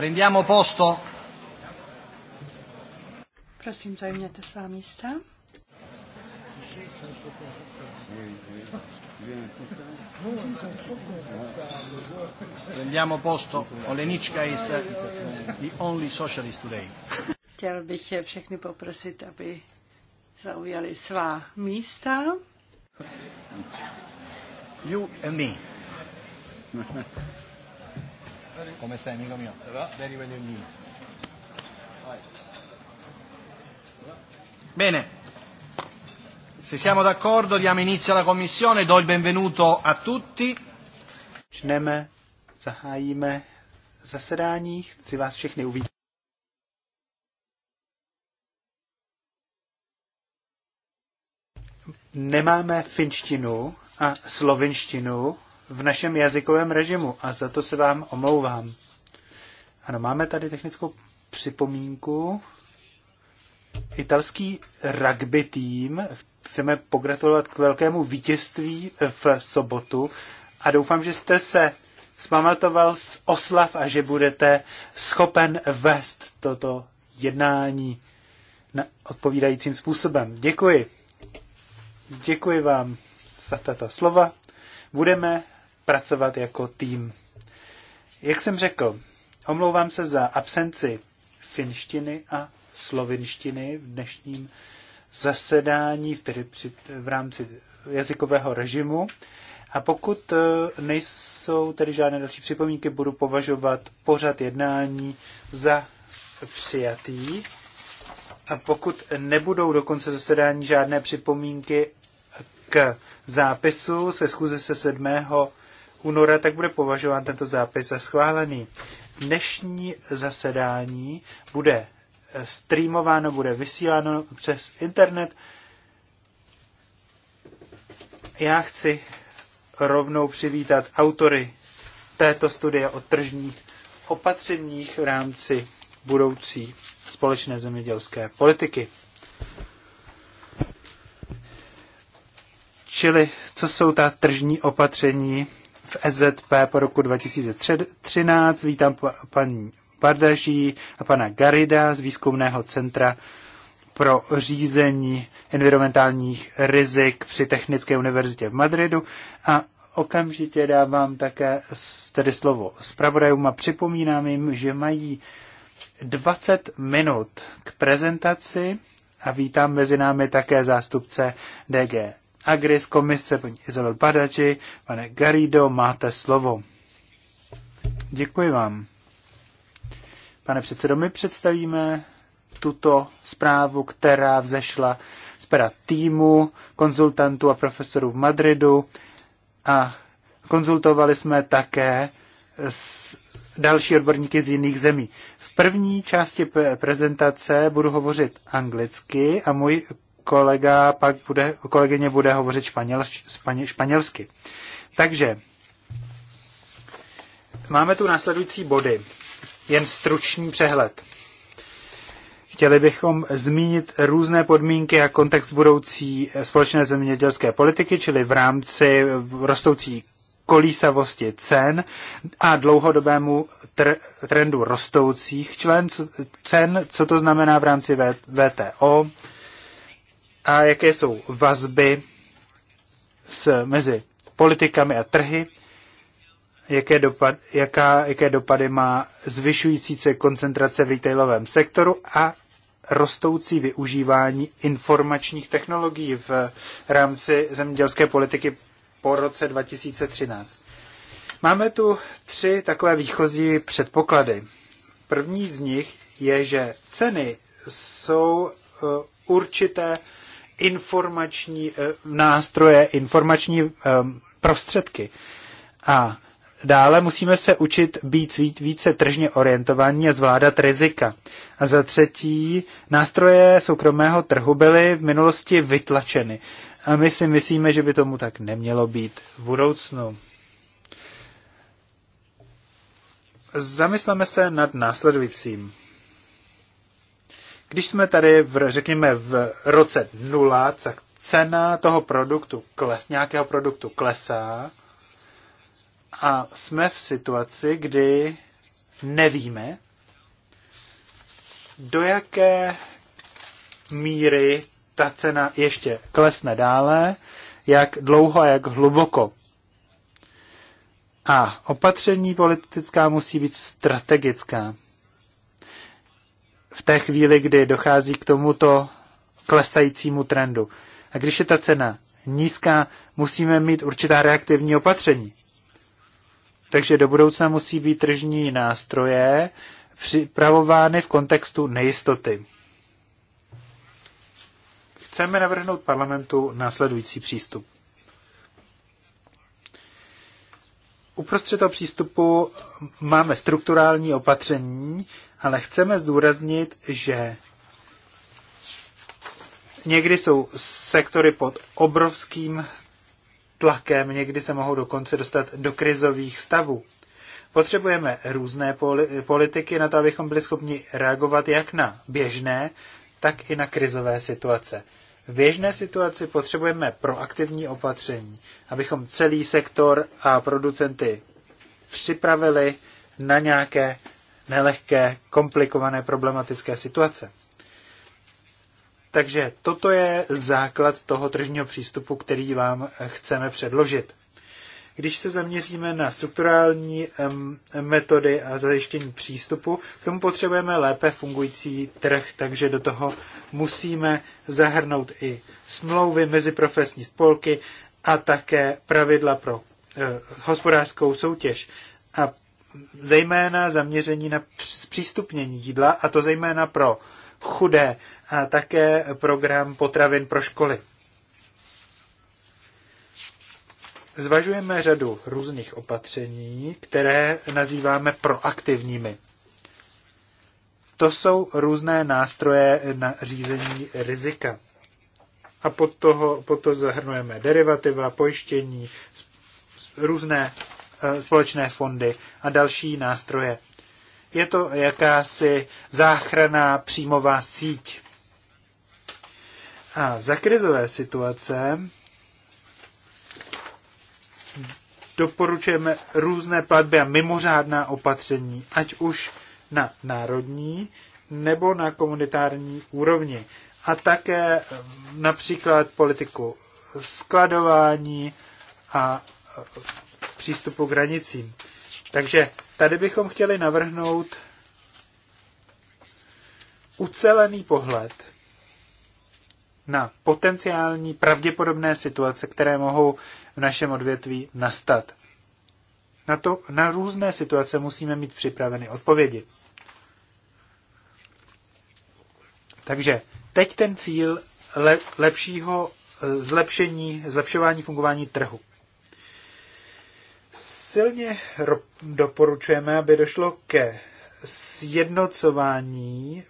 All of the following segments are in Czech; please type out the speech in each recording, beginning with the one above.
Prendiamo posto. Prosím, zajměte svá místa. Prendiamo posto. Olenička is uh, the only socialist today. Chtěl bych je všechny poprosit, aby zaujali svá místa. You and me. Salut. Come stai, amico mio? Ça eh, va? Very well indeed. Bene. Se siamo d'accordo diamo inizio alla commissione, do il benvenuto a tutti. Čneme, zahajime, zasedání, chci vás všechny uvítat. Nemáme finštinu a slovinštinu, v našem jazykovém režimu a za to se vám omlouvám. Ano, máme tady technickou připomínku. Italský rugby tým, chceme pogratulovat k velkému vítězství v sobotu a doufám, že jste se zpamatoval z oslav a že budete schopen vést toto jednání na odpovídajícím způsobem. Děkuji. Děkuji vám za tato slova. Budeme pracovat jako tým. Jak jsem řekl, omlouvám se za absenci finštiny a slovinštiny v dnešním zasedání, tedy při, v rámci jazykového režimu. A pokud eh, nejsou tedy žádné další připomínky, budu považovat pořad jednání za přijatý. A pokud nebudou do konce zasedání žádné připomínky k zápisu se schůze se 7 února, tak bude považován tento zápis za schválený. Dnešní zasedání bude eh, streamováno, bude vysíláno přes internet. Já chci rovnou přivítat autory této studie o tržních opatřeních v rámci budoucí společné zemědělské politiky. Čili co jsou ta tržní opatření v SZP po roku 2013. Vítám paní Bardaží a pana Garida z Výzkumného centra pro řízení environmentálních rizik při Technické univerzitě v Madridu a okamžitě dávám také tedy slovo zpravodajům a připomínám jim, že mají 20 minut k prezentaci a vítám mezi námi také zástupce DG Agres komise, paní Izabel Badači, pane Garido, máte slovo. Děkuji vám. Pane předsedo, my představíme tuto zprávu, která vzešla z pera týmu, konzultantů a profesorů v Madridu a konzultovali jsme také s další odborníky z jiných zemí. V první části prezentace budu hovořit anglicky a můj kolega pak bude, kolegyně bude hovořit španěl, španě, španělsky. Takže máme tu následující body. Jen stručný přehled. Chtěli bychom zmínit různé podmínky a kontext budoucí společné zemědělské politiky, čili v rámci rostoucí kolísavosti cen a dlouhodobému tr- trendu rostoucích člen, cen, co to znamená v rámci v- VTO, a jaké jsou vazby s, mezi politikami a trhy, jaké, dopad, jaká, jaké dopady má zvyšující se koncentrace v retailovém sektoru a rostoucí využívání informačních technologií v rámci zemědělské politiky po roce 2013. Máme tu tři takové výchozí předpoklady. První z nich je, že ceny jsou eh, určité informační eh, nástroje, informační eh, prostředky. A dále musíme se učit být více tržně orientovaní a zvládat rizika. A za třetí, nástroje soukromého trhu byly v minulosti vytlačeny. A my si myslíme, že by tomu tak nemělo být v budoucnu. Zamysleme se nad následujícím. Když jsme tady, v, řekněme, v roce nula, tak cena toho produktu, kles, nějakého produktu klesá a jsme v situaci, kdy nevíme, do jaké míry ta cena ještě klesne dále, jak dlouho a jak hluboko. A opatření politická musí být strategická v té chvíli, kdy dochází k tomuto klesajícímu trendu. A když je ta cena nízká, musíme mít určitá reaktivní opatření. Takže do budoucna musí být tržní nástroje připravovány v kontextu nejistoty. Chceme navrhnout parlamentu následující přístup. Uprostřed toho přístupu máme strukturální opatření, ale chceme zdůraznit, že někdy jsou sektory pod obrovským tlakem, někdy se mohou dokonce dostat do krizových stavů. Potřebujeme různé politiky na to, abychom byli schopni reagovat jak na běžné, tak i na krizové situace. V běžné situaci potřebujeme proaktivní opatření, abychom celý sektor a producenty připravili na nějaké nelehké, komplikované, problematické situace. Takže toto je základ toho tržního přístupu, který vám chceme předložit. Když se zaměříme na strukturální metody a zajištění přístupu, k tomu potřebujeme lépe fungující trh, takže do toho musíme zahrnout i smlouvy mezi profesní spolky a také pravidla pro eh, hospodářskou soutěž. A zejména zaměření na zpřístupnění jídla, a to zejména pro chudé, a také program potravin pro školy. Zvažujeme řadu různých opatření, které nazýváme proaktivními. To jsou různé nástroje na řízení rizika. A pod, toho, pod to zahrnujeme derivativa, pojištění, různé Eh, společné fondy a další nástroje. Je to jakási záchraná příjmová síť. A za krizové situace doporučujeme různé platby a mimořádná opatření, ať už na národní nebo na komunitární úrovni. A také například politiku skladování a přístupu k hranicím. Takže tady bychom chtěli navrhnout ucelený pohled na potenciální pravděpodobné situace, které mohou v našem odvětví nastat. Na, to, na různé situace musíme mít připraveny odpovědi. Takže teď ten cíl lepšího e, zlepšení, zlepšování fungování trhu silně doporučujeme, aby došlo ke sjednocování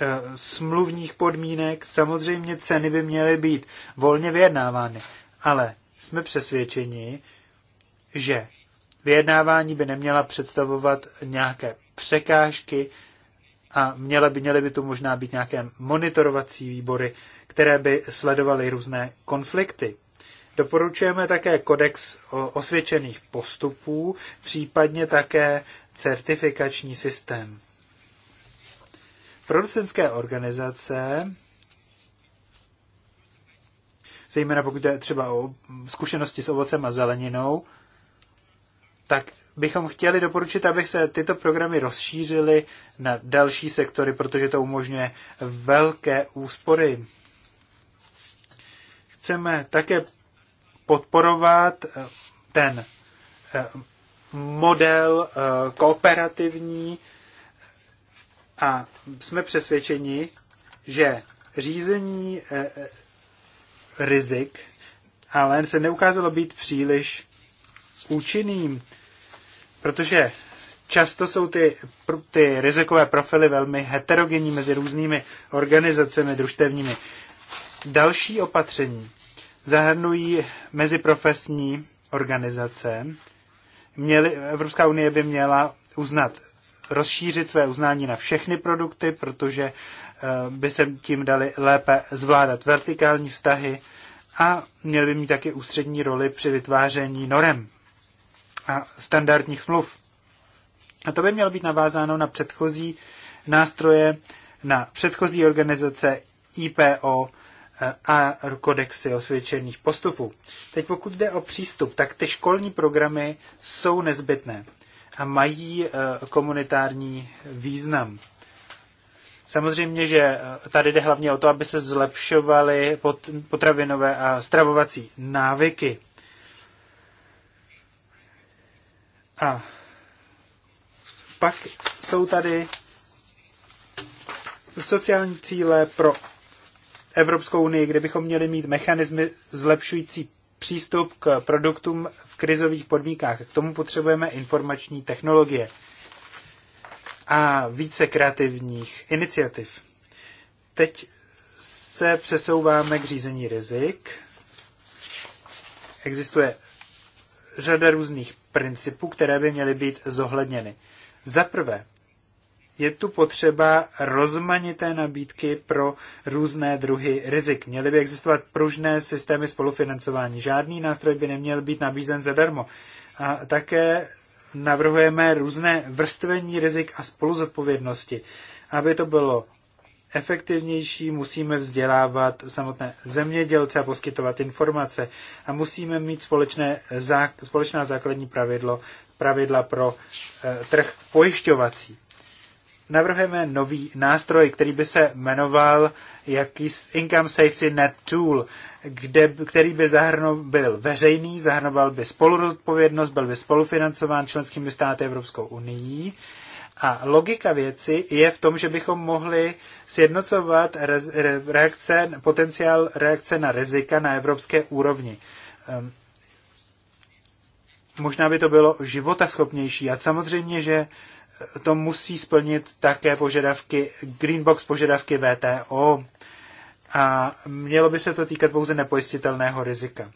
eh, smluvních podmínek. Samozřejmě ceny by měly být volně vyjednávány, ale jsme přesvědčeni, že vyjednávání by neměla představovat nějaké překážky a měly by, měly by tu možná být nějaké monitorovací výbory, které by sledovaly různé konflikty. Doporučujeme také kodex osvědčených postupů, případně také certifikační systém. Producentské organizace, zejména pokud je třeba o zkušenosti s ovocem a zeleninou, tak bychom chtěli doporučit, aby se tyto programy rozšířily na další sektory, protože to umožňuje velké úspory. Chceme také podporovat eh, ten eh, model eh, kooperativní a jsme přesvědčeni, že řízení rizik ale se neukázalo být příliš účinným, protože často jsou ty, ty rizikové profily velmi heterogenní mezi různými organizacemi družstevními. Další opatření zahrnují meziprofesní organizace. Měli, Evropská unie by měla uznat, rozšířit své uznání na všechny produkty, protože eh, by se tím dali lépe zvládat vertikální vztahy a měly by mít také ústřední roli při vytváření norem a standardních smluv. A to by mělo být navázáno na předchozí nástroje, na předchozí organizace IPO a kodexy osvědčených postupů. Teď pokud jde o přístup, tak ty školní programy jsou nezbytné a mají e, komunitární význam. Samozřejmě, že e, tady jde hlavně o to, aby se zlepšovaly potravinové a stravovací návyky. A pak jsou tady sociální cíle pro Evropskou unii, kde bychom měli mít mechanismy zlepšující přístup k produktům v krizových podmínkách. K tomu potřebujeme informační technologie a více kreativních iniciativ. Teď se přesouváme k řízení rizik. Existuje řada různých principů, které by měly být zohledněny. Za prvé, je tu potřeba rozmanité nabídky pro různé druhy rizik. Měly by existovat pružné systémy spolufinancování. Žádný nástroj by neměl být nabízen zadarmo. A také navrhujeme různé vrstvení rizik a spoluzodpovědnosti. Aby to bylo efektivnější, musíme vzdělávat samotné zemědělce a poskytovat informace a musíme mít společné, společná základní pravidlo, pravidla pro eh, trh pojišťovací navrhujeme nový nástroj, který by se jmenoval jaký Income Safety Net Tool, kde, který by zahrnul, byl veřejný, zahrnoval by spoluodpovědnost, byl by spolufinancován členskými státy Evropskou unii. A logika věci je v tom, že bychom mohli sjednocovat reakce, potenciál reakce na rizika na evropské úrovni. Ehm, možná by to bylo životaschopnější. A samozřejmě, že to musí splnit také požadavky, Greenbox požadavky VTO a mělo by se to týkat pouze nepojistitelného rizika.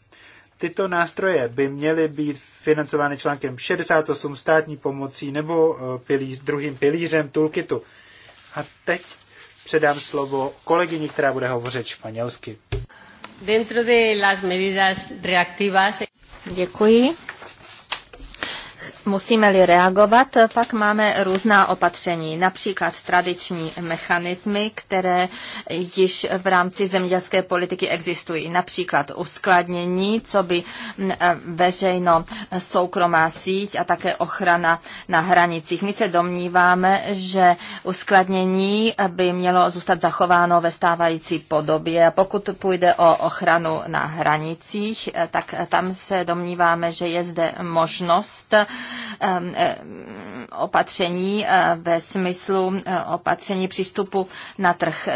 Tyto nástroje by měly být financovány článkem 68 státní pomocí nebo eh, pilíř, druhým pilířem toolkitu. A teď předám slovo kolegyni, která bude hovořit španělsky. Dentro de las medidas reactivas... Děkuji. Musíme-li reagovat, pak máme různá opatření, například tradiční mechanismy, které již v rámci zemědělské politiky existují, například uskladnění, co by e, veřejno soukromá síť a také ochrana na hranicích. My se domníváme, že uskladnění by mělo zůstat zachováno ve stávající podobě. Pokud půjde o ochranu na hranicích, e, tak tam se domníváme, že je zde možnost Um, eh, opatření eh, ve smyslu eh, opatření přístupu na trh.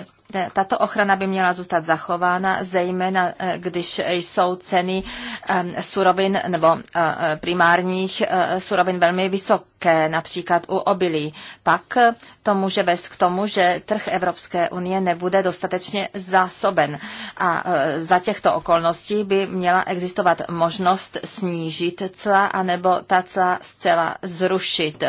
Tato ochrana by měla zůstat zachována, zejména eh, když jsou ceny ehm, surovin nebo eh, eh, primárních surovin velmi vysoké, například u obilí. Pak to může vést k tomu, že trh Evropské unie nebude dostatečně zásoben. A za těchto okolností by měla existovat možnost snížit cla anebo ta cla zcela zrušit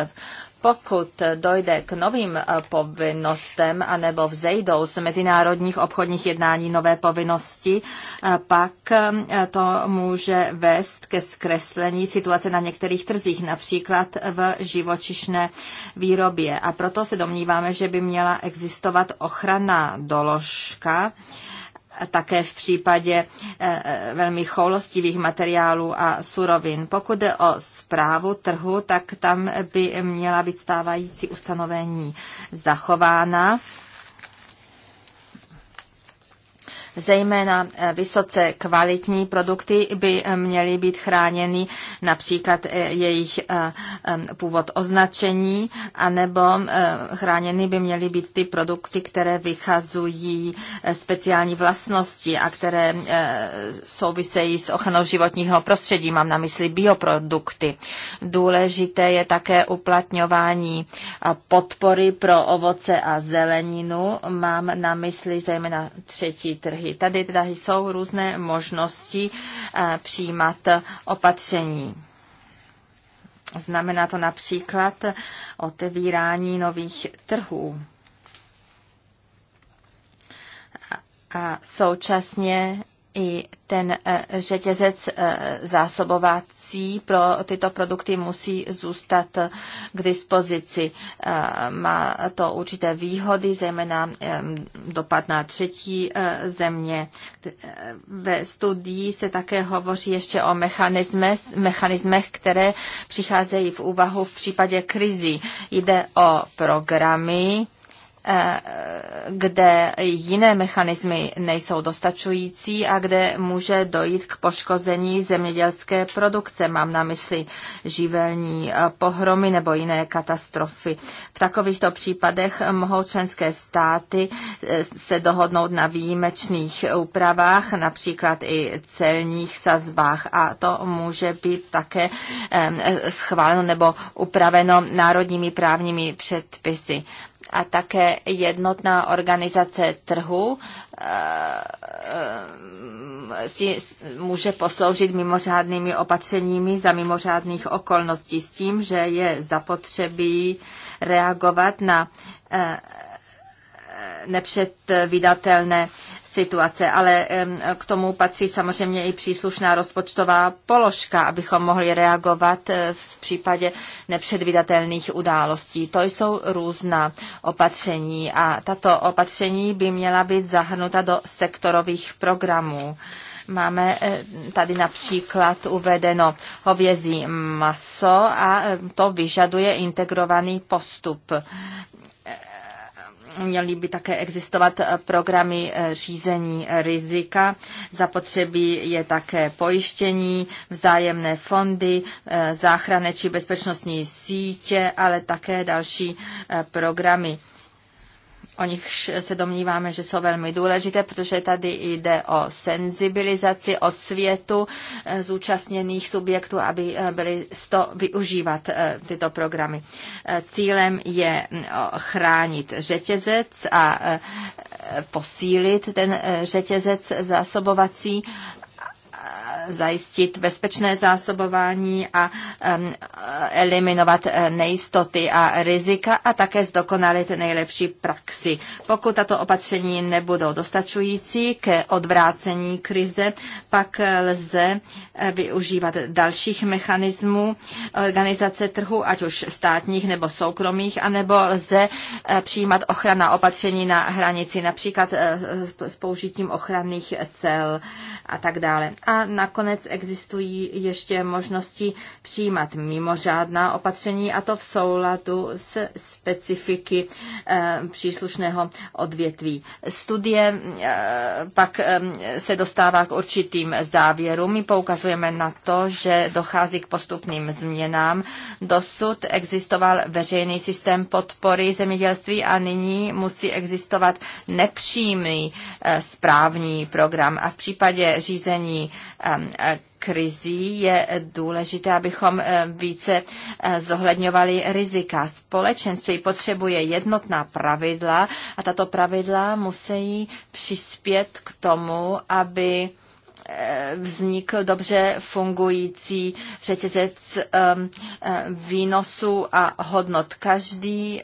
pokud dojde k novým eh, povinnostem anebo vzejdou z mezinárodních obchodních jednání nové povinnosti, eh, pak eh, to může vést ke zkreslení situace na některých trzích, například v živočišné výrobě. A proto se domníváme, že by měla existovat ochrana doložka, také v případě eh, eh, velmi choulostivých materiálů a surovin. Pokud jde o zprávu trhu, tak tam by měla být stávající ustanovení zachována Zejména eh, vysoce kvalitní produkty by eh, měly být chráněny, například eh, jejich původ označení, anebo chráněny by měly být ty produkty, které vychazují speciální vlastnosti a které souvisejí s ochranou životního prostředí. Mám na mysli bioprodukty. Důležité je také uplatňování podpory pro ovoce a zeleninu. Mám na mysli zejména třetí trhy návrhy. Tady teda jsou různé možnosti eh, přijímat opatření. Znamená to například otevírání nových trhů. A současně i ten e, řetězec e, zásobovací pro tyto produkty musí zůstat k dispozici. E, má to určité výhody, zejména dopad na třetí země. Ve studii se také hovoří ještě o mechanismech, které přicházejí v úvahu v případě krizi. Jde o programy, kde jiné mechanismy nejsou dostačující a kde může dojít k poškození zemědělské produkce. Mám na mysli živelní eh, pohromy nebo jiné katastrofy. V takovýchto případech mohou členské státy eh, se dohodnout na výjimečných úpravách, například i celních sazbách a to může být také eh, schváleno nebo upraveno národními právními předpisy a také jednotná organizace trhu eh, eh, si může posloužit mimořádnými opatřeními za mimořádných okolností s tím, že je zapotřebí reagovat na eh, nepředvídatelné situace, ale k tomu patří samozřejmě i příslušná rozpočtová položka, abychom mohli reagovat eh, v případě nepředvídatelných událostí. To jsou různá opatření a tato opatření by měla být zahrnuta do sektorových programů. Máme eh, tady například uvedeno hovězí maso a eh, to vyžaduje integrovaný postup. Měly by také existovat eh, programy eh, řízení rizika. Zapotřebí je také pojištění, vzájemné fondy, eh, záchranné či bezpečnostní sítě, ale také další programy o nich se domníváme, že jsou velmi důležité, protože tady jde o senzibilizaci, o světu e, zúčastněných subjektů, aby e, byli to využívat e, tyto programy. Cílem je chránit řetězec a posílit ten řetězec zásobovací zajistit bezpečné zásobování a eliminovat eh, nejistoty a rizika a také zdokonalit nejlepší praxi. Pokud tato opatření nebudou dostačující k odvrácení krize, pak eh, lze eh, využívat dalších mechanismů organizace trhu, ať už státních nebo soukromých, anebo lze přijímat ochrana opatření na hranici, například s použitím ochranných cel a tak dále. A na nakonec existují ještě možnosti přijímat mimořádná opatření a to v souladu s specifiky eh, příslušného odvětví. Studie eh, pak eh, se dostává k určitým závěrům. My poukazujeme na to, že dochází k postupným změnám. Dosud existoval veřejný systém podpory zemědělství a nyní musí existovat nepřímý správní program. A v případě řízení Eh, krizí je důležité, abychom eh, více eh, zohledňovali rizika. Společenství potřebuje jednotná pravidla a tato pravidla musí přispět k tomu, aby vznikl dobře fungující řetězec výnosu a hodnot. Každý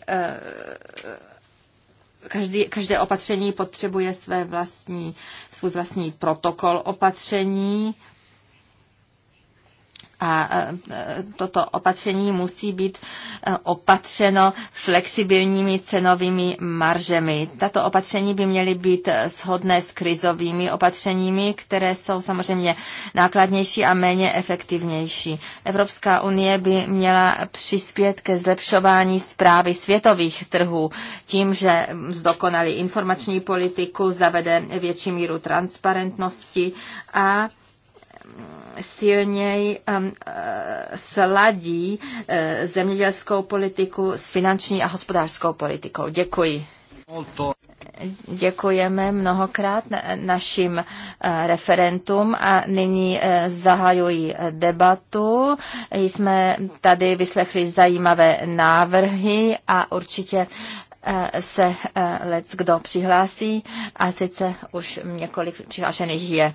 každý, každé opatření potřebuje své vlastní, svůj vlastní protokol opatření a e, e, toto opatření musí být e, opatřeno flexibilními cenovými maržemi. Tato opatření by měly být shodné s krizovými opatřeními, které jsou samozřejmě nákladnější a méně efektivnější. Evropská unie by měla přispět ke zlepšování zprávy světových trhů tím, že zdokonalí informační politiku, zavede větší míru transparentnosti a silněji um, eh, sladí eh, zemědělskou politiku s finanční a hospodářskou politikou. Děkuji. Děkujeme mnohokrát našim eh, referentům a nyní zahajuji debatu. Jsme tady vyslechli zajímavé návrhy a určitě se lec kdo přihlásí a sice už několik přihlášených je.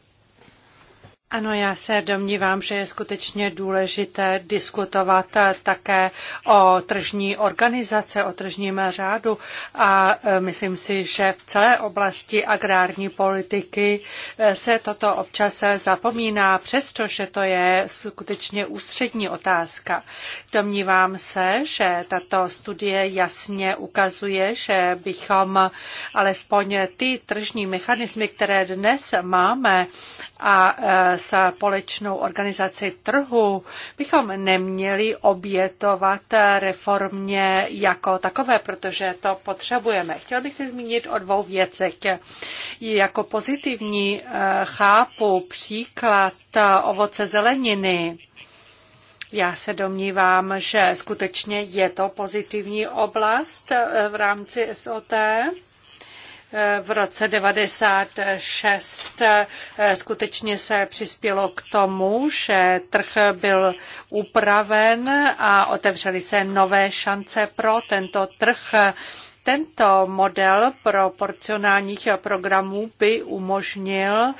Ano, já se domnívám, že je skutečně důležité diskutovat eh, také o tržní organizace, o tržním řádu a eh, myslím si, že v celé oblasti agrární politiky eh, se toto občas zapomíná, přestože to je skutečně ústřední otázka. Domnívám se, že tato studie jasně ukazuje, že bychom alespoň ty tržní mechanismy, které dnes máme, a e, společnou organizaci trhu bychom neměli obětovat reformě jako takové, protože to potřebujeme. Chtěl bych se zmínit o dvou věcech. Jako pozitivní e, chápu příklad ovoce zeleniny. Já se domnívám, že skutečně je to pozitivní oblast e, v rámci SOT v roce 96 eh, skutečně se přispělo k tomu, že trh byl upraven a otevřely se nové šance pro tento trh. Tento model proporcionálních programů by umožnil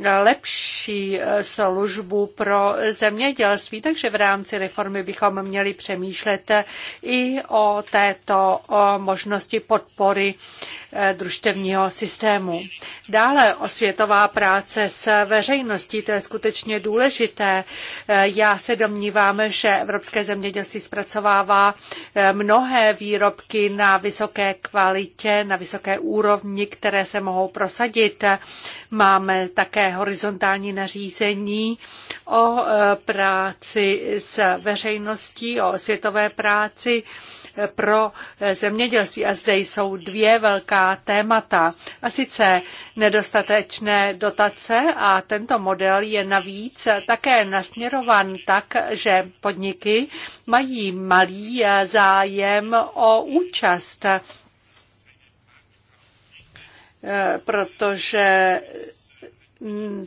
lepší eh, službu pro zemědělství, takže v rámci reformy bychom měli přemýšlet eh, i o této možnosti podpory eh, družstevního systému. Dále osvětová práce s veřejností, to je skutečně důležité. Já se domnívám, že Evropské zemědělství zpracovává mnohé výrobky na vysoké kvalitě, na vysoké úrovni, které se mohou prosadit. Máme také horizontální nařízení o e, práci s veřejností, o světové práci e, pro e, zemědělství. A zde jsou dvě velká témata. A sice nedostatečné dotace a tento model je navíc také nasměrovan tak, že podniky mají malý zájem o účast protože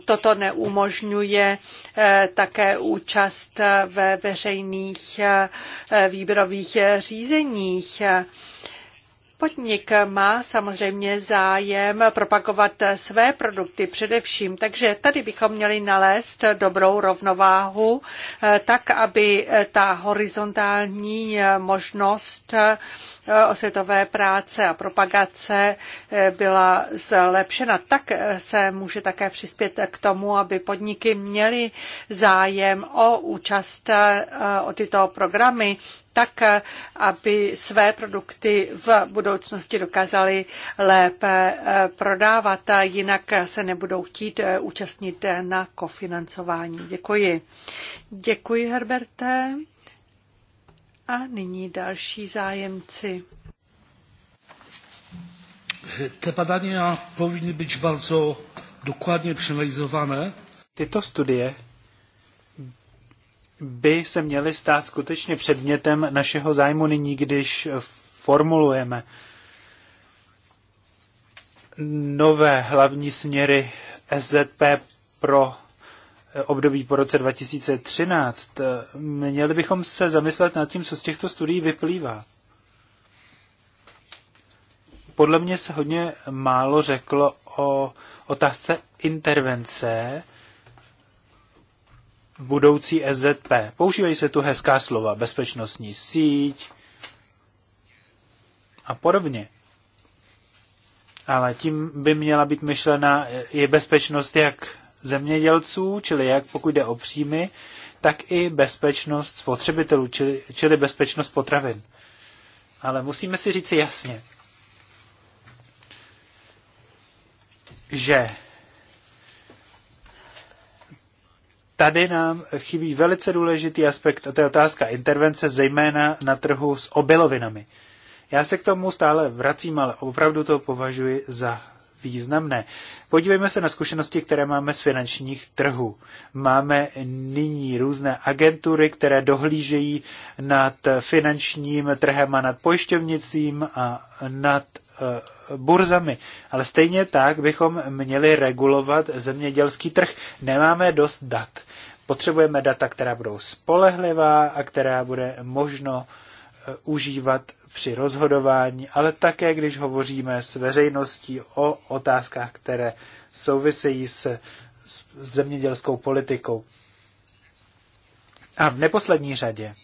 Toto neumožňuje eh, také účast eh, ve veřejných eh, výběrových řízeních. Podnik má samozřejmě zájem propagovat své produkty především, takže tady bychom měli nalézt dobrou rovnováhu, eh, tak aby eh, ta horizontální eh, možnost osvětové práce a propagace byla zlepšena. Tak se může také přispět k tomu, aby podniky měly zájem o účast o tyto programy tak, aby své produkty v budoucnosti dokázali lépe eh, prodávat, a jinak se nebudou chtít eh, účastnit na kofinancování. Děkuji. Děkuji, Herberte. A nyní další zájemci. Te badania powinny być bardzo dokładnie przeanalizowane. Tyto studie by se měly stát skutečně předmětem našeho zájmu nyní, když formulujeme nové hlavní směry SZP pro eh, období po roce 2013, eh, měli bychom se zamyslet nad tím, co z těchto studií vyplývá. Podle mě se hodně málo řeklo o otázce intervence v budoucí SZP. E Používají se tu hezká slova, bezpečnostní síť a podobně. Ale tím by měla být myšlena je bezpečnost jak zemědělců, čili jak pokud jde o příjmy, tak i bezpečnost spotřebitelů, čili, čili bezpečnost potravin. Ale musíme si říci jasně, že tady nám chybí velice důležitý aspekt, a to je otázka intervence, zejména na trhu s obilovinami. Já se k tomu stále vracím, ale opravdu to považuji za významné. Podívejme se na zkušenosti, které máme z finančních trhů. Máme nyní různé agentury, které dohlížejí nad finančním trhem a nad pojišťovnictvím a nad Eh, burzami. Ale stejně tak bychom měli regulovat zemědělský trh. Nemáme dost dat. Potřebujeme data, která budou spolehlivá a která bude možno eh, užívat při rozhodování, ale také když hovoříme s veřejností o otázkách, které souvisejí s, zemědělskou politikou. A v neposlední řadě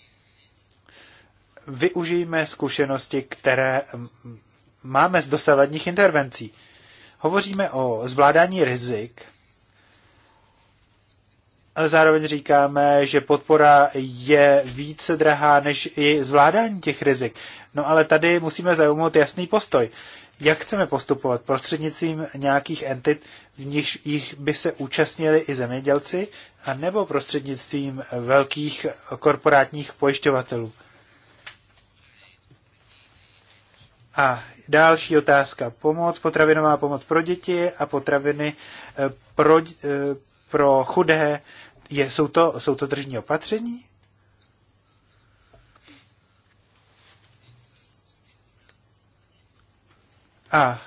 využijme zkušenosti, které máme z dosavadních intervencí. Hovoříme o zvládání rizik, ale zároveň říkáme, že podpora je více drahá než i zvládání těch rizik. No ale tady musíme zaujmout jasný postoj. Jak chceme postupovat? Prostřednictvím nějakých entit, v nichž jich by se účastnili i zemědělci, a nebo prostřednictvím velkých korporátních pojišťovatelů? A Další otázka. Pomoc, potravinová pomoc pro děti a potraviny eh, pro, eh, pro chudé. Je, jsou, to, jsou to držní opatření? A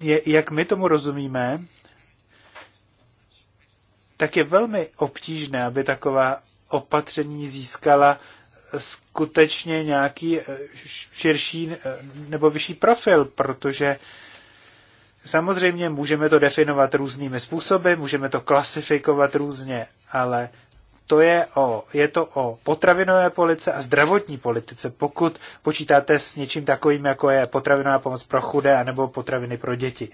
je, jak my tomu rozumíme, tak je velmi obtížné, aby taková opatření získala skutečně nějaký eh, širší eh, nebo vyšší profil, protože samozřejmě můžeme to definovat různými způsoby, můžeme to klasifikovat různě, ale to je, o, je to o potravinové politice a zdravotní politice, pokud počítáte s něčím takovým, jako je potravinová pomoc pro chudé anebo potraviny pro děti.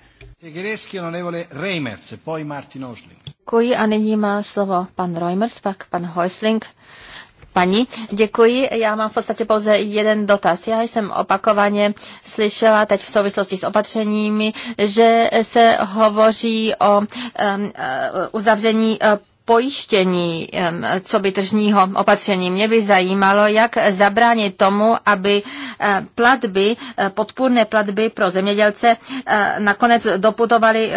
Děkuji a nyní má slovo pan Reimers, pak pan Heusling. Pani, děkuji. Já mám v podstatě pouze jeden dotaz. Já jsem opakovaně slyšela teď v souvislosti s opatřeními, že se hovoří o um, uh, uzavření uh, pojištění co by tržního opatření. Mě by zajímalo, jak zabránit tomu, aby eh, platby, eh, podpůrné platby pro zemědělce eh, nakonec doputovaly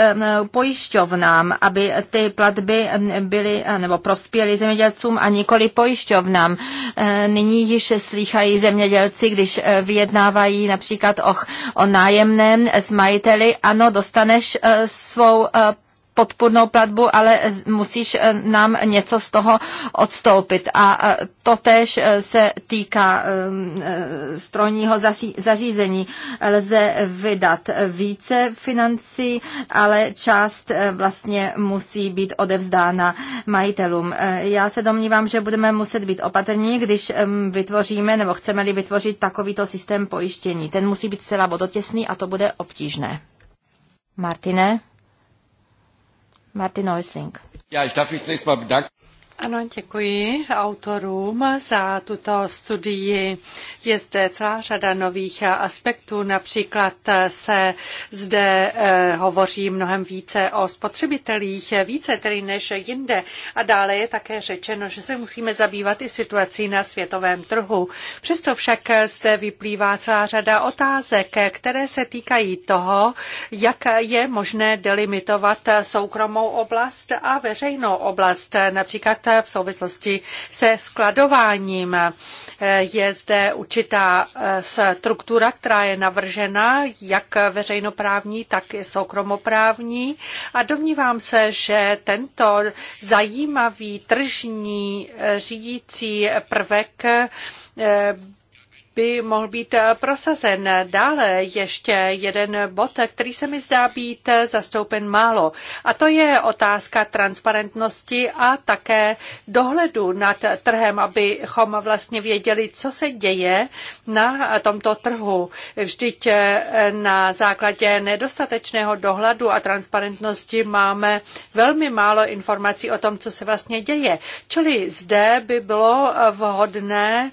pojišťovnám, aby ty platby byly nebo prospěly zemědělcům a nikoli pojišťovnám. Nyní již slýchají zemědělci, když vyjednávají například o, o nájemném s majiteli, ano, dostaneš svou podpůrnou platbu, ale musíš eh, nám něco z toho odstoupit. A eh, to tež eh, se týká ehm, strojního zařízení. Lze vydat více financí, ale část vlastně musí být odevzdána majitelům. Já se domnívám, že budeme muset být opatrní, když ehm, vytvoříme nebo chceme-li vytvořit takovýto systém pojištění. Ten musí být zcela vodotěsný a to bude obtížné. Martine? Martin Eusling. Já, ich darf mich zunächst mal bedanken. Ano, děkuji autorům za tuto studii. Je zde celá řada nových aspektů. Například se zde eh, hovoří mnohem více o spotřebitelích, více tedy než jinde. A dále je také řečeno, že se musíme zabývat i situací na světovém trhu. Přesto však zde vyplývá celá řada otázek, které se týkají toho, jak je možné delimitovat soukromou oblast a veřejnou oblast, například v souvislosti se skladováním. Je zde určitá eh, struktura, která je navržena, jak veřejnoprávní, tak i soukromoprávní. A domnívám se, že tento zajímavý tržní eh, řídící prvek eh, by mohl být eh, prosazen. Dále ještě jeden bod, který se mi zdá být eh, zastoupen málo. A to je otázka transparentnosti a také dohledu nad trhem, abychom vlastně věděli, co se děje na tomto trhu. Vždyť eh, na základě nedostatečného dohledu a transparentnosti máme velmi málo informací o tom, co se vlastně děje. Čili zde by bylo vhodné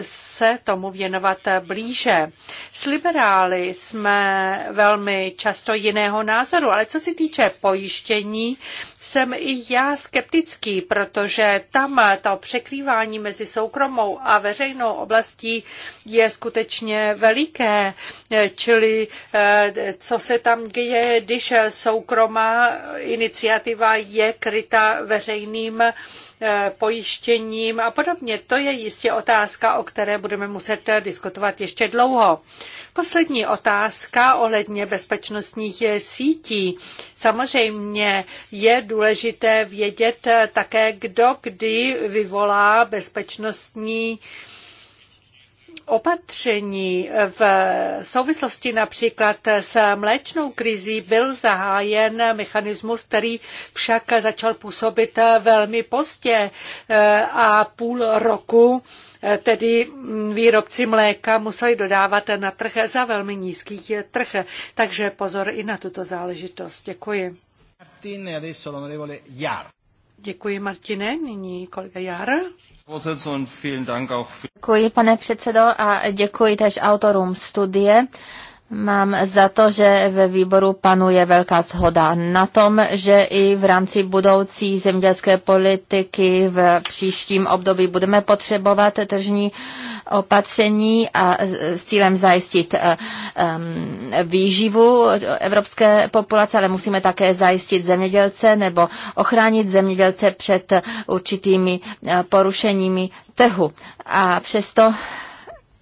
se to tomu věnovat blíže. S liberály jsme velmi často jiného názoru, ale co se týče pojištění, jsem i já skeptický, protože tam to překrývání mezi soukromou a veřejnou oblastí je skutečně veliké. Čili eh, co se tam děje, když soukromá iniciativa je kryta veřejným Eh, pojištěním a podobně. To je jistě otázka, o které budeme muset diskutovat ještě dlouho. Poslední otázka ohledně bezpečnostních sítí. Samozřejmě je důležité vědět také, kdo kdy vyvolá bezpečnostní uh, opatření v souvislosti například s mléčnou krizí byl zahájen mechanismus, který však začal působit velmi pozdě eh, a půl roku eh, tedy výrobci mléka museli dodávat na trh za velmi nízkých trh. Takže pozor i na tuto záležitost. Děkuji. Martin, adesso Jar. Děkuji, Martine. Nyní kolega Jar. Děkuji, pane předsedo, a děkuji tež autorům studie. Mám za to, že ve výboru panuje velká shoda na tom, že i v rámci budoucí zemědělské politiky v příštím období budeme potřebovat tržní uh, opatření a s cílem zajistit eh, eh, výživu evropské populace, ale musíme také zajistit zemědělce nebo ochránit zemědělce před určitými eh, porušeními trhu. A přesto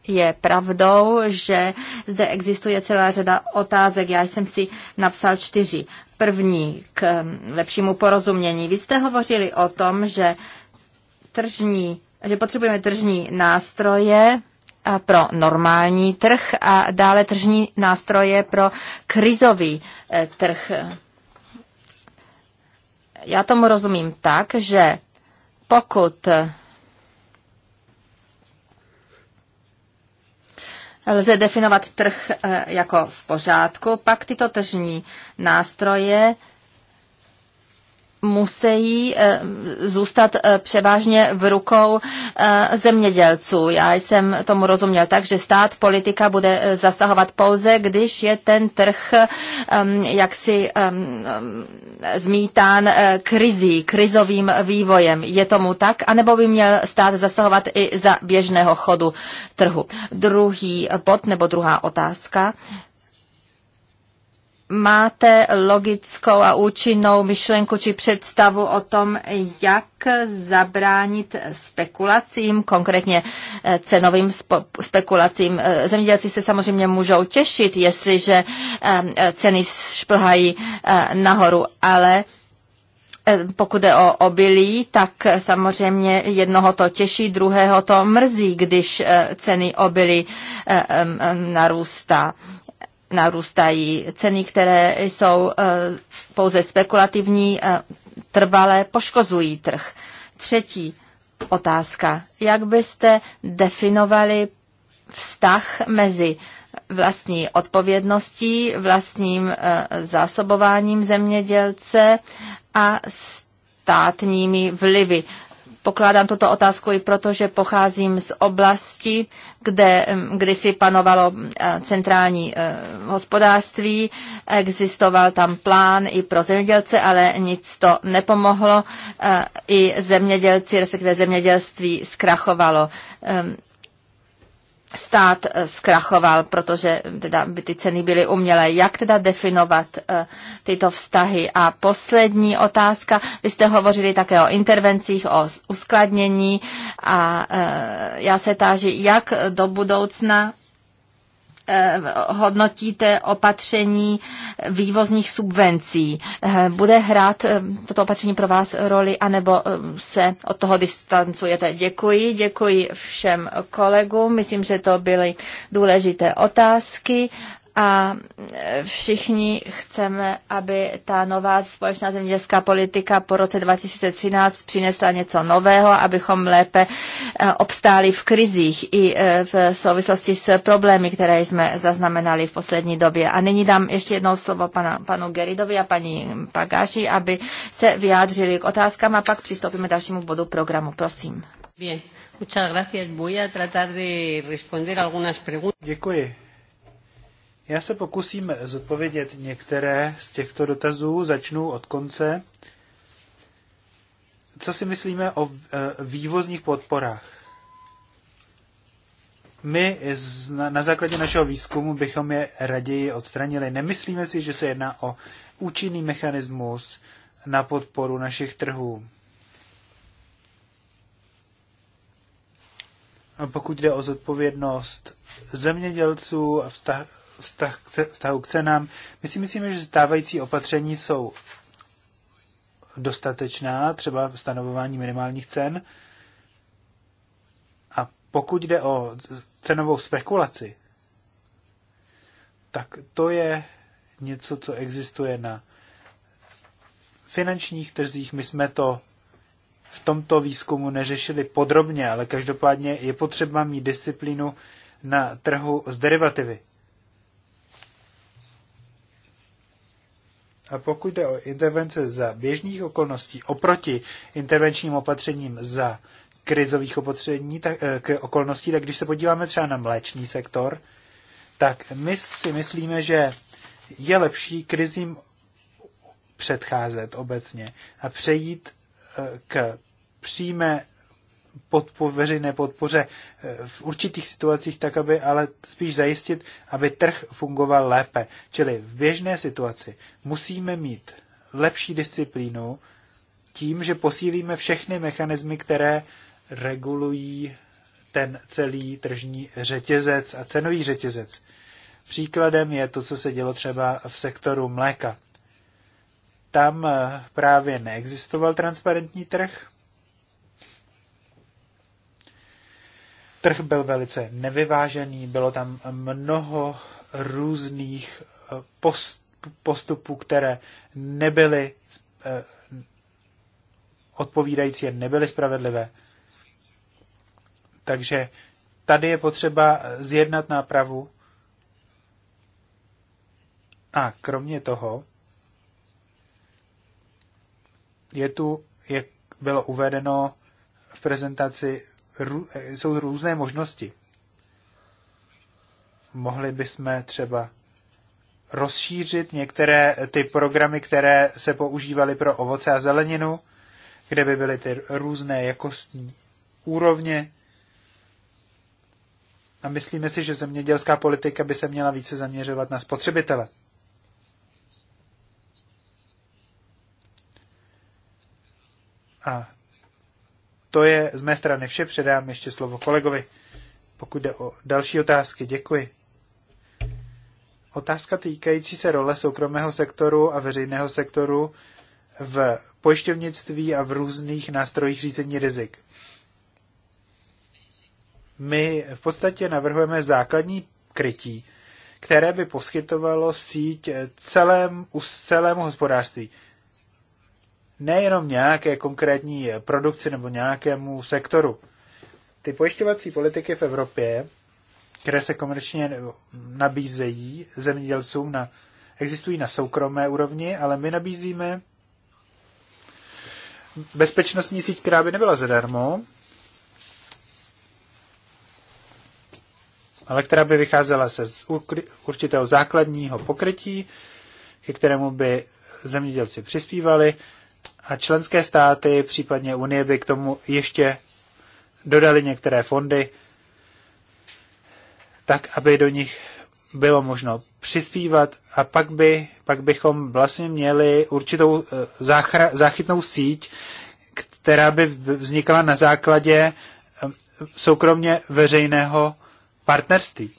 je pravdou, že zde existuje celá řada otázek. Já jsem si napsal čtyři. První k lepšímu porozumění. Vy jste hovořili o tom, že tržní že potřebujeme tržní nástroje pro normální trh a dále tržní nástroje pro krizový e, trh. Já tomu rozumím tak, že pokud lze definovat trh e, jako v pořádku, pak tyto tržní nástroje musí eh, zůstat eh, převážně v rukou eh, zemědělců. Já jsem tomu rozuměl tak, že stát politika bude zasahovat pouze, když je ten trh ehm, jaksi ehm, ehm, zmítán krizí, krizovým vývojem. Je tomu tak? A nebo by měl stát zasahovat i za běžného chodu trhu? Druhý bod nebo druhá otázka máte logickou a účinnou myšlenku či představu o tom, jak zabránit spekulacím, konkrétně eh, cenovým spekulacím. Eh, zemědělci se samozřejmě můžou těšit, jestliže eh, ceny šplhají nahoru, ale pokud je o obilí, tak samozřejmě jednoho to těší, druhého to mrzí, když ceny obilí narůstá narůstají. Ceny, které jsou eh, pouze spekulativní, eh, trvale poškozují trh. Třetí otázka. Jak byste definovali vztah mezi vlastní odpovědností, vlastním eh, zásobováním zemědělce a státními vlivy Pokládám tuto otázku i proto, že pocházím z oblasti, kde kdysi panovalo eh, centrální eh, hospodářství, existoval tam plán i pro zemědělce, ale nic to nepomohlo. Eh, I zemědělci, respektive zemědělství, zkrachovalo stát eh, zkrachoval, protože eh, teda by ty ceny byly umělé. Jak teda definovat eh, tyto vztahy? A poslední otázka, vy jste hovořili také o intervencích, o uskladnění a já se táži, jak do budoucna Eh, hodnotíte opatření vývozních subvencí. Eh, bude hrát eh, toto opatření pro vás roli, anebo se od toho distancujete? Děkuji, děkuji všem kolegům. Myslím, že to byly důležité otázky a e, všichni chceme, aby ta nová společná zemědělská politika po roce 2013 přinesla něco nového, abychom lépe e, obstáli v krizích i e, v souvislosti s problémy, které jsme zaznamenali v poslední době. A nyní dám ještě jednou slovo pana, panu Geridovi a paní Pagáši, aby se vyjádřili k otázkám a pak přistoupíme k dalšímu bodu programu. Prosím. Bien. Muchas gracias. Voy a tratar de responder algunas preguntas. Děkuji. Já se pokusím zodpovědět některé z těchto dotazů, začnu od konce. Co si myslíme o e, vývozních podporách? My na základě našeho výzkumu bychom je raději odstranili. Nemyslíme si, že se jedná o účinný mechanismus na podporu našich trhů. pokud jde o zodpovědnost zemědělců a vztah vztah, vztahu k cenám. My si myslíme, že stávající opatření jsou dostatečná, třeba stanovování minimálních cen. A pokud jde o cenovou spekulaci, tak to je něco, co existuje na finančních trzích. My jsme to v tomto výzkumu neřešili podrobně, ale každopádně je potřeba mít disciplínu na trhu s derivativy. pokud jde o intervence za běžných okolností oproti intervenčním opatřením za krizových opatření, tak, eh, k okolností, tak když se podíváme třeba na mléčný sektor, tak my si myslíme, že je lepší krizím předcházet obecně a přejít eh, k přímé podpo, veřejné podpoře eh, v určitých situacích, tak aby ale spíš zajistit, aby trh fungoval lépe. Čili v běžné situaci musíme mít lepší disciplínu tím, že posílíme všechny mechanismy, které regulují ten celý tržní řetězec a cenový řetězec. Příkladem je to, co se dělo třeba v sektoru mléka. Tam eh, právě neexistoval transparentní trh, Trh byl velice nevyvážený, bylo tam mnoho různých eh, postupů, které nebyly eh, odpovídající a nebyly spravedlivé. Takže tady je potřeba zjednat nápravu. A kromě toho je tu, jak bylo uvedeno v prezentaci, Eh, jsou různé možnosti. Mohli bychom třeba rozšířit některé ty programy, které se používaly pro ovoce a zeleninu, kde by byly ty různé jakostní úrovně. A myslíme si, že zemědělská politika by se měla více zaměřovat na spotřebitele. A to je z mé strany vše. Předám ještě slovo kolegovi. Pokud jde o další otázky, děkuji. Otázka týkající se role soukromého sektoru a veřejného sektoru v pojišťovnictví a v různých nástrojích řízení rizik. My v podstatě navrhujeme základní krytí, které by poskytovalo síť celém, celému hospodářství nejenom nějaké konkrétní produkci nebo nějakému sektoru. Ty pojišťovací politiky v Evropě, které se komerčně nabízejí zemědělcům, na, existují na soukromé úrovni, ale my nabízíme bezpečnostní síť, která by nebyla zadarmo, ale která by vycházela se z určitého základního pokrytí, ke kterému by zemědělci přispívali a členské státy, případně Unie, by k tomu ještě dodali některé fondy, tak, aby do nich bylo možno přispívat a pak, by, pak bychom vlastně měli určitou eh, záchra, záchytnou síť, která by vznikala na základě eh, soukromně veřejného partnerství.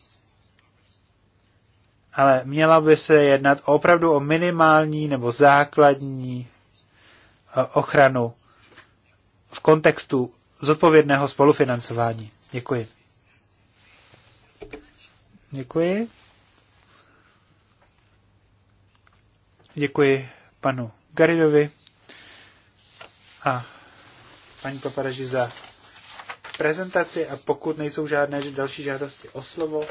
Ale měla by se jednat opravdu o minimální nebo základní ochranu v kontextu zodpovědného spolufinancování. Děkuji. Děkuji. Děkuji panu Garidovi a paní Paparaži za prezentaci a pokud nejsou žádné další žádosti o slovo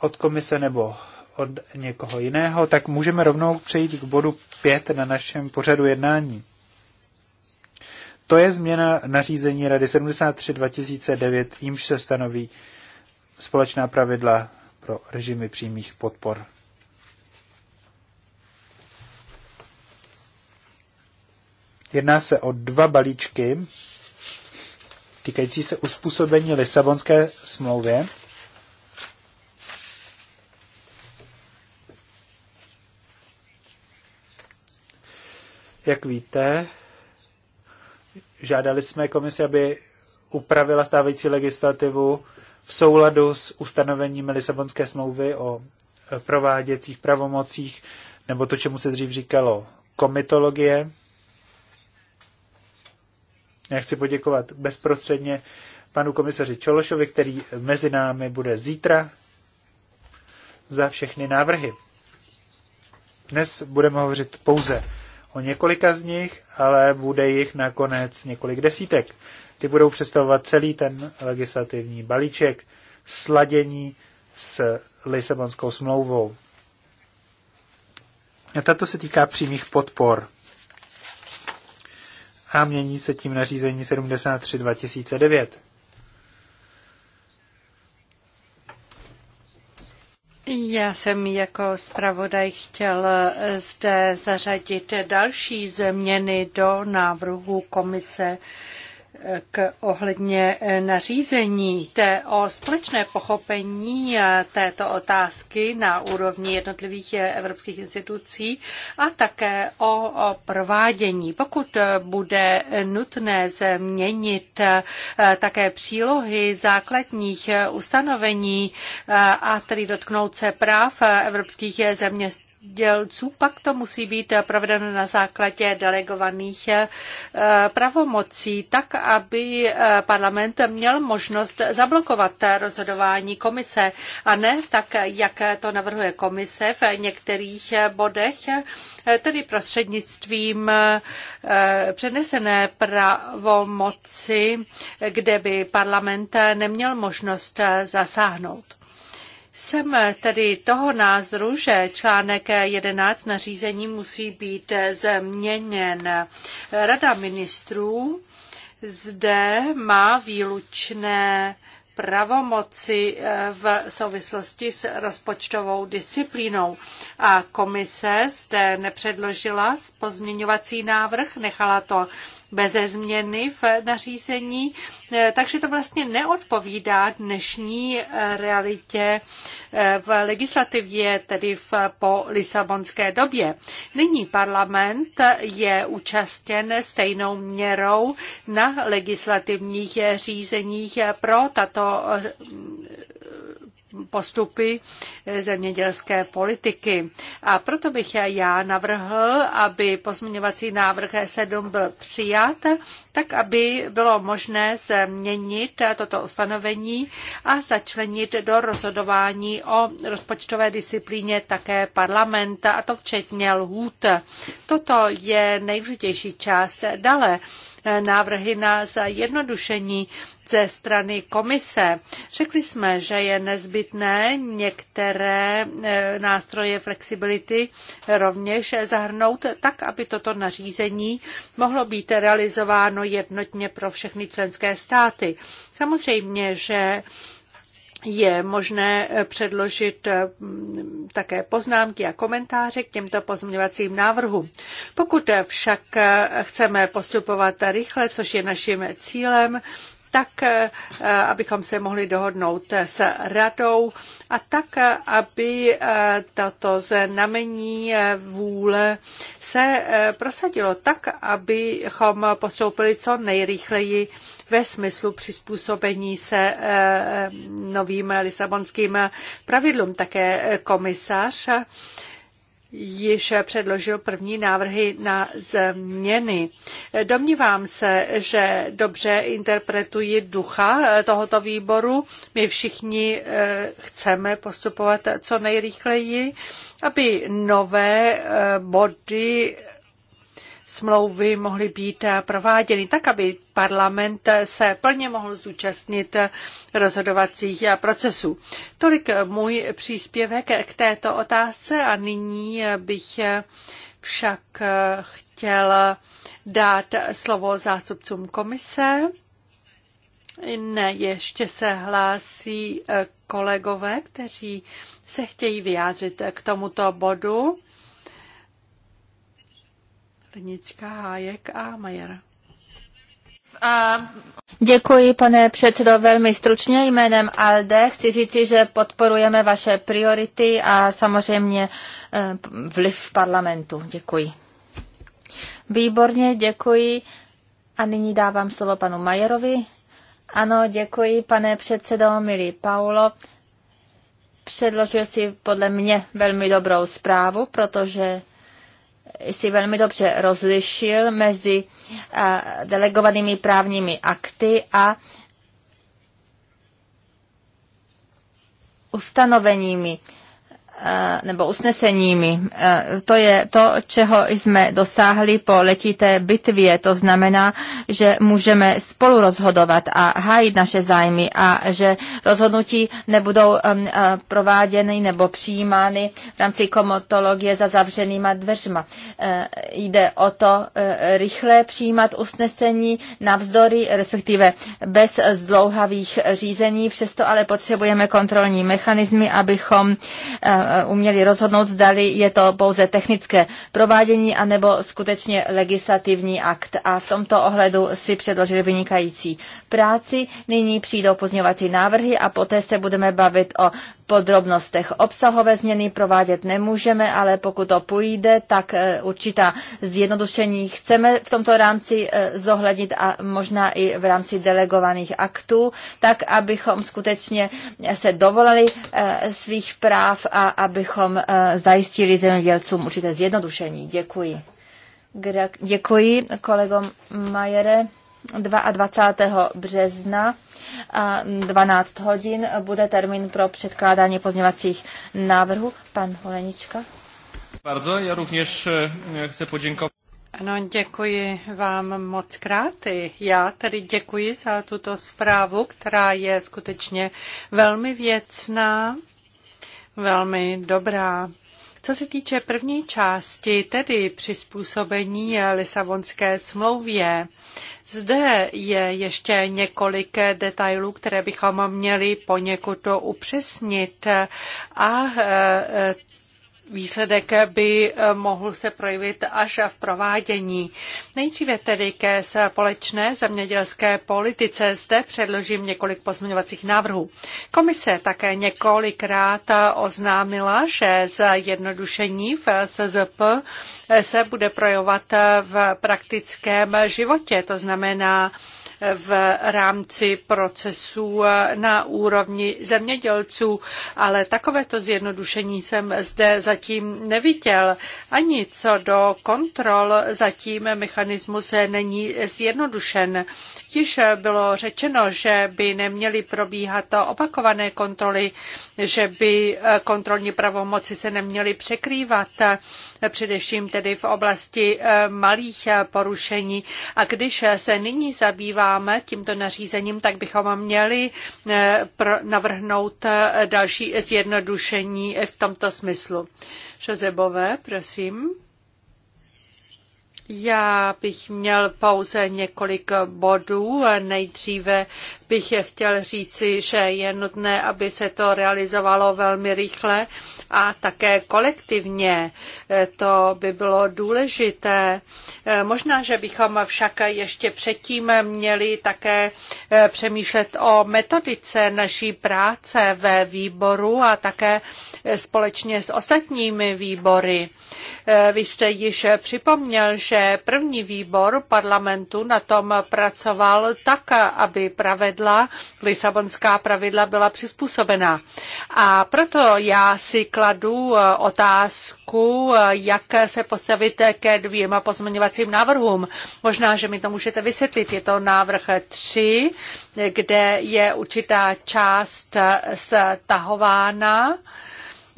od komise nebo od někoho jiného, tak můžeme rovnou přejít k bodu 5 na našem pořadu jednání. To je změna nařízení Rady 73-2009, jímž se stanoví společná pravidla pro režimy přímých podpor. Jedná se o dva balíčky týkající se uspůsobení Lisabonské smlouvy. Jak víte, žádali jsme komisi, aby upravila stávající legislativu v souladu s ustanoveními Lisabonské smlouvy o prováděcích pravomocích, nebo to, čemu se dřív říkalo komitologie. Já chci poděkovat bezprostředně panu komisaři Čološovi, který mezi námi bude zítra, za všechny návrhy. Dnes budeme hovořit pouze o několika z nich, ale bude jich nakonec několik desítek. Ty budou představovat celý ten legislativní balíček sladění s Lisabonskou smlouvou. A tato se týká přímých podpor. A mění se tím nařízení 73 2009. Já jsem jako zpravodaj chtěl zde zařadit další změny do návrhu komise k ohledně eh, nařízení Jde o společné pochopení eh, této otázky na úrovni jednotlivých eh, evropských institucí a také o provádění. Pokud bude nutné změnit také přílohy základních ustanovení a tedy dotknout se práv evropských zeměstnanců, dělců, pak to musí být provedeno na základě delegovaných eh, pravomocí, tak aby eh, parlament měl možnost zablokovat rozhodování komise a ne tak, jak to navrhuje komise v některých bodech, eh, tedy prostřednictvím přenesené pravomoci, kde by parlament neměl možnost zasáhnout. Jsem tedy toho názoru, že článek 11 nařízení musí být změněn. Rada ministrů zde má výlučné pravomoci eh, v souvislosti s rozpočtovou disciplínou. A komise zde nepředložila pozměňovací návrh, nechala to beze změny v nařízení, eh, takže to vlastně neodpovídá dnešní eh, realitě eh, v legislativě, tedy v, po lisabonské době. Nyní parlament je účastěn stejnou měrou na legislativních řízeních pro tato postupy zemědělské politiky. A proto bych já navrhl, aby pozměňovací návrh 7 byl přijat, tak aby bylo možné změnit toto ustanovení a začlenit do rozhodování o rozpočtové disciplíně také parlament, a to včetně lhůt. Toto je nejdůležitější část. Dále návrhy na zjednodušení ze strany komise. Řekli jsme, že je nezbytné některé e, nástroje flexibility rovněž zahrnout tak, aby toto nařízení mohlo být realizováno jednotně pro všechny členské státy. Samozřejmě, že je možné předložit e, také poznámky a komentáře k těmto pozměňovacím návrhům. Pokud však chceme postupovat rychle, což je naším cílem, tak eh, abychom se mohli dohodnout s radou a tak, aby eh, tato znamení eh, vůle se prosadilo tak, abychom postoupili co nejrychleji ve smyslu přizpůsobení se novým lisabonským pravidlům. Také komisář již předložil první návrhy na změny. Domnívám se, že dobře interpretuji ducha tohoto výboru. My všichni eh, chceme postupovat co nejrychleji, aby nové eh, body smlouvy mohly být prováděny tak, aby parlament se plně mohl zúčastnit rozhodovacích procesů. Tolik můj příspěvek k této otázce a nyní bych však chtěl dát slovo zástupcům komise. Ne, ještě se hlásí kolegové, kteří se chtějí vyjádřit k tomuto bodu. Penička, Hájek a Majer. Děkuji, pane předsedo, velmi stručně jménem ALDE. Chci říci, že podporujeme vaše priority a samozřejmě eh, vliv parlamentu. Děkuji. Výborně, děkuji. A nyní dávám slovo panu Majerovi. Ano, děkuji, pane předsedo, milý Paulo. Předložil si podle mě velmi dobrou zprávu, protože jsi velmi dobře rozlišil mezi delegovanými právními akty a ustanoveními Eh, nebo usneseními. Eh, to je to, čeho jsme dosáhli po letité bitvě. To znamená, že můžeme spolu rozhodovat a hájit naše zájmy a že rozhodnutí nebudou eh, prováděny nebo přijímány v rámci komotologie za zavřenýma dveřma. Jde o to rychle přijímat usnesení navzdory, respektive bez zdlouhavých řízení. Přesto ale potřebujeme kontrolní mechanizmy, abychom Eh, uměli rozhodnout, zdali je to pouze technické provádění anebo skutečně legislativní akt. A v tomto ohledu si předložili vynikající práci. Nyní přijdou pozměňovací návrhy a poté se budeme bavit o podrobnostech. Obsahové změny provádět nemůžeme, ale pokud to půjde, tak e, určitá zjednodušení chceme v tomto rámci e, zohlednit a možná i v rámci delegovaných aktů, tak abychom skutečně se dovolali e, svých práv a abychom zajistili zemědělcům určité zjednodušení. Děkuji. Děkuji kolegom Majere. 22. března 12 hodin bude termín pro předkládání pozměvacích návrhů. Pan Holenička. Bardzo, já rovněž eh, chci poděkovat. Ano, děkuji vám moc krát. Já tedy děkuji za tuto zprávu, která je skutečně velmi věcná, velmi dobrá. Co se týče první části, tedy přizpůsobení Lisabonské smlouvě, zde je ještě několik detailů, které bychom měli poněkud upřesnit a e, výsledek by eh, mohl se projevit až v provádění. Nejdříve tedy ke společné zemědělské politice. Zde předložím několik pozměňovacích návrhů. Komise také několikrát oznámila, že zjednodušení v SZP se bude projevovat v praktickém životě, to znamená v rámci procesů na úrovni zemědělců, ale takovéto zjednodušení jsem zde zatím neviděl. Ani co do kontrol zatím mechanismus není zjednodušen. Již bylo řečeno, že by neměly probíhat opakované kontroly, že by kontrolní pravomoci se neměly překrývat především tedy v oblasti eh, malých eh, porušení. A když eh, se nyní zabýváme tímto nařízením, tak bychom měli navrhnout další zjednodušení v tomto smyslu. Šozebové, prosím. Já bych měl pouze několik bodů. Nejdříve bych chtěl říci, že je nutné, aby se to realizovalo velmi rychle a také kolektivně. E, to by bylo důležité. E, možná, že bychom však ještě předtím měli také e, přemýšlet o metodice naší práce ve výboru a také společně s ostatními výbory. Vy jste již připomněl, že první výbor parlamentu na tom pracoval tak, aby pravedl pravidla, Lisabonská pravidla byla přizpůsobena. A proto já si kladu eh, otázku, eh, jak se postavit ke dvěma pozměňovacím návrhům. Možná, že mi to můžete vysvětlit. Je to návrh 3, kde je určitá část eh, stahována.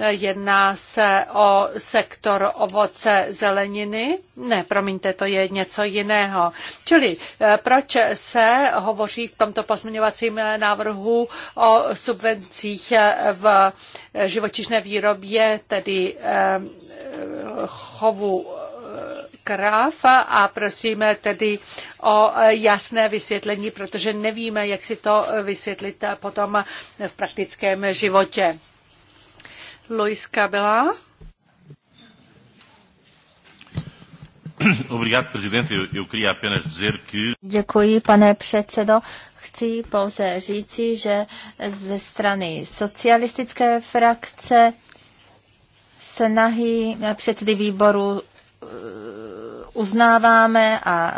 Jedná se o sektor ovoce zeleniny? Ne, promiňte, to je něco jiného. Čili eh, proč se hovoří v tomto pozměňovacím návrhu o subvencích eh, v živočišné výrobě, tedy eh, chovu krav a prosíme tedy o jasné vysvětlení, protože nevíme, jak si to vysvětlit potom v praktickém životě. Luis Cabela. Obrigado, presidente. Eu queria apenas dizer que... Děkuji, pane předsedo. Chci pouze říci, že ze strany socialistické frakce snahy předsedy výboru Eh, uznáváme a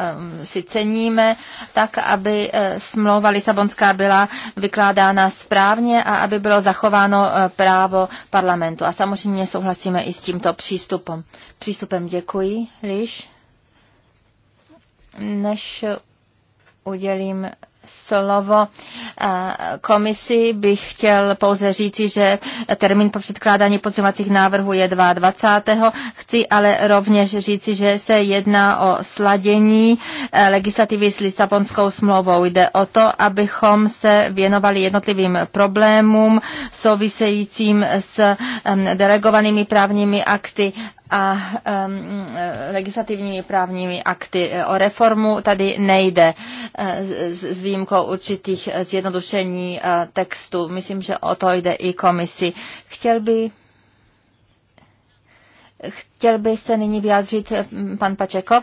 si ceníme, tak aby eh, smlouva Lisabonská byla vykládána správně a aby bylo zachováno eh, právo parlamentu. A samozřejmě souhlasíme i s tímto přístupem. Přístupem děkuji, Liš. Než udělím slovo eh, komisi, bych chtěl pouze říci, že termín po předkládání pozdravacích návrhů je 22. Chci ale rovněž říci, že se jedná o sladění eh, legislativy s Lisabonskou smlouvou. Jde o to, abychom se věnovali jednotlivým problémům souvisejícím s delegovanými právními akty a um, legislativními právními akty. E, o reformu tady nejde e, s výjimkou určitých zjednodušení e, textu. Myslím, že o to jde i komisi. Chtěl by Chtěl by se nyní vyjádřit pan Pačeko.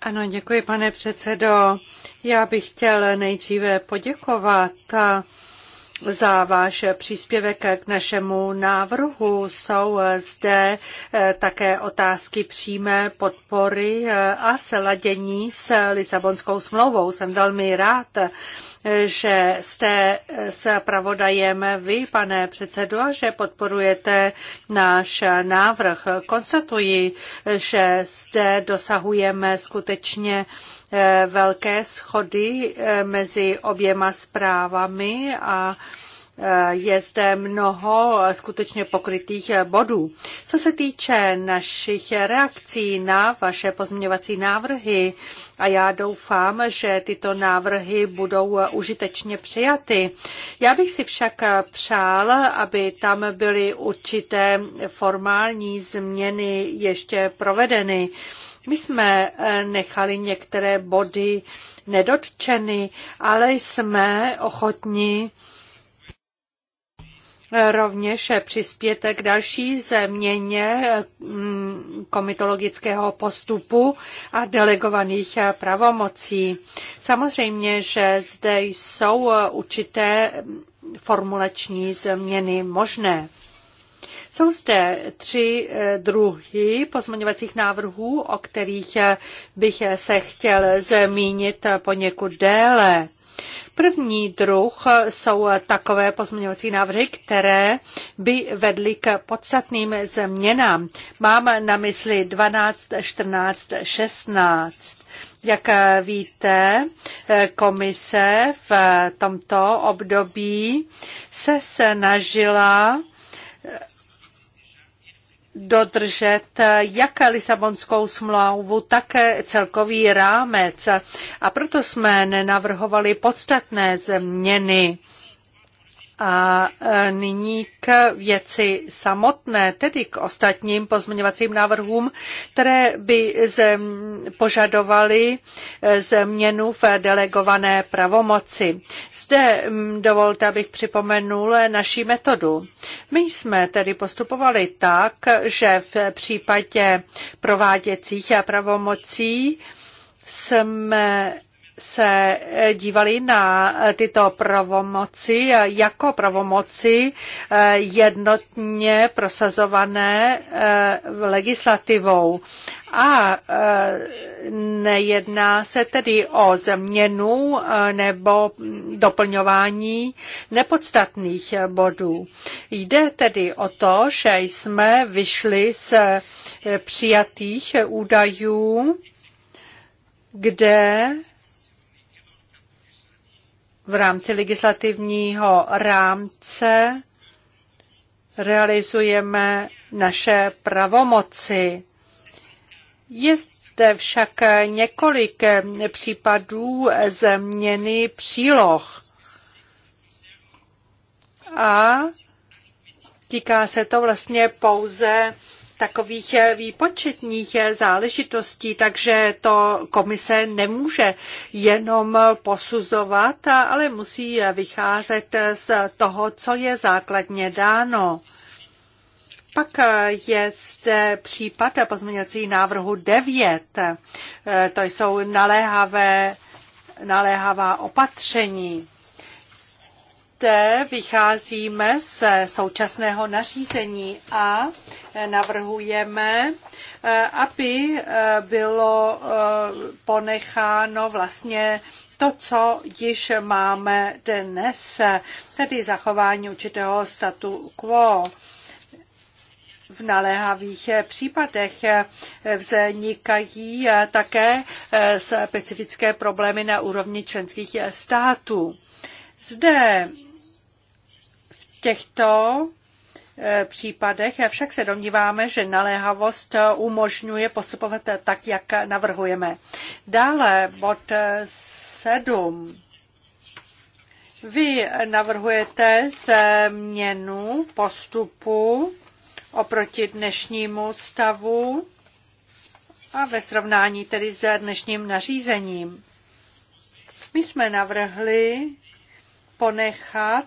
Ano, děkuji, pane předsedo. Já bych chtěl nejdříve poděkovat za váš příspěvek k našemu návrhu. Jsou zde eh, také otázky přímé podpory eh, a sladění s Lisabonskou smlouvou. Jsem velmi rád, eh, že jste s pravodajem vy, pane předsedo, a že podporujete náš návrh. Konstatuji, že zde dosahujeme skutečně Eh, velké schody eh, mezi oběma zprávami a eh, je zde mnoho skutečně pokrytých bodů. Co se týče našich reakcí na vaše pozměňovací návrhy, a já doufám, že tyto návrhy budou užitečně přijaty. Já bych si však přál, aby tam byly určité formální změny ještě provedeny. My jsme eh, nechali některé body nedotčeny, ale jsme ochotni eh, rovněž přispět k další změně mm, komitologického postupu a delegovaných eh, pravomocí. Samozřejmě, že zde jsou určité mm, formulační změny možné. Jsou zde tři eh, druhy pozměňovacích návrhů, o kterých eh, bych eh, se chtěl zmínit poněkud déle. První druh jsou takové pozměňovací návrhy, které by vedly k podstatným změnám. Mám na mysli 12, 14, 16. Jak víte, komise v tomto období se snažila dodržet jak Lisabonskou smlouvu, tak celkový rámec. A proto jsme nenavrhovali podstatné změny. A e, nyní k věci samotné, tedy k ostatním pozměňovacím návrhům, které by požadovaly e, změnu v delegované pravomoci. Zde dovolte, abych připomenul naši metodu. My jsme tedy postupovali tak, že v případě prováděcích pravomocí jsme se eh, dívali na eh, tyto pravomoci eh, jako pravomoci jednotně prosazované legislativou. A nejedná se tedy o změnu nebo doplňování nepodstatných bodů. Jde tedy o to, že jsme vyšli z přijatých údajů, kde v rámci legislativního rámce realizujeme naše pravomoci. Je zde však několik případů změny příloh. A týká se to vlastně pouze takových výpočetních záležitostí, takže to komise nemůže jenom posuzovat, ale musí vycházet z toho, co je základně dáno. Pak je zde případ pozměňovací návrhu 9. To jsou naléhavé, naléhavá opatření. Zde vycházíme ze současného nařízení a navrhujeme, eh, aby eh, bylo eh, ponecháno vlastně to, co již máme dnes, tedy zachování určitého statu quo v naléhavých případech vznikají také specifické problémy na úrovni členských států. Zde těchto eh, případech, však se domníváme, že naléhavost eh, umožňuje postupovat eh, tak, jak navrhujeme. Dále bod 7. Vy navrhujete změnu postupu oproti dnešnímu stavu a ve srovnání tedy s dnešním nařízením. My jsme navrhli ponechat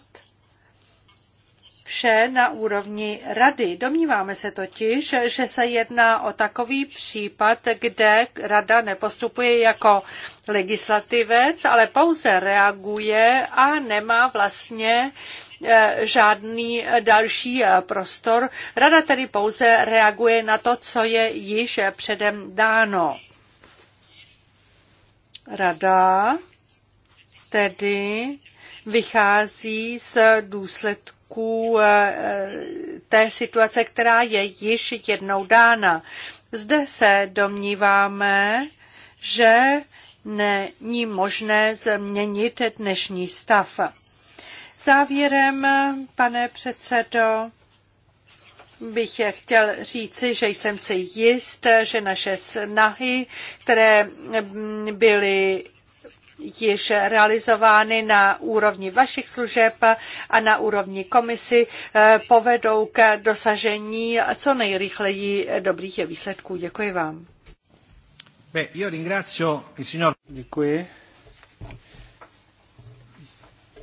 vše na úrovni rady. Domníváme se totiž, že se jedná o takový případ, kde rada nepostupuje jako legislativec, ale pouze reaguje a nemá vlastně eh, žádný další eh, prostor. Rada tedy pouze reaguje na to, co je již předem dáno. Rada tedy vychází z důsledků důsledků eh, eh, té situace, která je již jednou dána. Zde se domníváme, že není možné změnit dnešní stav. Závěrem, pane předsedo, bych chtěl říci, že jsem si jist, že naše snahy, které byly již realizovány na úrovni vašich služeb a na úrovni komisy, eh, povedou k dosažení co nejrychleji dobrých výsledků. Děkuji vám. Děkuji.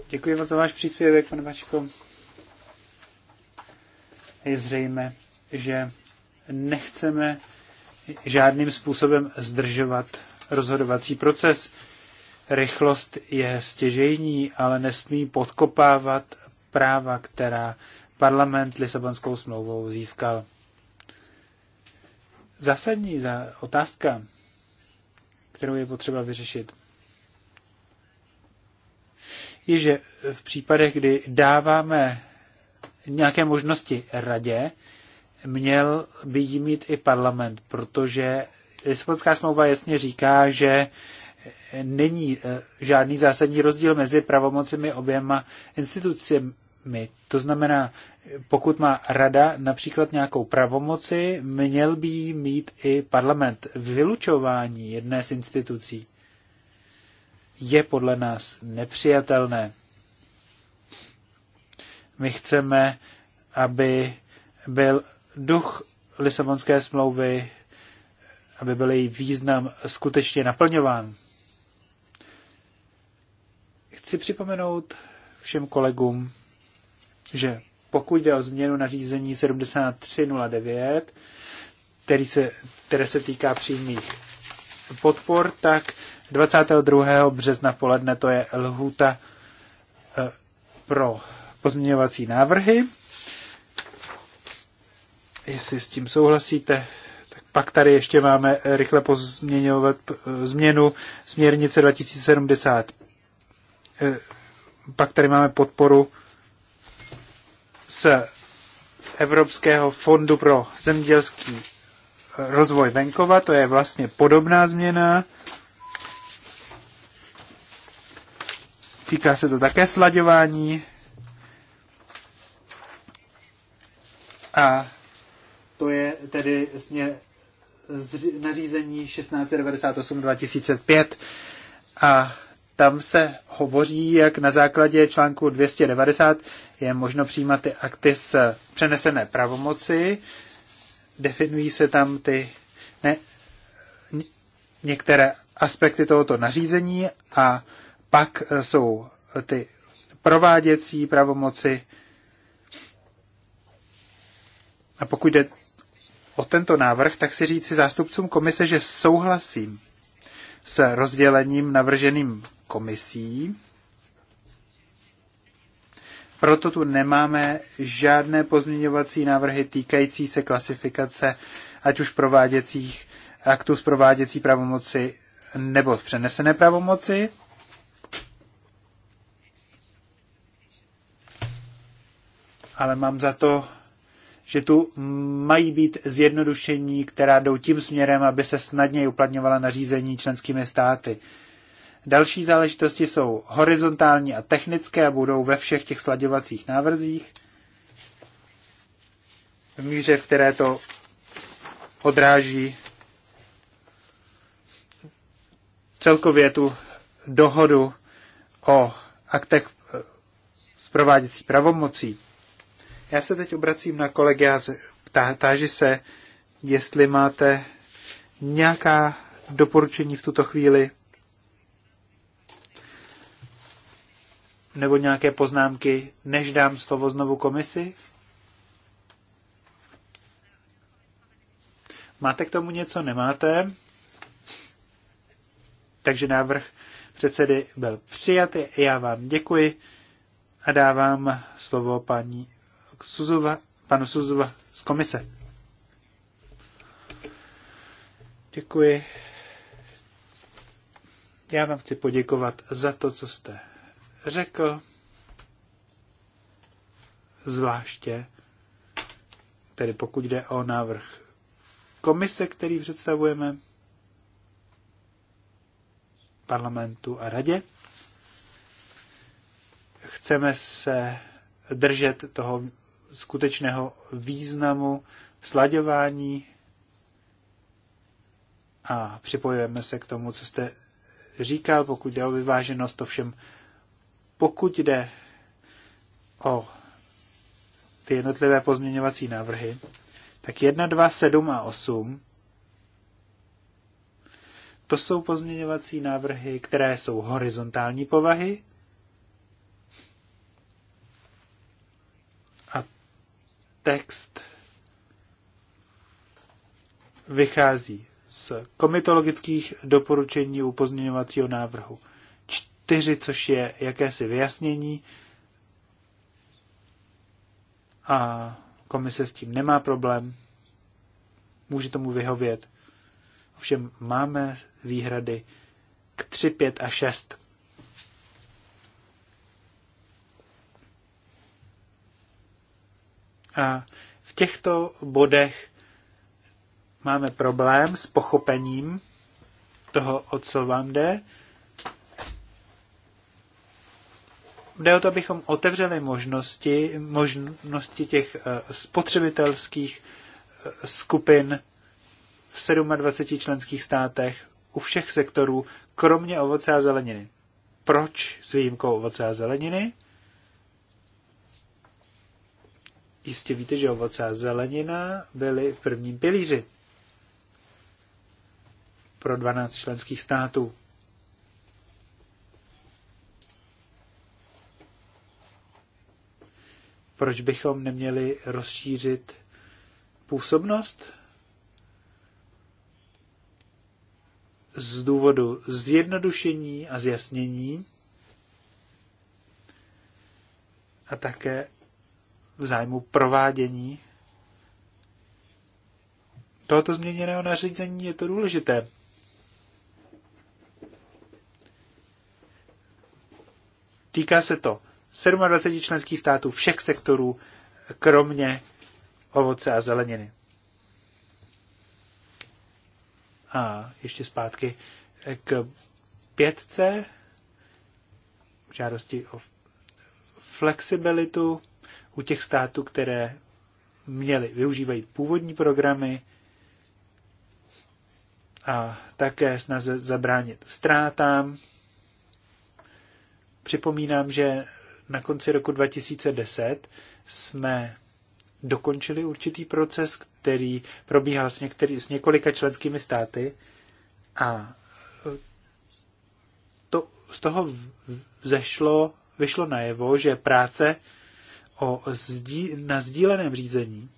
Děkuji za váš příspěvek, pane Bačko. Je zřejmé, že nechceme žádným způsobem zdržovat rozhodovací proces rychlost je stěžejní, ale nesmí podkopávat práva, která parlament Lisabonskou smlouvou získal. Zásadní za otázka, kterou je potřeba vyřešit, je, že v případech, kdy dáváme nějaké možnosti radě, měl by jí mít i parlament, protože Lisabonská smlouva jasně říká, že není eh, žádný zásadní rozdíl mezi pravomocemi oběma institucemi. To znamená, pokud má rada například nějakou pravomoci, měl by mít i parlament. Vylučování jedné z institucí je podle nás nepřijatelné. My chceme, aby byl duch Lisabonské smlouvy, aby byl její význam skutečně naplňován. Chci připomenout všem kolegům, že pokud jde o změnu nařízení 7309, který se, které se týká přímých podpor, tak 22. března poledne to je lhůta eh, pro pozměňovací návrhy. Jestli s tím souhlasíte, tak pak tady ještě máme rychle pozměňovat eh, změnu směrnice 2075 pak tady máme podporu z Evropského fondu pro zemědělský rozvoj venkova, to je vlastně podobná změna. Týká se to také slaďování. A to je tedy vlastně nařízení 1698 2005 a tam se hovoří, jak na základě článku 290 je možno přijímat ty akty s přenesené pravomoci. Definují se tam ty ne, některé aspekty tohoto nařízení a pak jsou ty prováděcí pravomoci. A pokud jde o tento návrh, tak si říci zástupcům komise, že souhlasím s rozdělením navrženým komisí. Proto tu nemáme žádné pozměňovací návrhy týkající se klasifikace ať už prováděcích aktů z prováděcí pravomoci nebo přenesené pravomoci. Ale mám za to, že tu mají být zjednodušení, která jdou tím směrem, aby se snadněji uplatňovala nařízení členskými státy. Další záležitosti jsou horizontální a technické a budou ve všech těch sladěvacích návrzích v míře, v které to odráží celkově tu dohodu o aktech eh, s prováděcí pravomocí. Já se teď obracím na kolegy a táži se, jestli máte nějaká doporučení v tuto chvíli nebo nějaké poznámky, než dám slovo znovu komisi? Máte k tomu něco? Nemáte? Takže návrh předsedy byl přijat. Já vám děkuji a dávám slovo paní Suzuva, panu Suzuva z komise. Děkuji. Já vám chci poděkovat za to, co jste řekl, zvláště, tedy pokud jde o návrh komise, který představujeme parlamentu a radě, chceme se držet toho skutečného významu sladěvání a připojujeme se k tomu, co jste říkal, pokud jde o vyváženost, to všem pokud jde o ty jednotlivé pozměňovací návrhy, tak 1, 2, 7 a 8 to jsou pozměňovací návrhy, které jsou horizontální povahy a text vychází z komitologických doporučení u pozměňovacího návrhu 4, což je jakési vyjasnění. A komise s tím nemá problém. Může tomu vyhovět. Ovšem máme výhrady k 3, 5 a 6. A v těchto bodech máme problém s pochopením toho, o co vám jde, Jde o to, abychom otevřeli možnosti, možnosti těch eh, spotřebitelských eh, skupin v 27 členských státech u všech sektorů, kromě ovoce a zeleniny. Proč s výjimkou ovoce a zeleniny? Jistě víte, že ovoce a zelenina byly v prvním pilíři pro 12 členských států. proč bychom neměli rozšířit působnost? Z důvodu zjednodušení a zjasnění a také v zájmu provádění tohoto změněného nařízení je to důležité. Týká se to 27 členských států všech sektorů, kromě ovoce a zeleniny. A ještě zpátky k pětce žádosti o flexibilitu u těch států, které měly, využívají původní programy a také snaze zabránit ztrátám. Připomínám, že na konci roku 2010 jsme dokončili určitý proces, který probíhal s, některý, s několika členskými státy a e, to, z toho vzešlo, vyšlo najevo, že práce o zdí, na sdíleném řízení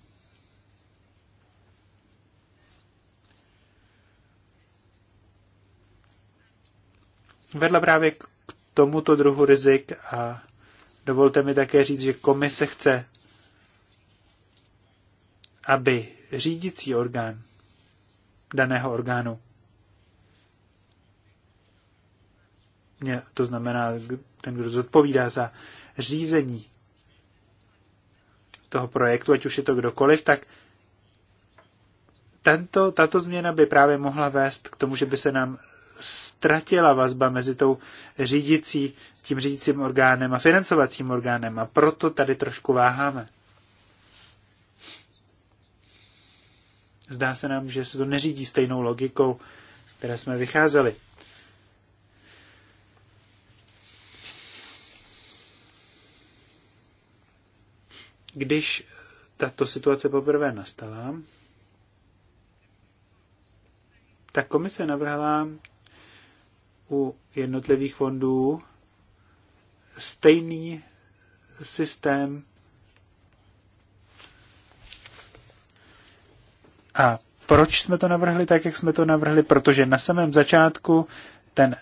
vedla právě k tomuto druhu rizik a Dovolte mi také říct, že komise chce, aby řídící orgán daného orgánu, to znamená ten, kdo zodpovídá za řízení toho projektu, ať už je to kdokoliv, tak tento, tato změna by právě mohla vést k tomu, že by se nám ztratila vazba mezi tou řídicí, tím řídícím orgánem a financovacím orgánem a proto tady trošku váháme. Zdá se nám, že se to neřídí stejnou logikou, z které jsme vycházeli. Když tato situace poprvé nastala, tak komise navrhla u jednotlivých fondů stejný systém a proč jsme to navrhli tak, jak jsme to navrhli? Protože na samém začátku ten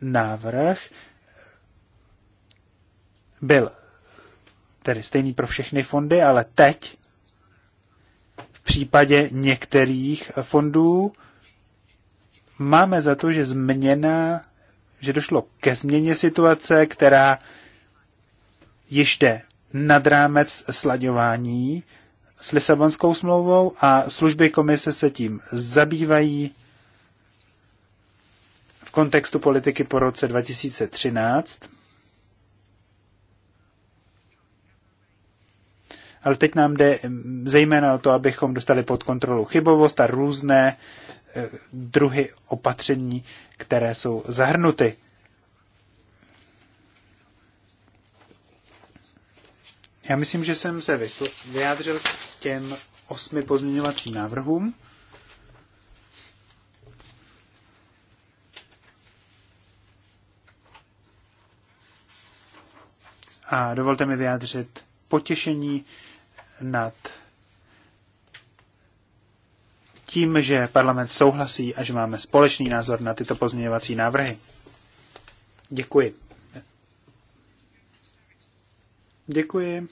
návrh byl tedy stejný pro všechny fondy, ale teď v případě některých fondů máme za to, že změna, že došlo ke změně situace, která ještě nad rámec slaďování s Lisabonskou smlouvou a služby komise se tím zabývají v kontextu politiky po roce 2013. Ale teď nám jde zejména o to, abychom dostali pod kontrolu chybovost a různé druhy opatření, které jsou zahrnuty. Já myslím, že jsem se vyjádřil k těm osmi pozměňovacím návrhům. A dovolte mi vyjádřit potěšení nad tím, že parlament souhlasí a že máme společný názor na tyto pozměňovací návrhy. Děkuji. Děkuji.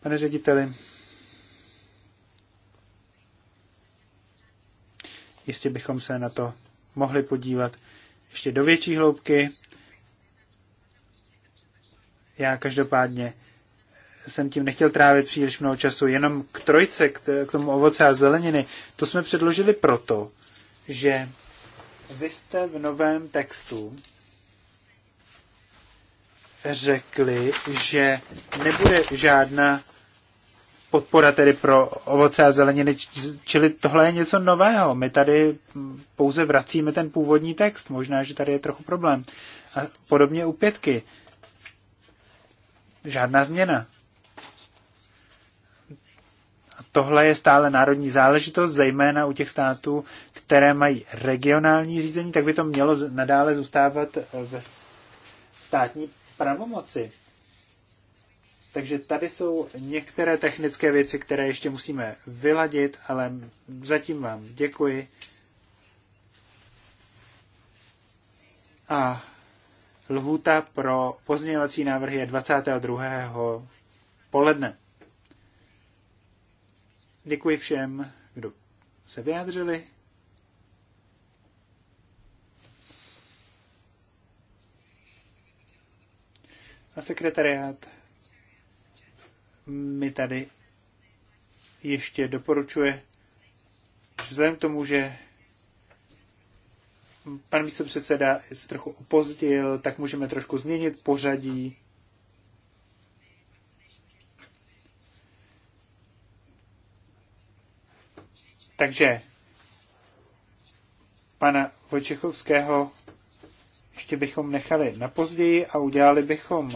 Pane řediteli, jistě bychom se na to mohli podívat ještě do větší hloubky. Já každopádně jsem tím nechtěl trávit příliš mnoho času, jenom k trojce, k tomu ovoce a zeleniny, to jsme předložili proto, že vy jste v novém textu řekli, že nebude žádná podpora tedy pro ovoce a zeleniny, čili tohle je něco nového. My tady pouze vracíme ten původní text, možná, že tady je trochu problém. A podobně u pětky. Žádná změna tohle je stále národní záležitost, zejména u těch států, které mají regionální řízení, tak by to mělo nadále zůstávat eh, ve státní pravomoci. Takže tady jsou některé technické věci, které ještě musíme vyladit, ale zatím vám děkuji. A lhůta pro pozměňovací návrhy je 22. poledne. Děkuji všem, kdo se vyjádřili. Za sekretariát mi tady ještě doporučuje, že vzhledem k tomu, že pan místopředseda se trochu opozdil, tak můžeme trošku změnit pořadí Takže pana Vojčechovského ještě bychom nechali na později a udělali bychom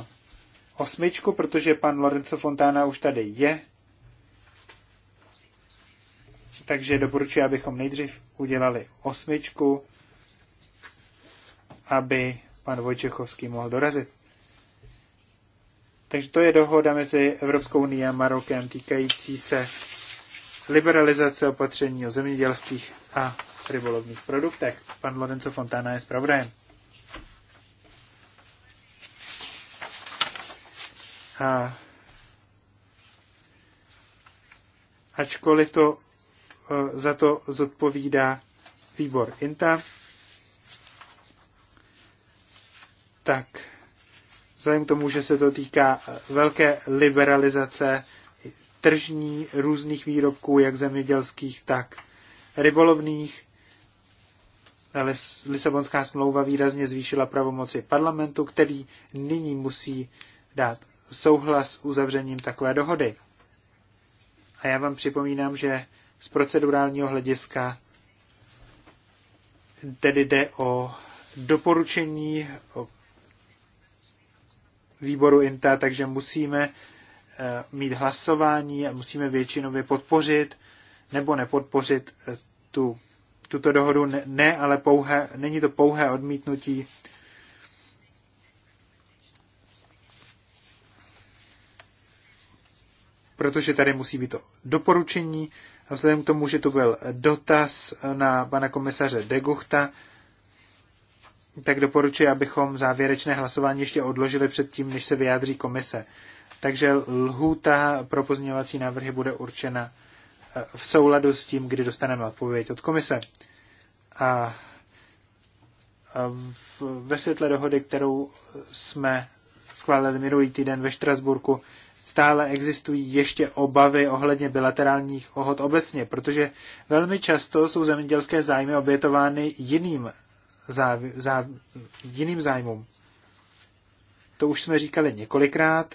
osmičku, protože pan Lorenzo Fontana už tady je. Takže doporučuji, abychom nejdřív udělali osmičku, aby pan Vojčechovský mohl dorazit. Takže to je dohoda mezi Evropskou unii a Marokem týkající se liberalizace opatření o zemědělských a rybolovných produktech. Pan Lorenzo Fontana je zpravodajem. A ačkoliv to e, za to zodpovídá výbor INTA, tak vzhledem k tomu, že se to týká velké liberalizace tržní různých výrobků, jak zemědělských, tak rybolovných. Lisabonská smlouva výrazně zvýšila pravomoci parlamentu, který nyní musí dát souhlas s uzavřením takové dohody. A já vám připomínám, že z procedurálního hlediska tedy jde o doporučení výboru INTA, takže musíme Eh, mít hlasování a musíme většinově podpořit nebo nepodpořit eh, tu, tuto dohodu. Ne, ne, ale pouhé, není to pouhé odmítnutí. Protože tady musí být to doporučení. A vzhledem k tomu, že to byl dotaz na pana komisaře Deguchta, tak doporučuji, abychom závěrečné hlasování ještě odložili předtím, než se vyjádří komise. Takže lhůta pro pozměňovací návrhy bude určena eh, v souladu s tím, kdy dostaneme odpověď od komise. A ve světle dohody, kterou jsme schválili minulý týden ve Štrasburku, stále existují ještě obavy ohledně bilaterálních ohod obecně, protože velmi často jsou zemědělské zájmy obětovány jiným, záv, zá, jiným zájmům. To už jsme říkali několikrát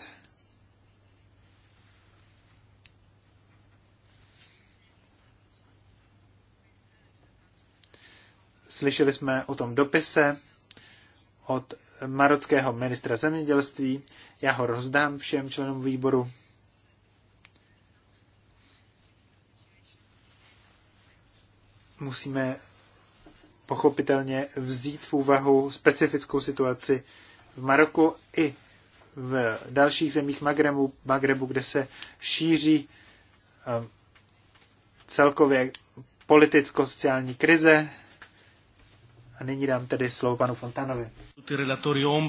Slyšeli jsme o tom dopise od marockého ministra zemědělství. Já ho rozdám všem členům výboru. Musíme pochopitelně vzít v úvahu specifickou situaci v Maroku i v dalších zemích Magrebu, Magrebu kde se šíří eh, celkově politicko-sociální krize, a nyní dám tedy slovo panu Fontanovi.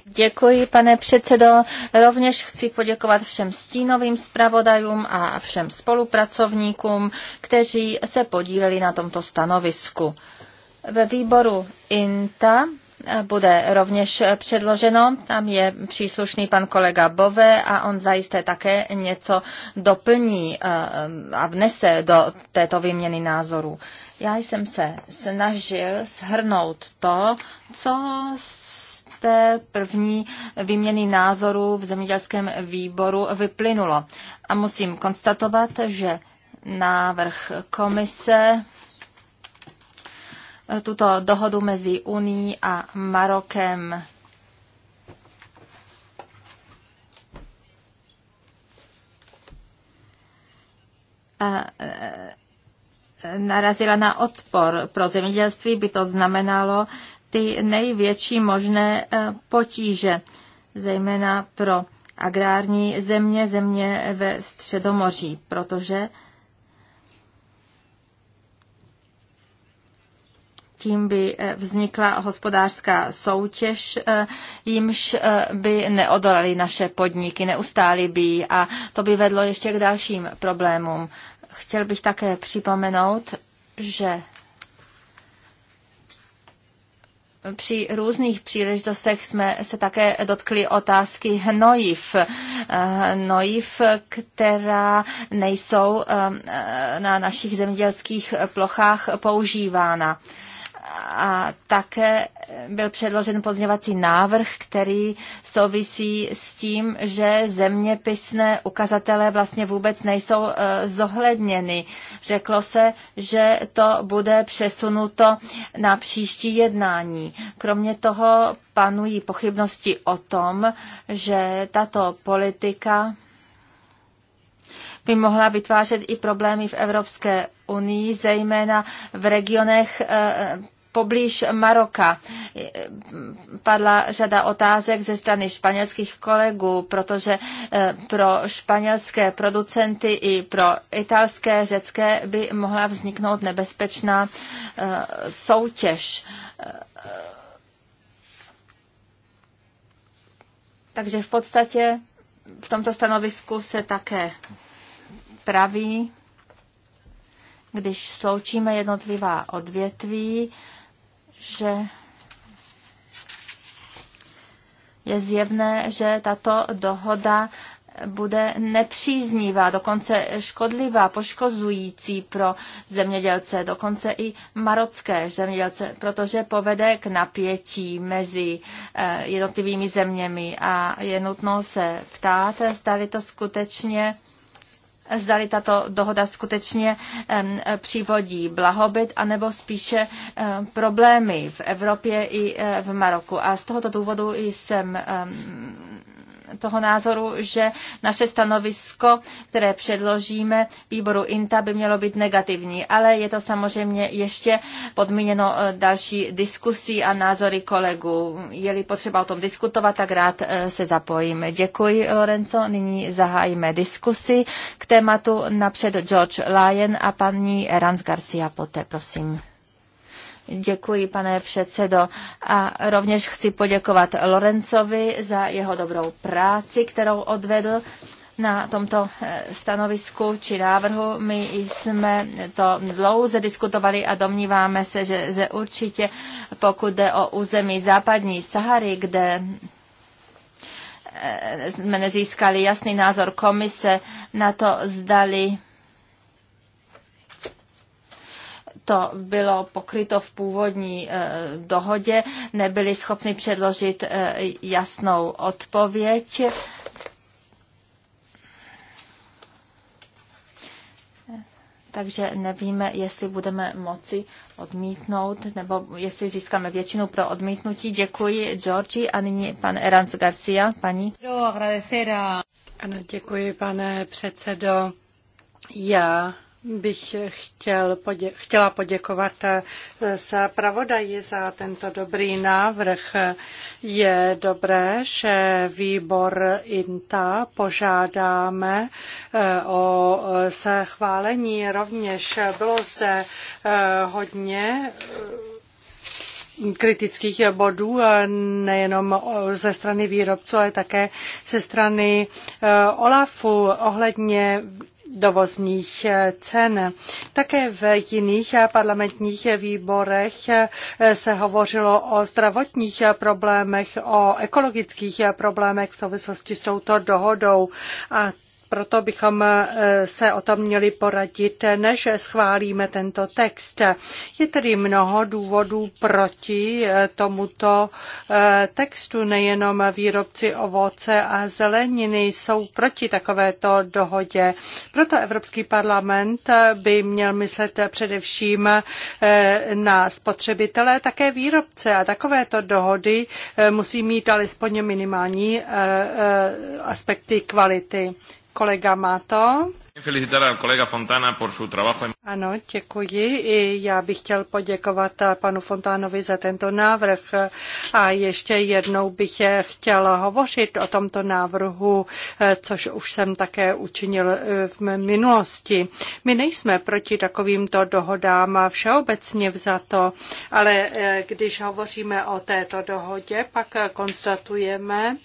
Děkuji, pane předsedo. Rovněž chci poděkovat všem stínovým zpravodajům a všem spolupracovníkům, kteří se podíleli na tomto stanovisku. Ve výboru INTA bude rovněž předloženo. Tam je příslušný pan kolega Bove a on zajisté také něco doplní eh, a vnese do této výměny názorů. Já jsem se snažil shrnout to, co té první výměny názorů v zemědělském výboru vyplynulo. A musím konstatovat, že návrh komise tuto dohodu mezi Unii a Marokem. A, e, narazila na odpor. Pro zemědělství by to znamenalo ty největší možné e, potíže, zejména pro agrární země, země ve Středomoří, protože tím by eh, vznikla hospodářská soutěž, eh, jimž eh, by neodolali naše podniky, neustáli by a to by vedlo ještě k dalším problémům. Chtěl bych také připomenout, že při různých příležitostech jsme se také dotkli otázky hnojiv. Hnojiv, která nejsou na našich zemědělských plochách používána a také byl předložen pozměňovací návrh, který souvisí s tím, že zeměpisné ukazatele vlastně vůbec nejsou e, zohledněny. Řeklo se, že to bude přesunuto na příští jednání. Kromě toho panují pochybnosti o tom, že tato politika by mohla vytvářet i problémy v Evropské unii, zejména v regionech e, poblíž Maroka. Padla řada otázek ze strany španělských kolegů, protože eh, pro španělské producenty i pro italské, řecké by mohla vzniknout nebezpečná eh, soutěž. Eh, takže v podstatě v tomto stanovisku se také praví, když sloučíme jednotlivá odvětví, že je zjevné, že tato dohoda bude nepříznivá, dokonce škodlivá, poškozující pro zemědělce, dokonce i marocké zemědělce, protože povede k napětí mezi eh, jednotlivými zeměmi a je nutno se ptát, zda to skutečně zdali tato dohoda skutečně přivodí blahobyt, anebo spíše problémy v Evropě i v Maroku. A z tohoto důvodu jsem toho názoru, že naše stanovisko, které předložíme výboru INTA, by mělo být negativní, ale je to samozřejmě ještě podmíněno eh, další diskusí a názory kolegů. Je-li potřeba o tom diskutovat, tak rád eh, se zapojíme. Děkuji, Lorenzo. Nyní zahájíme diskusi k tématu napřed George Lyon a paní Rans Garcia poté, prosím. Děkuji, pane předsedo. A rovněž chci poděkovat Lorencovi za jeho dobrou práci, kterou odvedl na tomto eh, stanovisku či návrhu. My jsme to dlouze diskutovali a domníváme se, že, že určitě pokud jde o území západní Sahary, kde eh, jsme nezískali jasný názor komise na to, zdali to bylo pokryto v původní eh, dohodě, nebyli schopni předložit eh, jasnou odpověď. takže nevíme, jestli budeme moci odmítnout, nebo jestli získáme většinu pro odmítnutí. Děkuji, Georgi, a nyní pan Erans Garcia, paní. Ano, děkuji, pane předsedo. Já bych chtěl podě- chtěla poděkovat se eh, pravodaji za tento dobrý návrh. Je dobré, že výbor INTA požádáme eh, o schválení. Rovněž bylo zde eh, hodně kritických bodů, nejenom ze strany výrobců, ale také ze strany OLAFu ohledně dovozních eh, cen. Také v jiných eh, parlamentních výborech eh, se hovořilo o zdravotních problémech, o ekologických problémech v souvislosti s touto dohodou a proto bychom eh, se o tom měli poradit, než schválíme tento text. Je tedy mnoho důvodů proti eh, tomuto eh, textu, nejenom výrobci ovoce a zeleniny jsou proti takovéto dohodě. Proto Evropský parlament by měl myslet především na spotřebitele, také výrobce a takovéto dohody musí mít alespoň minimální aspekty kvality. Kolega Mato. Ano, děkuji. I já bych chtěl poděkovat panu Fontánovi za tento návrh. A ještě jednou bych chtěl hovořit o tomto návrhu, eh, což už jsem také učinil eh, v minulosti. My nejsme proti takovýmto dohodám všeobecně vzato, ale eh, když hovoříme o této dohodě, pak konstatujeme,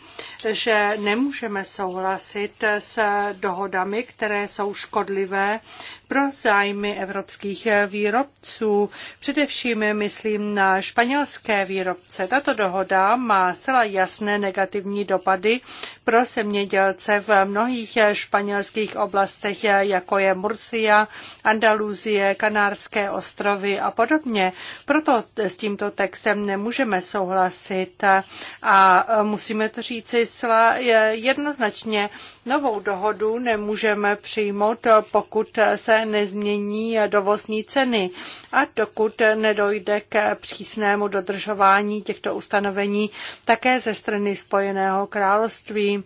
že nemůžeme souhlasit s dohodami, které jsou jsou škodlivé pro zájmy evropských výrobců. Především myslím na španělské výrobce. Tato dohoda má zcela jasné negativní dopady pro zemědělce v mnohých španělských oblastech, jako je Murcia, Andaluzie, Kanárské ostrovy a podobně. Proto s tímto textem nemůžeme souhlasit a musíme to říci zcela jednoznačně. Novou dohodu nemůžeme přijít přijmout, pokud se nezmění dovozní ceny a dokud nedojde k přísnému dodržování těchto ustanovení také ze strany Spojeného království.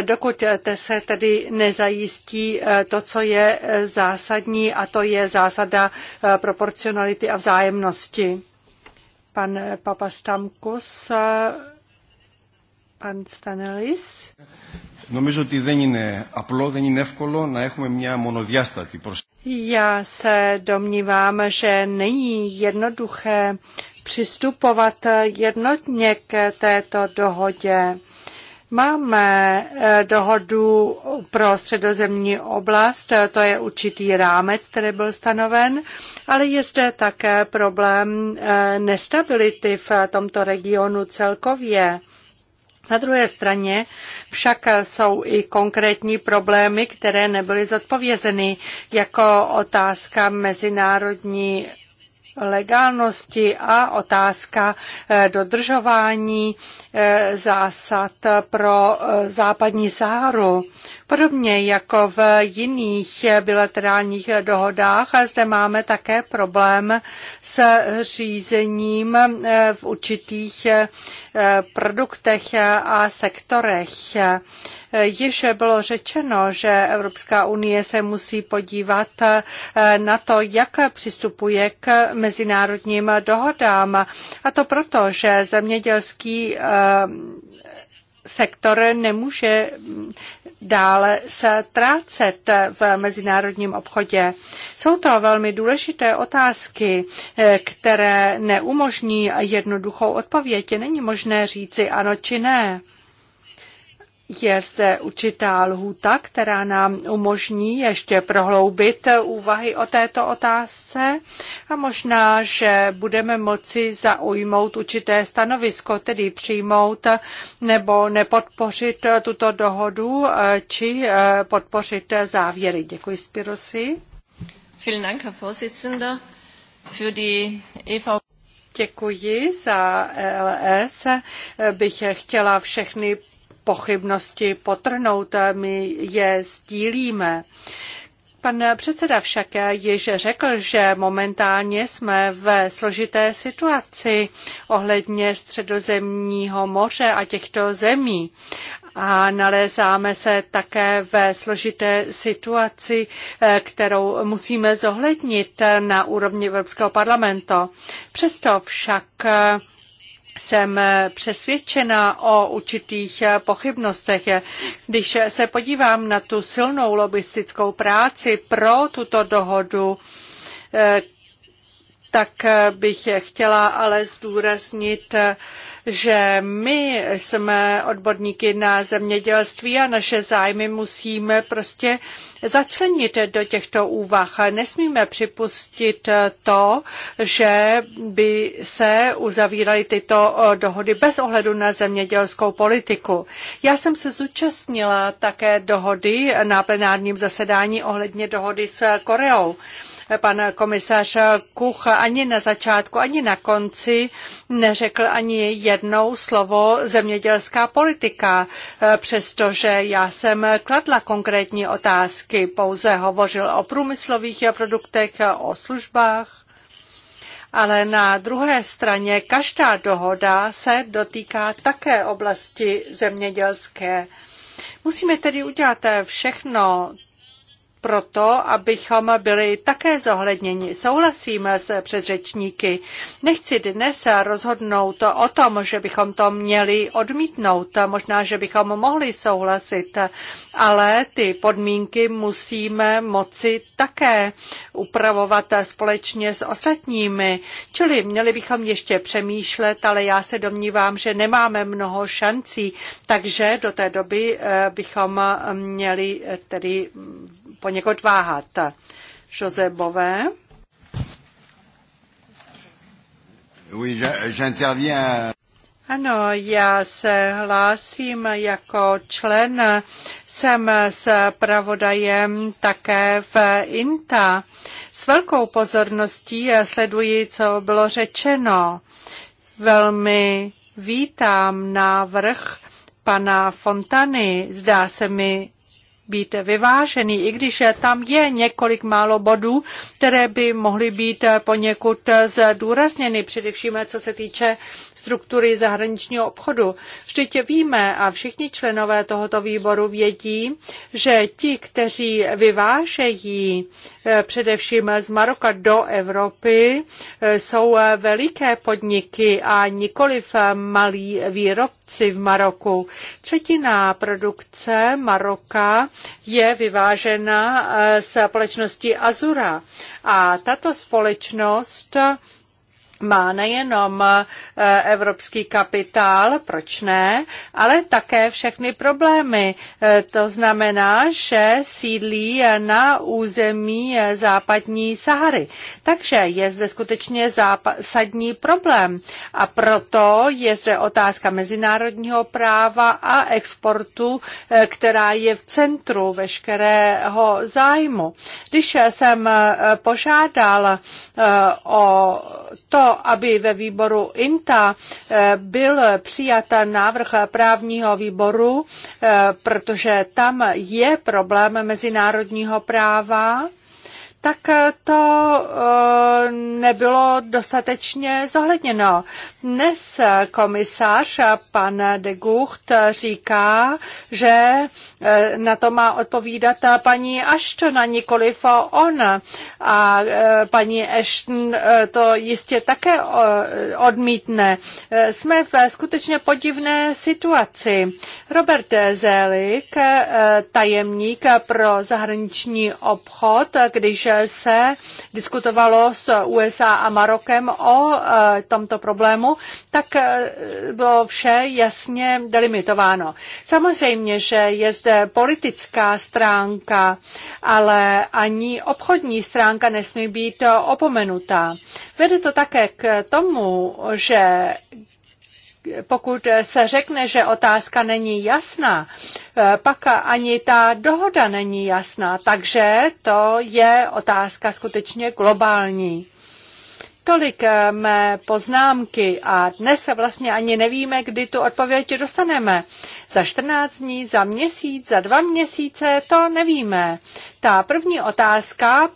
Dokud se tedy nezajistí eh, to, co je eh, zásadní, a to je zásada eh, proporcionality a vzájemnosti. Pan Papastamkus Pan Stanelis. Νομίζω ότι δεν είναι απλό, δεν είναι εύκολο να έχουμε μια μονοδιάστατη προσέγγιση. Já se domnívám, že není jednoduché přistupovat jednotně k této dohodě. Máme eh, dohodu pro středozemní oblast, to je určitý rámec, který byl stanoven, ale je zde také problém eh, nestability v tomto regionu celkově. Na druhé straně však jsou i konkrétní problémy, které nebyly zodpovězeny, jako otázka mezinárodní legálnosti a otázka eh, dodržování eh, zásad pro eh, západní Sáru. Podobně jako v jiných bilaterálních dohodách zde máme také problém s řízením eh, v určitých eh, produktech a sektorech. Eh, již bylo řečeno, že Evropská unie se musí podívat na to, jak přistupuje k mezinárodním dohodám. A to proto, že zemědělský sektor nemůže dále ztrácet v mezinárodním obchodě. Jsou to velmi důležité otázky, eh, které neumožní jednoduchou odpověď. Není možné říci ano či ne je zde určitá lhůta, která nám umožní ještě prohloubit úvahy o této otázce a možná, že budeme moci zaujmout určité stanovisko, tedy přijmout nebo nepodpořit tuto dohodu či eh, podpořit závěry. Děkuji, Spirosi. die e Děkuji za LS. Bych chtěla všechny pochybnosti potrhnout, my je sdílíme. Pan předseda však již řekl, že momentálně jsme v složité situaci ohledně středozemního moře a těchto zemí. A nalézáme se také ve složité situaci, eh, kterou musíme zohlednit na úrovni Evropského parlamentu. Přesto však eh, jsem přesvědčena o určitých pochybnostech. Když se podívám na tu silnou lobbystickou práci pro tuto dohodu, tak eh, bych chtěla ale zdůraznit, eh, že my jsme odborníky na zemědělství a naše zájmy musíme prostě začlenit do těchto úvah. Nesmíme připustit eh, to, že by se uzavíraly tyto dohody bez ohledu na zemědělskou politiku. Já jsem se zúčastnila také dohody na plenárním zasedání ohledně dohody s Koreou. Pan komisař Kuch ani na začátku, ani na konci neřekl ani jednou slovo zemědělská politika, eh, přestože já jsem kladla konkrétní otázky, pouze hovořil o průmyslových produktech, o službách ale na druhé straně každá dohoda se dotýká také oblasti zemědělské. Musíme tedy udělat eh, všechno proto, abychom byli také zohledněni. Souhlasím s předřečníky. Nechci dnes rozhodnout o tom, že bychom to měli odmítnout. Možná, že bychom mohli souhlasit, ale ty podmínky musíme moci také upravovat společně s ostatními. Čili měli bychom ještě přemýšlet, ale já se domnívám, že nemáme mnoho šancí, takže do té doby eh, bychom měli eh, tedy poněkud váhat. José Bové. Oui, j'interviens. Ano, já se hlásím jako člen. Jsem s pravodajem také v INTA. S velkou pozorností sleduji, co bylo řečeno. Velmi vítám návrh pana Fontany. Zdá se mi být vyvážený, i když tam je několik málo bodů, které by mohly být poněkud zdůrazněny, především co se týče struktury zahraničního obchodu. Vždyť víme a všichni členové tohoto výboru vědí, že ti, kteří vyvážejí eh, především z Maroka do Evropy, eh, jsou eh, veliké podniky a nikoliv malí výrobci v Maroku. Třetina produkce Maroka je vyvážena společností Azura a tato společnost má nejenom eh, evropský kapitál, proč ne, ale také všechny problémy. Eh, to znamená, že sídlí na území eh, západní Sahary. Takže je zde skutečně zásadní problém. A proto je zde otázka mezinárodního práva a exportu, která je v centru veškerého zájmu. Když jsem požádal o to, aby ve výboru INTA eh, byl přijat návrh právního výboru, eh, protože tam je problém mezinárodního práva tak eh, to eh, nebylo dostatečně zohledněno. Dnes eh, komisař pan de Gucht říká, že na to má odpovídat paní Ashtona, nikoliv on. A paní Ashton to jistě také odmítne. Jsme v skutečně podivné situaci. Robert Zelik, tajemník pro zahraniční obchod, když se diskutovalo s USA a Marokem o e, tomto problému, tak e, bylo vše jasně delimitováno. Samozřejmě, že je zde politická stránka, ale ani obchodní stránka nesmí být opomenutá. Vede to také k tomu, že pokud se řekne, že otázka není jasná, eh, pak ani ta dohoda není jasná, takže to je otázka skutečně globální. Tolik eh, mé poznámky a dnes vlastně ani nevíme, kdy tu odpověď dostaneme za 14 dní, za měsíc, za dva měsíce, to nevíme. Ta první otázka,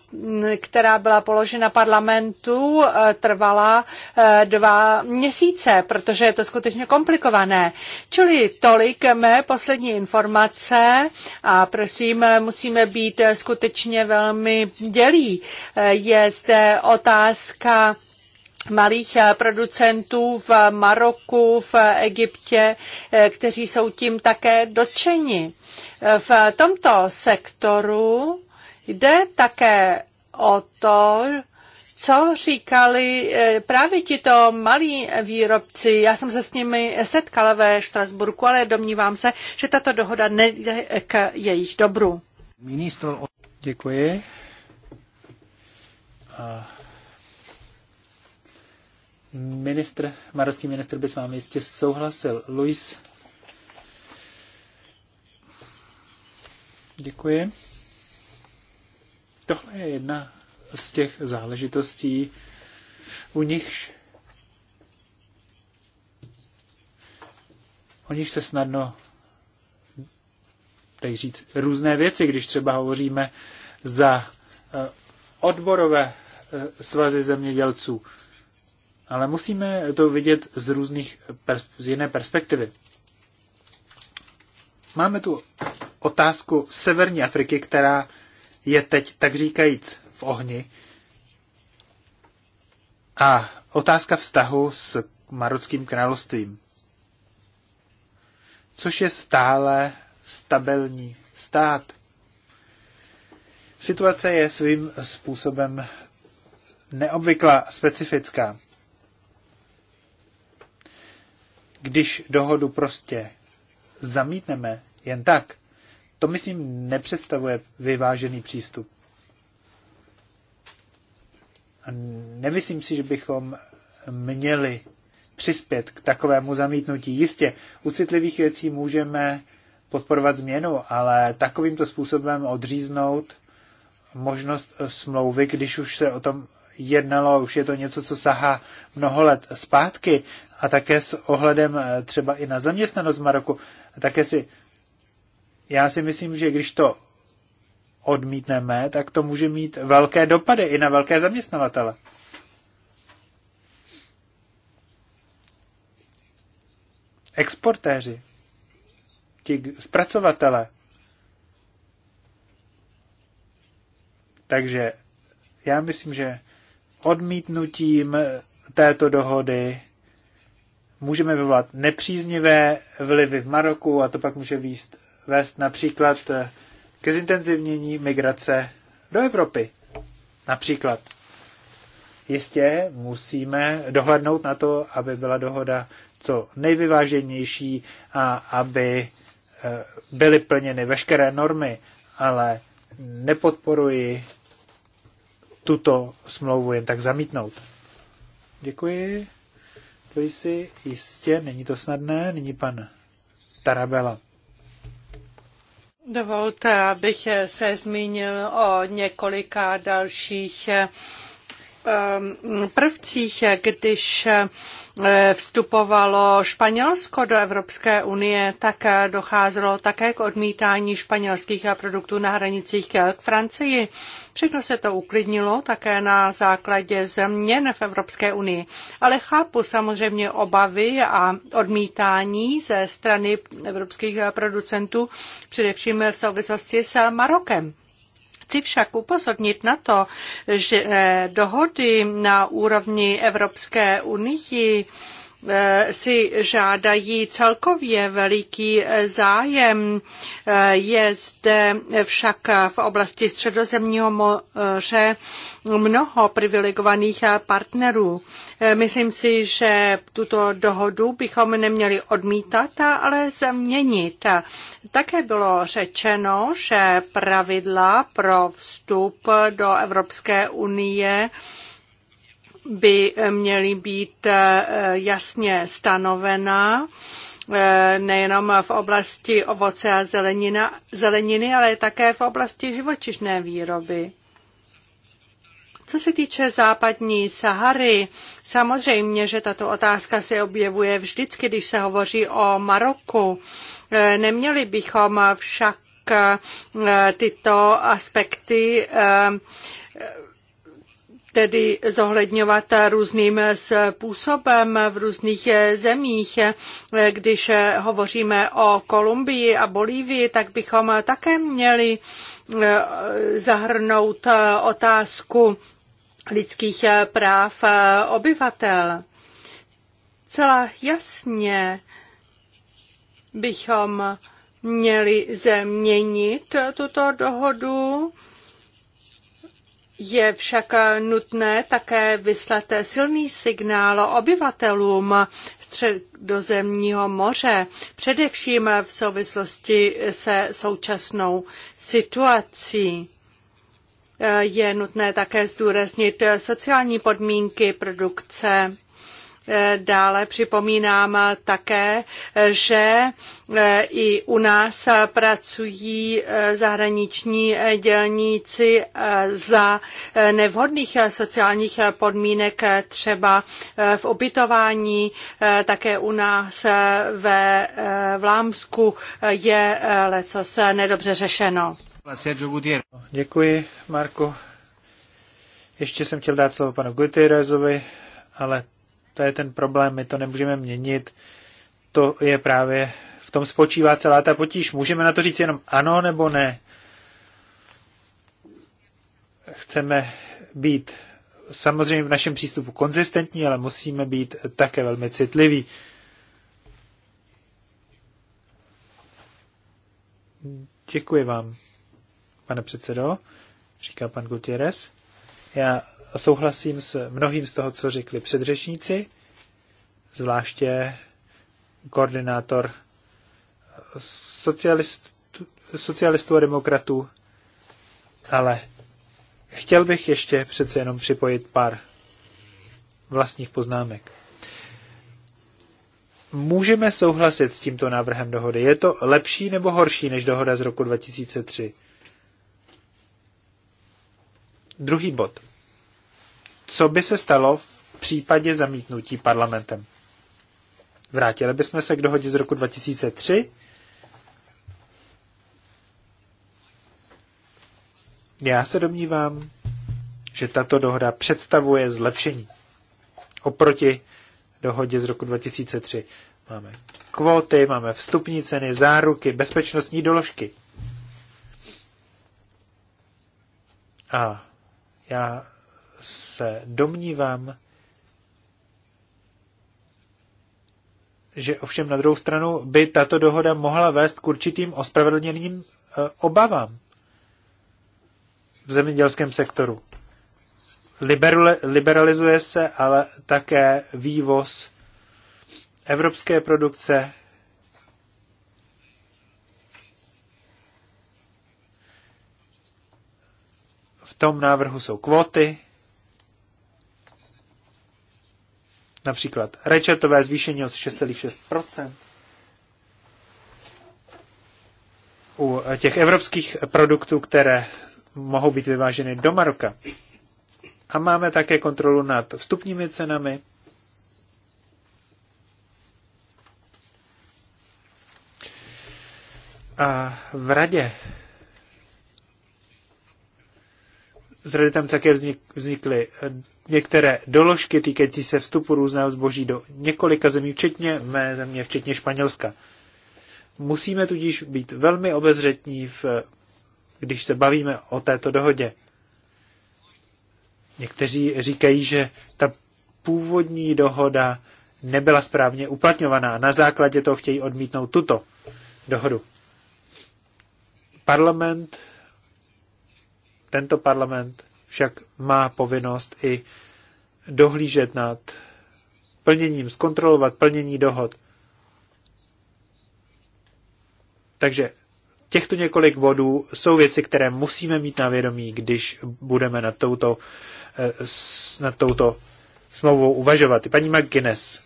která byla položena parlamentu, e, trvala e, dva měsíce, protože je to skutečně komplikované. Čili tolik mé poslední informace a prosím, musíme být skutečně velmi dělí. E, je zde otázka malých eh, producentů v Maroku, v Egyptě, eh, kteří jsou tím také dočeni. Eh, v tomto sektoru jde také o to, co říkali právě tito malí výrobci. Já jsem se s nimi setkala ve Štrasburku, ale domnívám se, že tato dohoda nejde k jejich dobru. Ministro... Děkuji ministr, marocký ministr by s vámi jistě souhlasil. Luis. Děkuji. Tohle je jedna z těch záležitostí, u nichž o nich se snadno tak říct, různé věci, když třeba hovoříme za eh, odborové eh, svazy zemědělců ale musíme to vidět z různých, pers- z jiné perspektivy. Máme tu otázku Severní Afriky, která je teď, tak říkajíc, v ohni. A otázka vztahu s Marockým královstvím, což je stále stabilní stát. Situace je svým způsobem neobvyklá, specifická. když dohodu prostě zamítneme jen tak, to myslím nepředstavuje vyvážený přístup. A nemyslím si, že bychom měli přispět k takovému zamítnutí. Jistě, u citlivých věcí můžeme podporovat změnu, ale takovýmto způsobem odříznout možnost smlouvy, když už se o tom jednalo, už je to něco, co sahá mnoho let zpátky a také s ohledem eh, třeba i na zaměstnanost Maroku, také si, já si myslím, že když to odmítneme, tak to může mít velké dopady i na velké zaměstnavatele. Exportéři, ti zpracovatele. Takže já myslím, že odmítnutím této dohody můžeme vyvolat nepříznivé vlivy v Maroku a to pak může výst, vést například eh, ke zintenzivnění migrace do Evropy. Například. Jistě musíme dohlednout na to, aby byla dohoda co nejvyváženější a aby eh, byly plněny veškeré normy, ale nepodporuji tuto smlouvu jen tak zamítnout. Děkuji. jsi jistě, není to snadné. Nyní pan Tarabela. Dovolte, abych se zmínil o několika dalších Ehm, prvcích, když eh, vstupovalo Španělsko do Evropské unie, tak eh, docházelo také k odmítání španělských produktů na hranicích k Francii. Všechno se to uklidnilo také na základě změn v Evropské unii. Ale chápu samozřejmě obavy a odmítání ze strany evropských eh, producentů, především v souvislosti s Marokem. Chci však upozornit na to, že eh, dohody na úrovni Evropské unii Eh, si žádají celkově veliký eh, zájem. Eh, je zde však v oblasti středozemního moře mnoho privilegovaných partnerů. Myslím si, že tuto dohodu bychom neměli odmítat, ale změnit. Také bylo řečeno, že pravidla pro vstup do Evropské unie by měly být eh, jasně stanovená eh, nejenom v oblasti ovoce a zelenina, zeleniny, ale také v oblasti živočišné výroby. Co se týče západní Sahary, samozřejmě, že tato otázka se objevuje vždycky, když se hovoří o Maroku. Eh, neměli bychom však tyto aspekty tedy zohledňovat různým způsobem v různých zemích. Když hovoříme o Kolumbii a Bolívii, tak bychom také měli eh, zahrnout otázku lidských práv obyvatel. Celá jasně bychom měli změnit tuto dohodu je však eh, nutné také vyslat eh, silný signál obyvatelům středozemního moře, především eh, v souvislosti se současnou situací. Je nutné také zdůraznit sociální podmínky produkce Dále připomínám také, že e, i u nás pracují e, zahraniční e, dělníci za nevhodných sociálních podmínek, třeba v ubytování. Také u nás ve Vlámsku je lecos nedobře řešeno. No, děkuji, Marku. Ještě jsem chtěl dát slovo panu Gutierrezovi, ale to je ten problém, my to nemůžeme měnit. To je právě, v tom spočívá celá ta potíž. Můžeme na to říct jenom ano nebo ne. Chceme být samozřejmě v našem přístupu konzistentní, ale musíme být také velmi citliví. Děkuji vám, pane předsedo, říká pan Gutierrez. Já a souhlasím s mnohým z toho, co řekli předřečníci, zvláště koordinátor socialistů, socialistů a demokratů, ale chtěl bych ještě přece jenom připojit pár vlastních poznámek. Můžeme souhlasit s tímto návrhem dohody. Je to lepší nebo horší než dohoda z roku 2003? Druhý bod co by se stalo v případě zamítnutí parlamentem. Vrátili bychom se k dohodě z roku 2003. Já se domnívám, že tato dohoda představuje zlepšení. Oproti dohodě z roku 2003 máme kvóty, máme vstupní ceny, záruky, bezpečnostní doložky. A já se domnívám, že ovšem na druhou stranu by tato dohoda mohla vést k určitým ospravedlněným eh, obavám v zemědělském sektoru. liberalizuje se ale také vývoz evropské produkce V tom návrhu jsou kvóty, Například Rečetové zvýšení o 6,6%. U těch evropských produktů, které mohou být vyváženy do Maroka. A máme také kontrolu nad vstupními cenami. A v radě s raditem také vznik, vznikly některé doložky týkající se vstupu různého zboží do několika zemí, včetně mé země, včetně Španělska. Musíme tudíž být velmi obezřetní, v, když se bavíme o této dohodě. Někteří říkají, že ta původní dohoda nebyla správně uplatňovaná. Na základě toho chtějí odmítnout tuto dohodu. Parlament, tento parlament však má povinnost i dohlížet nad plněním, zkontrolovat plnění dohod. Takže těchto několik bodů jsou věci, které musíme mít na vědomí, když budeme nad touto, eh, nad touto smlouvou uvažovat. Paní McGuinness,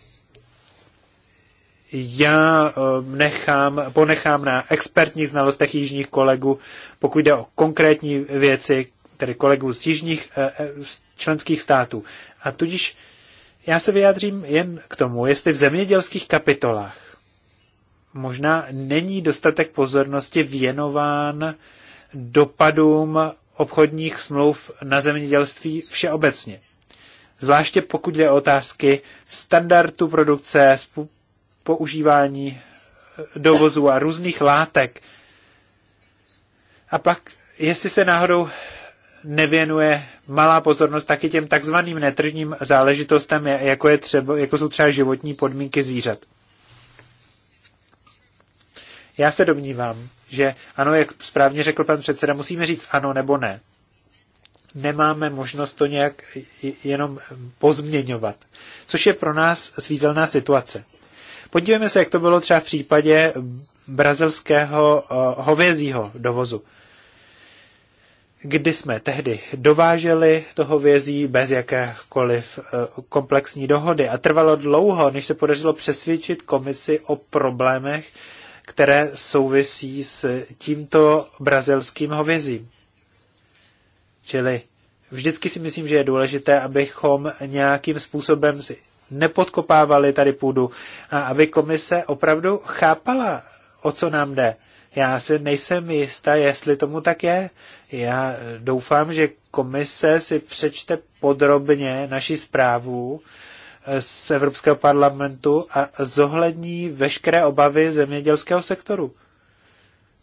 já eh, nechám, ponechám na expertních znalostech jižních kolegů, pokud jde o konkrétní věci, tedy kolegů z jižních eh, eh, členských států. A tudíž já se vyjádřím jen k tomu, jestli v zemědělských kapitolách možná není dostatek pozornosti věnován dopadům obchodních smluv na zemědělství všeobecně. Zvláště pokud jde o otázky standardu produkce, používání eh, dovozu a různých látek. A pak, jestli se náhodou nevěnuje malá pozornost taky těm takzvaným netržním záležitostem, jako, je třeba, jako jsou třeba životní podmínky zvířat. Já se domnívám, že ano, jak správně řekl pan předseda, musíme říct ano nebo ne. Nemáme možnost to nějak jenom pozměňovat, což je pro nás svízelná situace. Podívejme se, jak to bylo třeba v případě brazilského eh, hovězího dovozu kdy jsme tehdy dováželi toho vězí bez jakékoliv eh, komplexní dohody a trvalo dlouho, než se podařilo přesvědčit komisi o problémech, které souvisí s tímto brazilským hovězím. Čili vždycky si myslím, že je důležité, abychom nějakým způsobem si nepodkopávali tady půdu a aby komise opravdu chápala, o co nám jde. Já si nejsem jistá, jestli tomu tak je. Já doufám, že komise si přečte podrobně naši zprávu eh, z Evropského parlamentu a zohlední veškeré obavy zemědělského sektoru.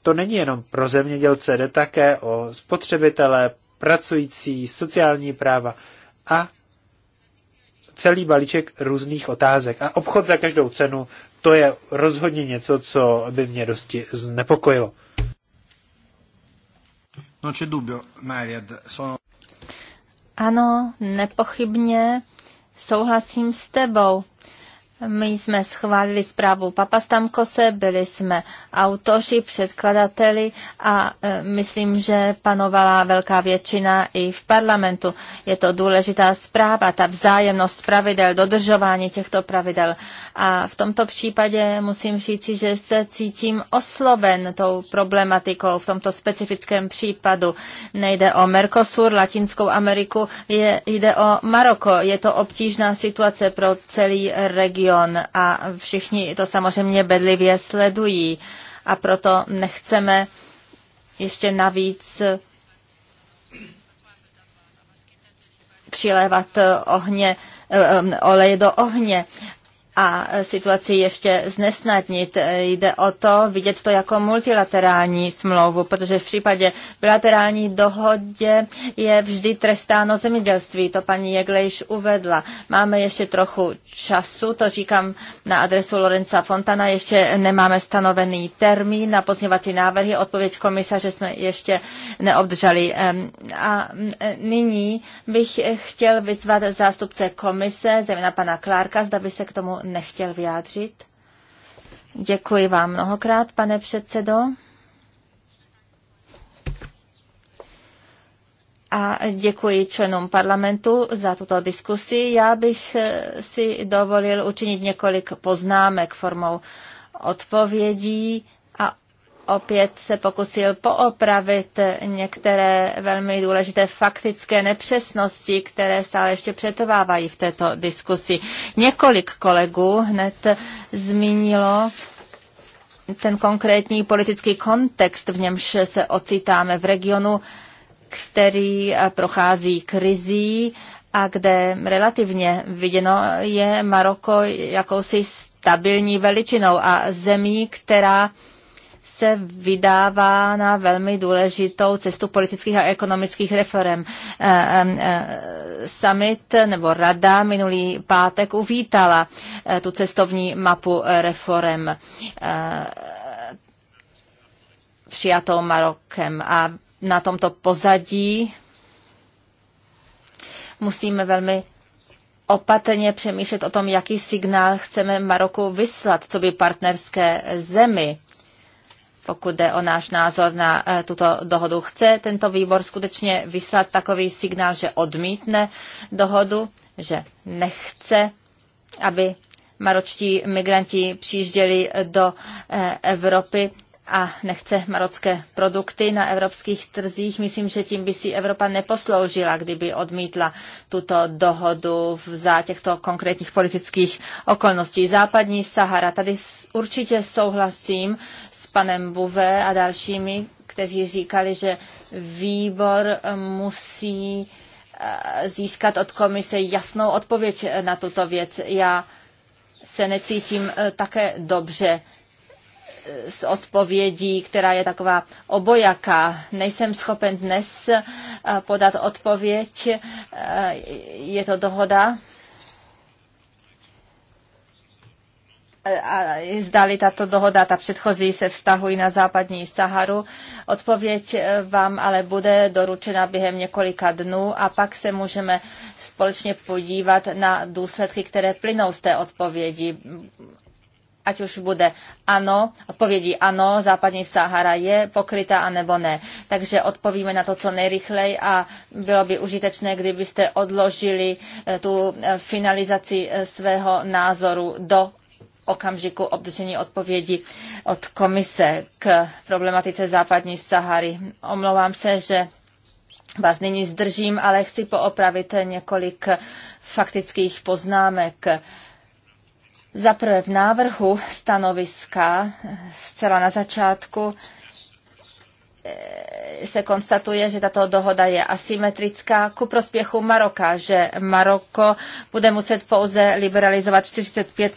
To není jenom pro zemědělce, jde také o spotřebitele, pracující, sociální práva a celý balíček různých otázek. A obchod za každou cenu, to je rozhodně něco, co by mě dosti znepokojilo. No, či dubio, Mariad, sono... Ano, nepochybně souhlasím s tebou. My jsme schválili zprávu Stamkose, byli jsme autoři, předkladateli a e, myslím, že panovala velká většina i v parlamentu. Je to důležitá zpráva, ta vzájemnost pravidel, dodržování těchto pravidel. A v tomto případě musím říci, že se cítím osloven tou problematikou v tomto specifickém případu. Nejde o Mercosur, Latinskou Ameriku, je, jde o Maroko. Je to obtížná situace pro celý region region a všichni to samozřejmě bedlivě sledují a proto nechceme ještě navíc přilévat ohně, eh, eh, olej do ohně a situaci ještě znesnadnit. Jde o to vidět to jako multilaterální smlouvu, protože v případě bilaterální dohodě je vždy trestáno zemědělství. To paní Jegle již uvedla. Máme ještě trochu času, to říkám na adresu Lorenza Fontana. Ještě nemáme stanovený termín na pozněvací návrhy. Odpověď že jsme ještě neobdrželi. A nyní bych chtěl vyzvat zástupce komise, zejména pana Klárka, zda by se k tomu nechtěl vyjádřit. Děkuji vám mnohokrát, pane předsedo. A děkuji členům parlamentu za tuto diskusi. Já bych eh, si dovolil učinit několik poznámek formou odpovědí opět se pokusil poopravit některé velmi důležité faktické nepřesnosti, které stále ještě přetovávají v této diskusi. Několik kolegů hned zmínilo ten konkrétní politický kontext, v němž se ocitáme v regionu, který prochází krizí a kde relativně viděno je Maroko jakousi stabilní veličinou a zemí, která se vydává na velmi důležitou cestu politických a ekonomických reform. Eh, eh, eh, summit nebo rada minulý pátek uvítala tu cestovní mapu reform přijatou Marokem a na tomto pozadí musíme velmi opatrně přemýšlet o tom, jaký signál chceme Maroku vyslat, co by partnerské zemi pokud jde o náš názor na eh, tuto dohodu. Chce tento výbor skutečně vyslat takový signál, že odmítne dohodu, že nechce, aby maročtí migranti přijížděli do eh, Evropy a nechce marocké produkty na evropských trzích. Myslím, že tím by si Evropa neposloužila, kdyby odmítla tuto dohodu za těchto konkrétních politických okolností. Západní Sahara. Tady určitě souhlasím s panem Buve a dalšími, kteří říkali, že výbor eh, musí eh, získat od komise jasnou odpověď na tuto věc. Já se necítím eh, také dobře s odpovědí, která je taková obojaká. Nejsem schopen dnes eh, podat odpověď. Eh, je to dohoda? Eh, a zdali tato dohoda, ta předchozí, se vztahují na západní Saharu. Odpověď vám ale bude doručena během několika dnů a pak se můžeme společně podívat na důsledky, které plynou z té odpovědi ať už bude ano, odpovědí ano, západní Sahara je pokrytá anebo ne. Takže odpovíme na to co nejrychleji a bylo by užitečné, kdybyste odložili e, tu e, finalizaci e, svého názoru do okamžiku obdržení odpovědi od komise k problematice západní Sahary. Omlouvám se, že vás nyní zdržím, ale chci poopravit několik faktických poznámek. Zaprvé v návrhu stanoviska eh, zcela na začátku se konstatuje, že tato dohoda je asymetrická ku prospěchu Maroka, že Maroko bude muset pouze liberalizovat 45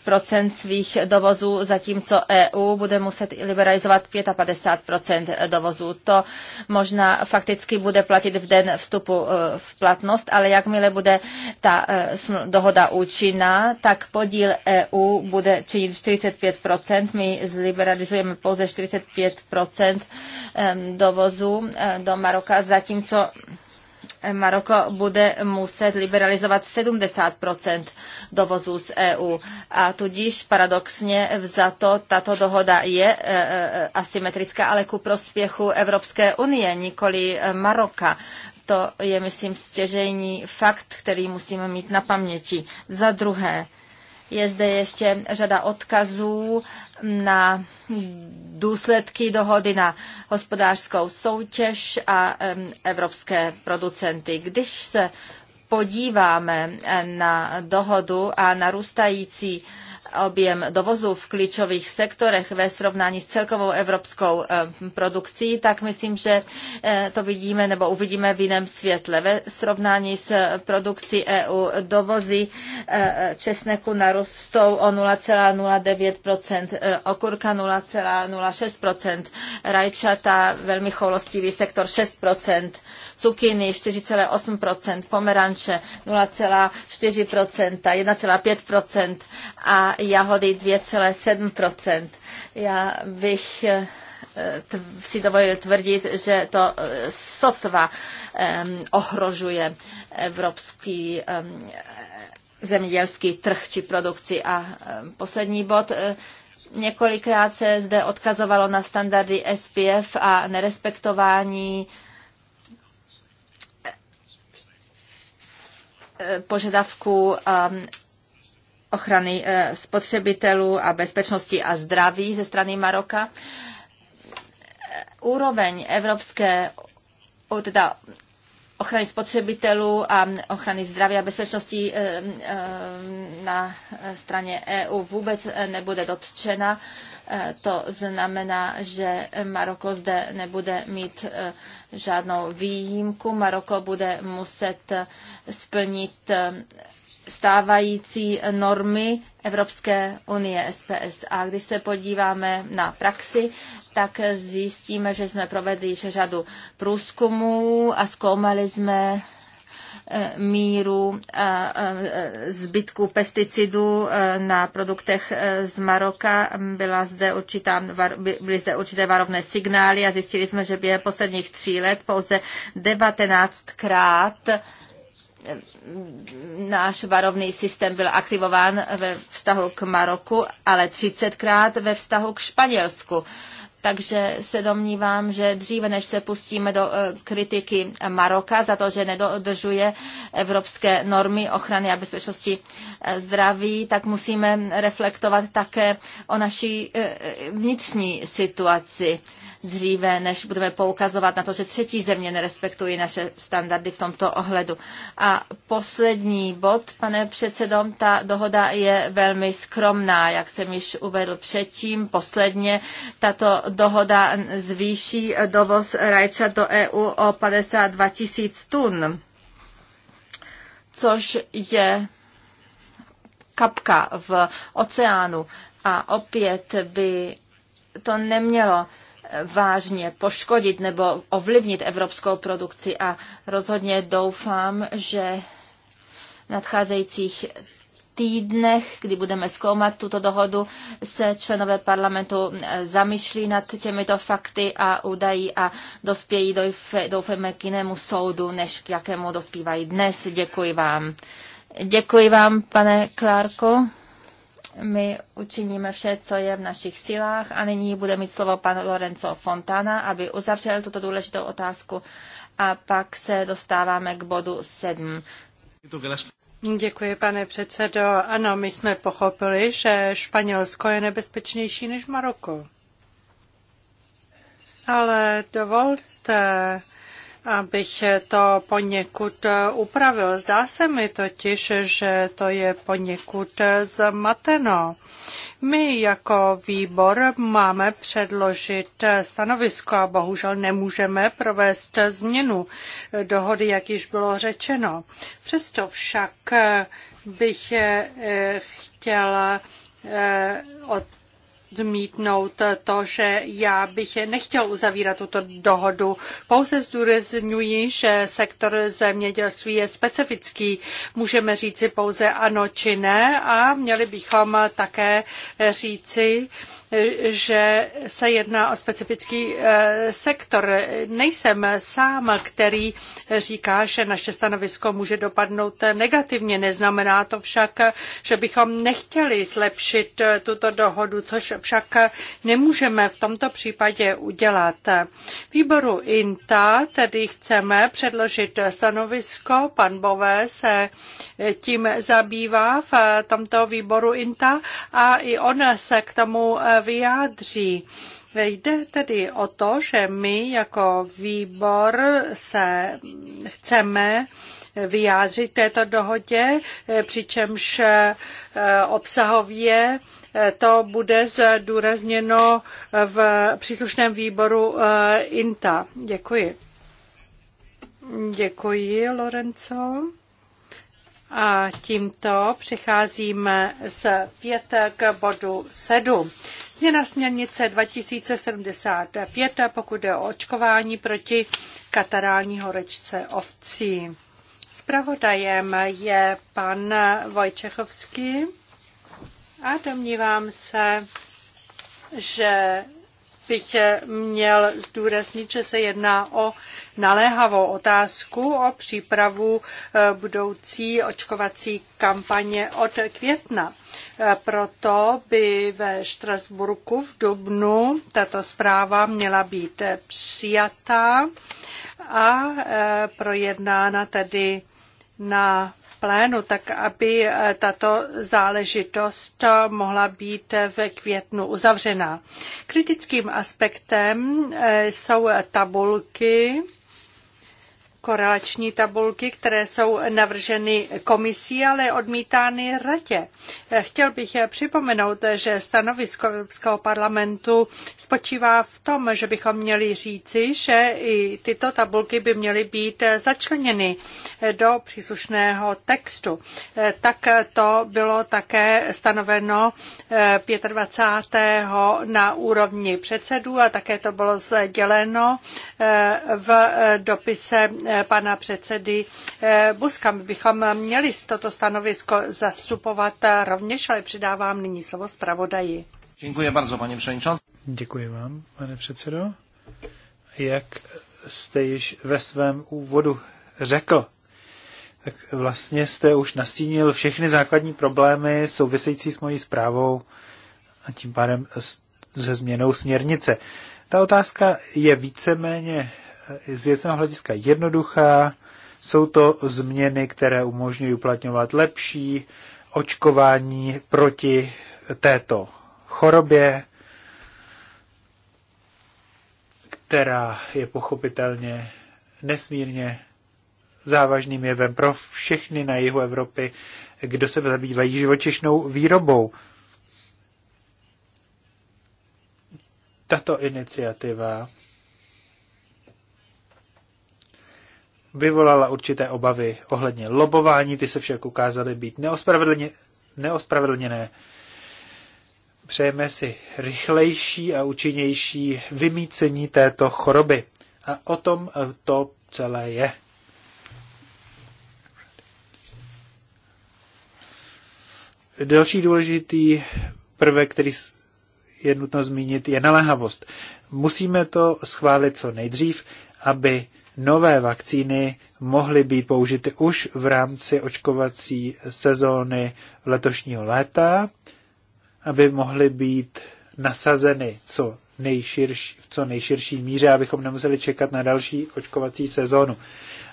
svých dovozů, zatímco EU bude muset liberalizovat 55 dovozů. To možná fakticky bude platit v den vstupu e, v platnost, ale jakmile bude ta e, dohoda účinná, tak podíl EU bude činit 45 my zliberalizujeme pouze 45 do dovozu eh, do Maroka, zatímco Maroko bude muset liberalizovat 70 dovozů z EU. A tudíž paradoxně za to tato dohoda je eh, eh, asymetrická, ale ku prospěchu Evropské unie, nikoli Maroka. To je, myslím, stěžejní fakt, který musíme mít na paměti. Za druhé, je zde ještě řada odkazů na důsledky dohody na hospodářskou soutěž a evropské producenty. Když se podíváme na dohodu a narůstající objem dovozu v klíčových sektorech ve srovnání s celkovou evropskou eh, produkcí, tak myslím, že eh, to vidíme nebo uvidíme v jiném světle. Ve srovnání s produkcí EU dovozy eh, česneku narostou o 0,09%, okurka 0,06%, rajčata, velmi choulostivý sektor 6%, cukiny 4,8%, pomeranče 0,4%, 1,5% a jahody 2,7 Já bych eh, si dovolil tvrdit, že to eh, sotva ehm, ohrožuje evropský ehm, zemědělský trh či produkci. A ehm, poslední bod, eh, několikrát se zde odkazovalo na standardy SPF a nerespektování požadavků ochrany eh, spotřebitelů a bezpečnosti a zdraví ze strany Maroka. Eh, úroveň evropské teda ochrany spotřebitelů a ochrany zdraví a bezpečnosti eh, na straně EU vůbec nebude dotčena. To znamená, že Maroko zde nebude mít žádnou výjimku. Maroko bude muset splnit stávající normy Evropské unie SPS. A když se podíváme na praxi, tak zjistíme, že jsme provedli již řadu průzkumů a zkoumali jsme eh, míru eh, eh, zbytku pesticidů na produktech z Maroka. Byla zde určitá, byly zde určité varovné signály a zjistili jsme, že během posledních tří let pouze 19krát náš varovný systém byl aktivován ve vztahu k Maroku, ale 30krát ve vztahu k Španělsku. Takže se domnívám, že dříve, než se pustíme do eh, kritiky Maroka za to, že nedodržuje evropské normy ochrany a bezpečnosti eh, zdraví, tak musíme reflektovat také o naší eh, vnitřní situaci dříve, než budeme poukazovat na to, že třetí země nerespektují naše standardy v tomto ohledu. A poslední bod, pane předsedo, ta dohoda je velmi skromná, jak jsem již uvedl předtím. Posledně tato dohoda zvýší dovoz rajčat do EU o 52 tisíc tun, což je kapka v oceánu. A opět by to nemělo vážně poškodit nebo ovlivnit evropskou produkci a rozhodně doufám, že v nadcházejících týdnech, kdy budeme zkoumat tuto dohodu, se členové parlamentu eh, zamýšlí nad těmito fakty a údají a dospějí, doufáme, k jinému soudu, než k jakému dospívají dnes. Děkuji vám. Děkuji vám, pane Klárko. My učiníme vše, co je v našich silách a nyní bude mít slovo pan Lorenzo Fontana, aby uzavřel tuto důležitou otázku a pak se dostáváme k bodu sedm. Děkuji, pane předsedo. Ano, my jsme pochopili, že Španělsko je nebezpečnější než Maroko. Ale dovolte, abych to poněkud eh, upravil. Zdá se mi totiž, že to je poněkud zmateno. My jako výbor máme předložit eh, stanovisko a bohužel nemůžeme provést eh, změnu dohody, jak již bylo řečeno. Přesto však bych chtěla od odmítnout to, že já bych nechtěl uzavírat tuto dohodu. Pouze zdůrazňuji, že sektor zemědělství je specifický. Můžeme říci pouze ano či ne a měli bychom také říci, že se jedná o specifický eh, sektor. Nejsem sám, který říká, že naše stanovisko může dopadnout negativně. Neznamená to však, že bychom nechtěli zlepšit eh, tuto dohodu, což však nemůžeme v tomto případě udělat. Výboru INTA tedy chceme předložit stanovisko. Pan Bové se eh, tím zabývá v tomto výboru INTA a i on se k tomu vyjádří. Jde tedy o to, že my jako výbor se chceme vyjádřit této dohodě, přičemž e, obsahově e, to bude zdůrazněno v příslušném výboru e, INTA. Děkuji. Děkuji, Lorenzo. A tímto přicházíme z k bodu sedm. Změna směrnice 2075, pokud jde o očkování proti katarální horečce ovcí. Spravodajem je pan Vojčechovský a domnívám se, že bych eh, měl zdůraznit, že se jedná o naléhavou otázku o přípravu eh, budoucí očkovací kampaně od května. Eh, proto by ve Štrasburku v Dubnu tato zpráva měla být přijatá a projednána tedy na plénu, tak aby tato záležitost mohla být v květnu uzavřena. Kritickým aspektem eh, jsou tabulky, korelační tabulky, které jsou navrženy komisí, ale odmítány radě. Chtěl bych připomenout, že stanovisko Evropského parlamentu spočívá v tom, že bychom měli říci, že i tyto tabulky by měly být začleněny do příslušného textu. Tak to bylo také stanoveno eh, 25. na úrovni předsedů a také to bylo sděleno eh, v dopise eh, Eh, pana předsedy eh, My Bychom měli toto stanovisko zastupovat rovněž, ale přidávám nyní slovo zpravodaji. Děkuji bardzo, paní předsedající. Děkuji vám, pane předsedo. Jak jste již ve svém úvodu řekl, tak vlastně jste už nastínil všechny základní problémy související s mojí zprávou a tím pádem se změnou směrnice. Ta otázka je víceméně z věcného hlediska jednoduchá. Jsou to změny, které umožňují uplatňovat lepší očkování proti této chorobě, která je pochopitelně nesmírně závažným jevem pro všechny na jihu Evropy, kdo se zabývají živočišnou výrobou. Tato iniciativa vyvolala určité obavy ohledně lobování, ty se však ukázaly být neospravedlně, neospravedlněné. Přejeme si rychlejší a účinnější vymícení této choroby. A o tom eh, to celé je. Další důležitý prvek, který je nutno zmínit, je naléhavost. Musíme to schválit co nejdřív, aby nové vakcíny mohly být použity už v rámci očkovací sezóny letošního léta, aby mohly být nasazeny co nejširší, v co nejširší míře, abychom nemuseli čekat na další očkovací sezónu.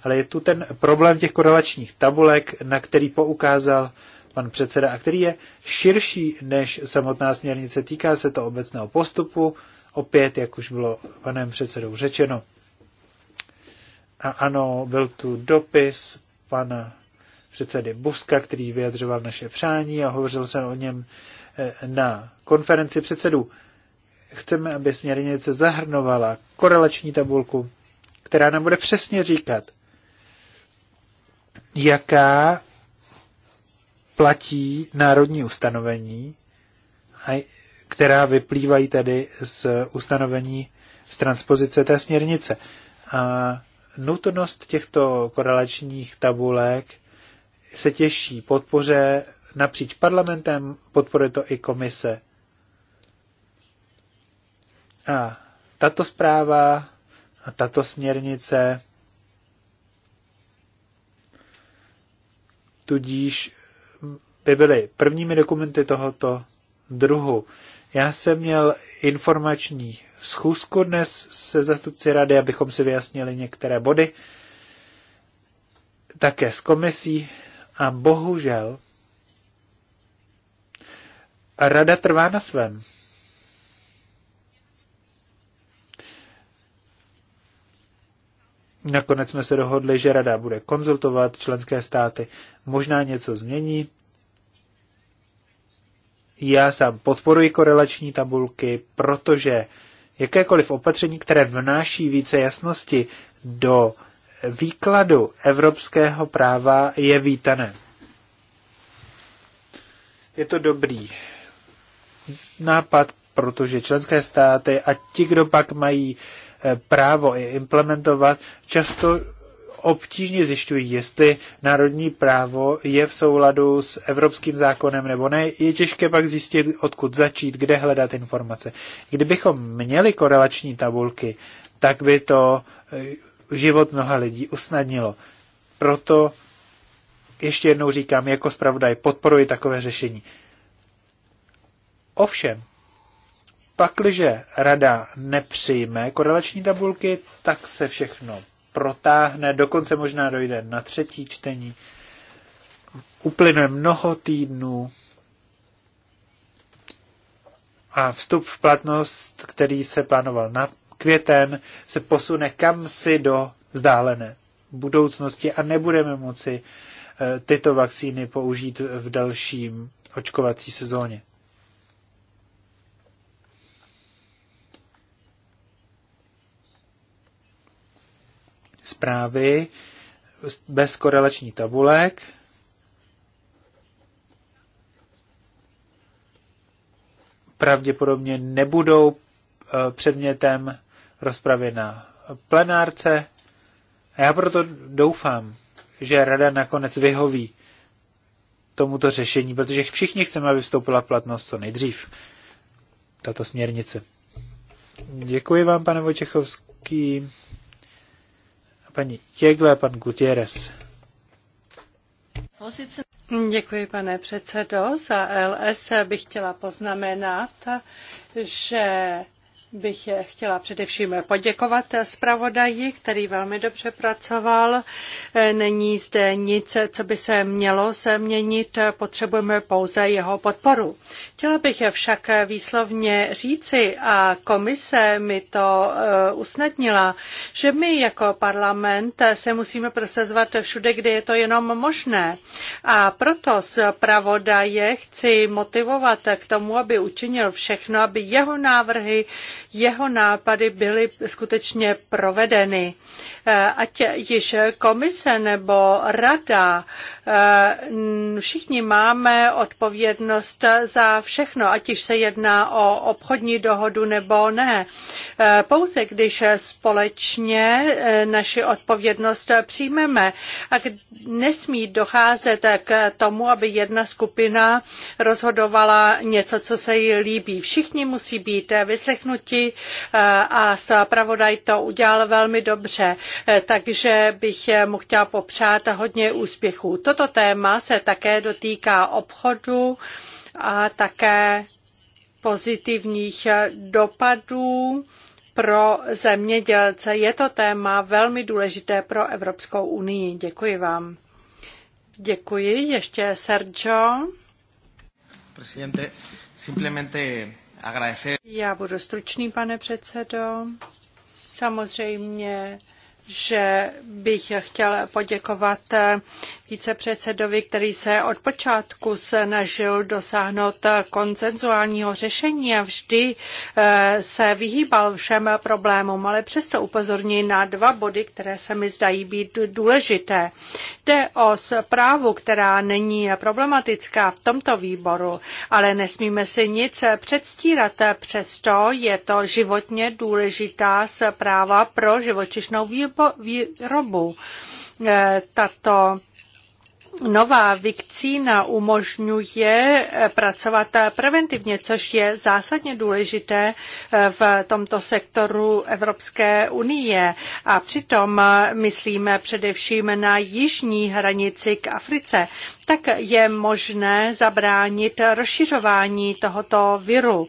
Ale je tu ten problém těch korelačních tabulek, na který poukázal pan předseda, a který je širší než samotná směrnice. Týká se to obecného postupu, opět, jak už bylo panem předsedou řečeno. A ano, byl tu dopis pana předsedy Buska, který vyjadřoval naše přání a hovořil jsem o něm eh, na konferenci předsedů. Chceme, aby směrnice zahrnovala korelační tabulku, která nám bude přesně říkat, jaká platí národní ustanovení, která vyplývají tedy z ustanovení z transpozice té směrnice. A nutnost těchto korelačních tabulek se těší podpoře napříč parlamentem, podporuje to i komise. A tato zpráva a tato směrnice tudíž by byly prvními dokumenty tohoto druhu. Já jsem měl informační schůzku dnes se zastupci rady, abychom si vyjasnili některé body, také s komisí a bohužel rada trvá na svém. Nakonec jsme se dohodli, že rada bude konzultovat členské státy, možná něco změní. Já sám podporuji korelační tabulky, protože jakékoliv opatření, které vnáší více jasnosti do výkladu evropského práva, je vítané. Je to dobrý nápad, protože členské státy a ti, kdo pak mají eh, právo je implementovat, často obtížně zjišťují, jestli národní právo je v souladu s evropským zákonem nebo ne. Je těžké pak zjistit, odkud začít, kde hledat informace. Kdybychom měli korelační tabulky, tak by to eh, život mnoha lidí usnadnilo. Proto ještě jednou říkám, jako zpravodaj podporuji takové řešení. Ovšem, pakliže rada nepřijme korelační tabulky, tak se všechno protáhne, dokonce možná dojde na třetí čtení. Uplyne mnoho týdnů a vstup v platnost, který se plánoval na květen, se posune kam si do vzdálené budoucnosti a nebudeme moci eh, tyto vakcíny použít v dalším očkovací sezóně. zprávy bez korelační tabulek. Pravděpodobně nebudou eh, předmětem rozpravy na plenárce. A já proto doufám, že rada nakonec vyhoví tomuto řešení, protože všichni chceme, aby vstoupila platnost co nejdřív tato směrnice. Děkuji vám, pane Vojčechovský paní Jegle, pan Gutierrez. Děkuji, pane předsedo. Za LS bych chtěla poznamenat, že bych chtěla především poděkovat zpravodaji, který velmi dobře pracoval. Není zde nic, co by se mělo změnit, potřebujeme pouze jeho podporu. Chtěla bych však výslovně říci, a komise mi to eh, usnadnila, že my jako parlament se musíme prosazovat všude, kde je to jenom možné. A proto zpravodaje chci motivovat k tomu, aby učinil všechno, aby jeho návrhy jeho nápady byly skutečně provedeny. Eh, ať již komise nebo rada, eh, všichni máme odpovědnost za všechno, ať již se jedná o obchodní dohodu nebo ne. Eh, pouze když společně naši odpovědnost přijmeme a nesmí docházet k tomu, aby jedna skupina rozhodovala něco, co se jí líbí. Všichni musí být vyslechnuti a zpravodaj to udělal velmi dobře. Eh, takže bych eh, mu chtěla popřát hodně úspěchů. Toto téma se také dotýká obchodu a také pozitivních eh, dopadů pro zemědělce. Je to téma velmi důležité pro Evropskou unii. Děkuji vám. Děkuji. Ještě Sergio. Presidente, simplemente agradecer. Já budu stručný, pane předsedo. Samozřejmě že bych chtěl poděkovat vícepředsedovi, který se od počátku snažil dosáhnout koncenzuálního řešení a vždy eh, se vyhýbal všem problémům, ale přesto upozorní na dva body, které se mi zdají být důležité. Jde o zprávu, která není problematická v tomto výboru, ale nesmíme si nic předstírat. Přesto je to životně důležitá zpráva pro živočišnou výrobu eh, tato Nová vakcína umožňuje eh, pracovat eh, preventivně, což je zásadně důležité eh, v tomto sektoru Evropské unie. A přitom myslíme především na jižní hranici k Africe. Tak je možné zabránit rozšiřování tohoto viru.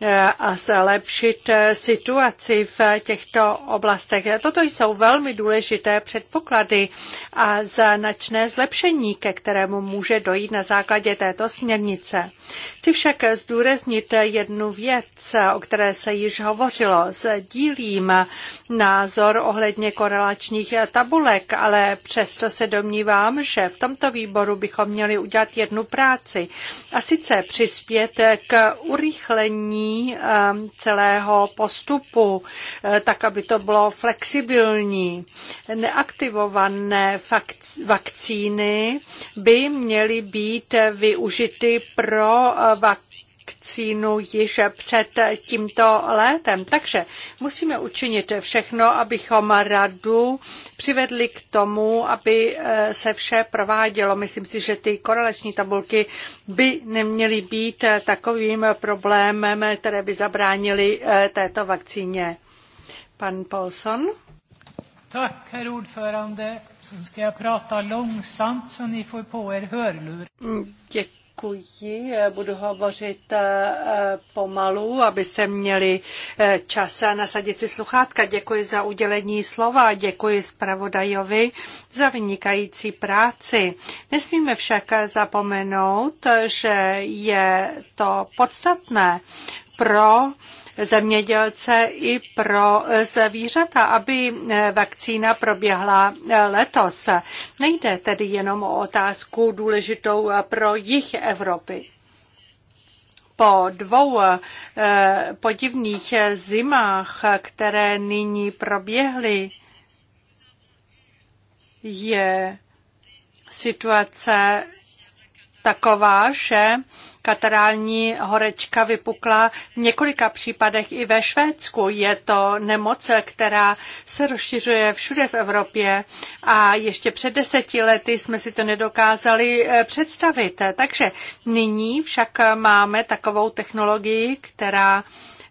E, a zlepšit e, situaci v těchto oblastech. Toto jsou velmi důležité předpoklady a značné zlepšení, ke kterému může dojít na základě této směrnice. Chci však zdůraznit jednu věc, o které se již hovořilo. Sdílím názor ohledně korelačních tabulek, ale přesto se domnívám, že v tomto výboru bychom měli udělat jednu práci a sice přispět k urychlení Ehm, celého postupu, eh, tak aby to bylo flexibilní. Neaktivované vakcíny by měly být využity pro eh, vakcíny vakcínu již před tímto létem. Takže musíme učinit všechno, abychom radu přivedli k tomu, aby eh, se vše provádělo. Myslím si, že ty korelační tabulky by neměly být eh, takovým problémem, které by zabránili eh, této vakcíně. Pan Paulson. Tak, herr ordförande. så ska jag prata långsamt så ni får på er mm Děkuji Děkuji, budu hovořit eh, pomalu, aby se měli eh, čas nasadit si sluchátka. Děkuji za udělení slova, děkuji zpravodajovi za vynikající práci. Nesmíme však zapomenout, že je to podstatné pro zemědělce i pro zvířata, aby vakcína proběhla letos. Nejde tedy jenom o otázku důležitou pro jich Evropy po dvou eh, podivných zimách, které nyní proběhly, je situace taková, že Katarální horečka vypukla v několika případech i ve Švédsku. Je to nemoc, která se rozšiřuje všude v Evropě a ještě před deseti lety jsme si to nedokázali eh, představit. Takže nyní však máme takovou technologii, která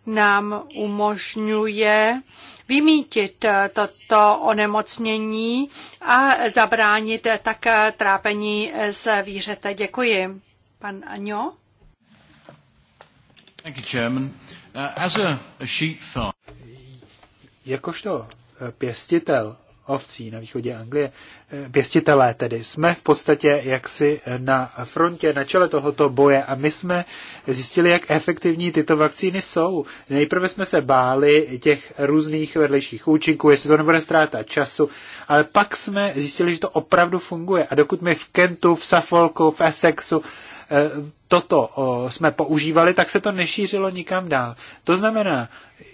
nám umožňuje vymítit eh, toto onemocnění a zabránit tak trápení zvířete. Děkuji. Pan Aňo? Thank you, Chairman. Uh, as a, a sheep farm... Jakožto eh, pěstitel ovcí na východě Anglie, eh, pěstitelé tedy. Jsme v podstatě jaksi na frontě, na čele tohoto boje a my jsme zjistili, jak efektivní tyto vakcíny jsou. Nejprve jsme se báli těch různých vedlejších účinků, jestli to nebude ztráta času, ale pak jsme zjistili, že to opravdu funguje. A dokud my v Kentu, v Suffolku, v Essexu eh, toto jsme používali, tak se to nešířilo nikam dál. To znamená,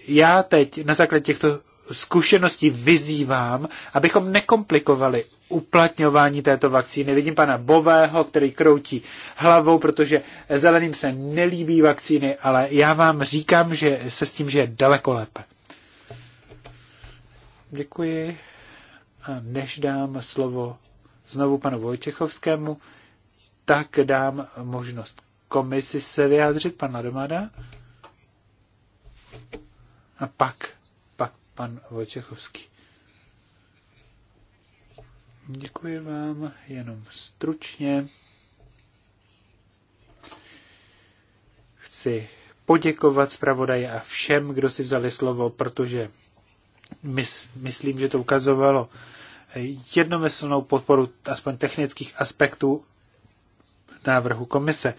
já teď na základě těchto zkušenosti vyzývám, abychom nekomplikovali uplatňování této vakcíny. Vidím pana Bového, který kroutí hlavou, protože zeleným se nelíbí vakcíny, ale já vám říkám, že se s tím je daleko lépe. Děkuji. A než dám slovo znovu panu Vojtěchovskému, tak dám možnost komisi se vyjádřit, pan Ladomada. A pak pan Vojčechovský. Děkuji vám jenom stručně. Chci poděkovat zpravodaji a všem, kdo si vzali slovo, protože myslím, že to ukazovalo jednomyslnou podporu aspoň technických aspektů návrhu komise.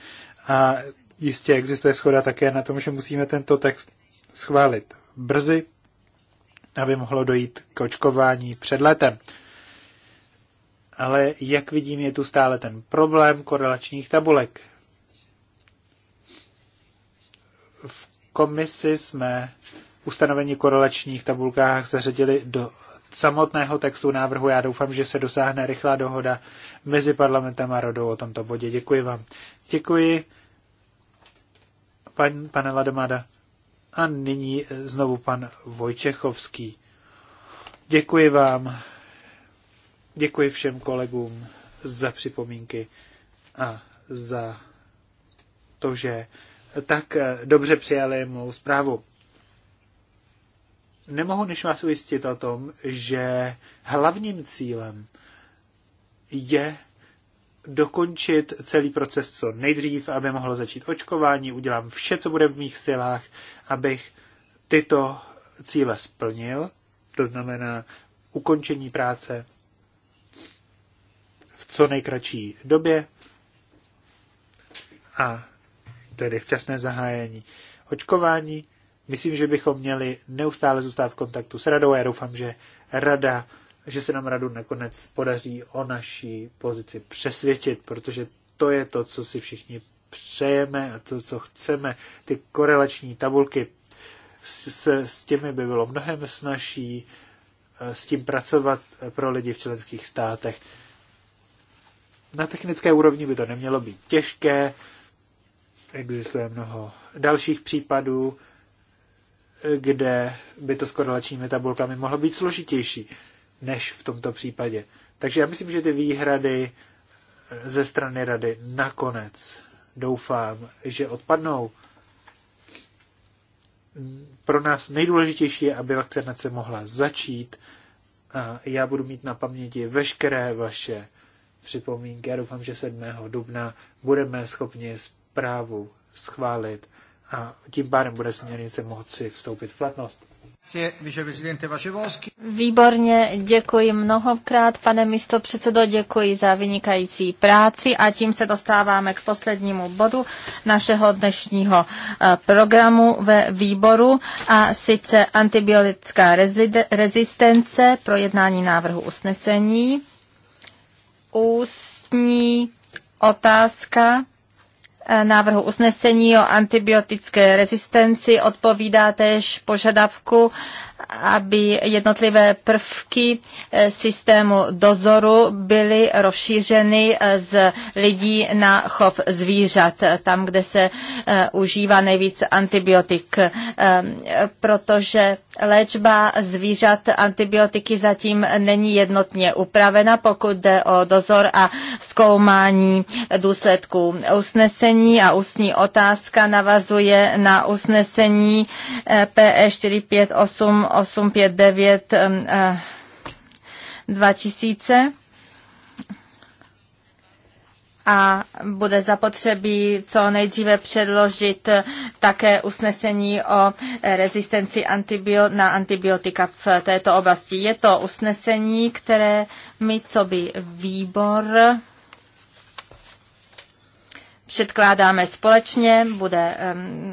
A jistě existuje schoda také na tom, že musíme tento text schválit brzy aby mohlo dojít k očkování před letem. Ale jak vidím, je tu stále ten problém korelačních tabulek. V komisi jsme ustanovení korelačních tabulkách zařadili do samotného textu návrhu. Já doufám, že se dosáhne rychlá dohoda mezi parlamentem a rodou o tomto bodě. Děkuji vám. Děkuji, pan, pane Lademada. A nyní znovu pan Vojčechovský. Děkuji vám. Děkuji všem kolegům za připomínky a za to, že tak dobře přijali mou zprávu. Nemohu než vás ujistit o tom, že hlavním cílem je dokončit celý proces co nejdřív, aby mohlo začít očkování. Udělám vše, co bude v mých silách, abych tyto cíle splnil, to znamená ukončení práce v co nejkratší době a tedy včasné zahájení očkování. Myslím, že bychom měli neustále zůstat v kontaktu s radou a já doufám, že rada, že se nám radu nakonec podaří o naší pozici přesvědčit, protože to je to, co si všichni přejeme a to, co chceme. Ty korelační tabulky s, s těmi by bylo mnohem snažší eh, s tím pracovat eh, pro lidi v členských státech. Na technické úrovni by to nemělo být těžké. Existuje mnoho dalších případů, eh, kde by to s korelačními tabulkami mohlo být složitější než v tomto případě. Takže já myslím, že ty výhrady ze strany rady nakonec doufám, že odpadnou. Pro nás nejdůležitější je, aby vakcinace mohla začít. A já budu mít na paměti veškeré vaše připomínky. Já doufám, že 7. dubna budeme schopni zprávu schválit a tím pádem bude směrnice moci vstoupit v platnost. Výborně, děkuji mnohokrát, pane místo předsedo, děkuji za vynikající práci a tím se dostáváme k poslednímu bodu našeho dnešního eh, programu ve výboru a sice antibiotická rezistence pro jednání návrhu usnesení. Ústní otázka návrhu usnesení o antibiotické rezistenci odpovídá též požadavku aby jednotlivé prvky eh, systému dozoru byly rozšířeny eh, z lidí na chov zvířat, eh, tam, kde se užívá nejvíc antibiotik, protože léčba zvířat antibiotiky zatím není jednotně upravena, pokud jde o dozor a zkoumání důsledků usnesení a ústní otázka navazuje na usnesení PE 4588 859 2000 eh, a bude zapotřebí co nejdříve předložit také usnesení o rezistenci antibio- na antibiotika v této oblasti. Je to usnesení, které my, co by výbor, předkládáme společně, bude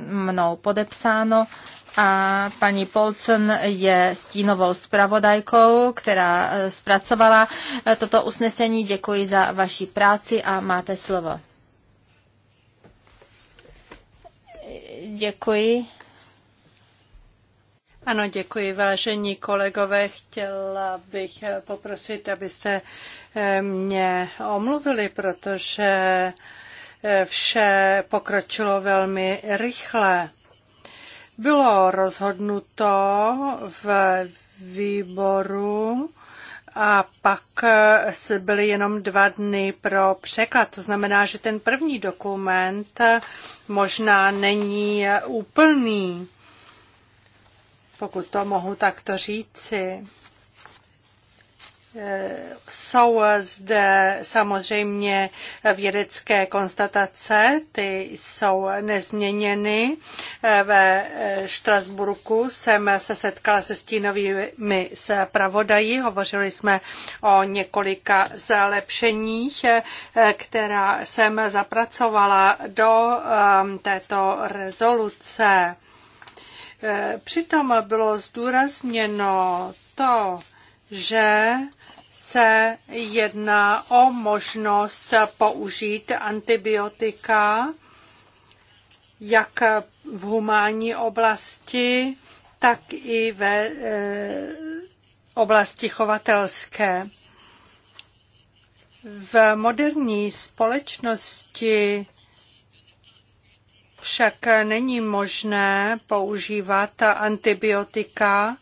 mnou podepsáno a paní Polcen je stínovou zpravodajkou, která eh, zpracovala eh, toto usnesení. Děkuji za vaši práci a máte slovo. Děkuji. Ano, děkuji, vážení kolegové. Chtěla bych eh, poprosit, abyste mě omluvili, protože vše pokročilo velmi rychle. Bylo rozhodnuto v výboru a pak byly jenom dva dny pro překlad. To znamená, že ten první dokument možná není úplný, pokud to mohu takto říci. Jsou zde samozřejmě vědecké konstatace, ty jsou nezměněny. Ve Štrasburku jsem se setkala se stínovými zpravodaji, hovořili jsme o několika zlepšeních, která jsem zapracovala do um, této rezoluce. Přitom bylo zdůrazněno to, že se jedná o možnost použít antibiotika jak v humánní oblasti, tak i ve e, oblasti chovatelské. V moderní společnosti však není možné používat antibiotika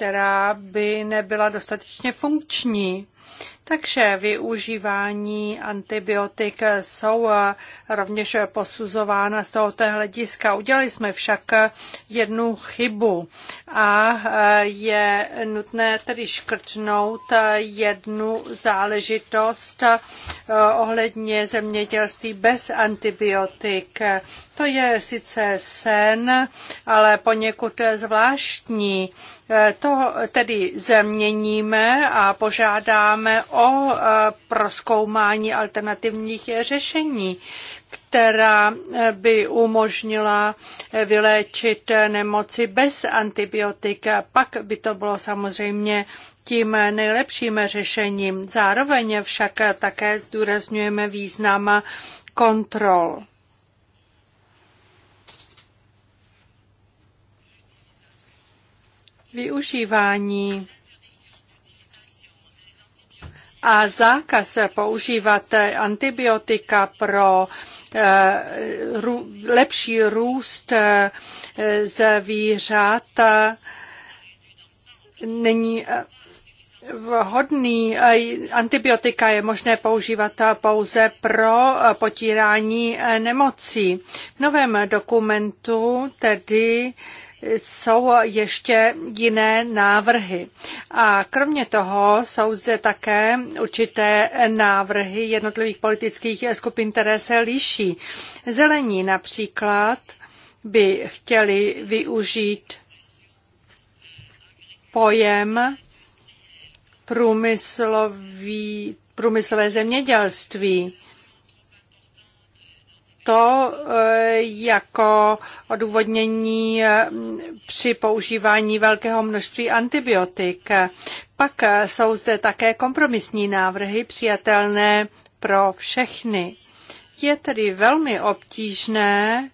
která by nebyla dostatečně funkční. Takže využívání antibiotik jsou eh, rovněž posuzována z tohoto hlediska. Udělali jsme však eh, jednu chybu a eh, je nutné tedy škrtnout jednu záležitost ohledně zemědělství bez antibiotik. To je sice sen, ale poněkud zvláštní. To tedy zeměníme a požádáme o e, proskoumání alternativních řešení, která e, by umožnila e, vyléčit nemoci bez antibiotik. Pak by to bylo samozřejmě tím nejlepším řešením. Zároveň však také zdůrazňujeme význam kontrol. Využívání a zákaz používat antibiotika pro eh, lepší růst eh, zvířat eh, není vhodný. Antibiotika je možné používat pouze pro potírání nemocí. V novém dokumentu tedy jsou ještě jiné návrhy. A kromě toho jsou zde také určité návrhy jednotlivých politických skupin, které se liší. Zelení například by chtěli využít pojem průmyslový, průmyslové zemědělství to eh, jako odůvodnění eh, při používání velkého množství antibiotik. Pak jsou zde také kompromisní návrhy přijatelné pro všechny. Je tedy velmi obtížné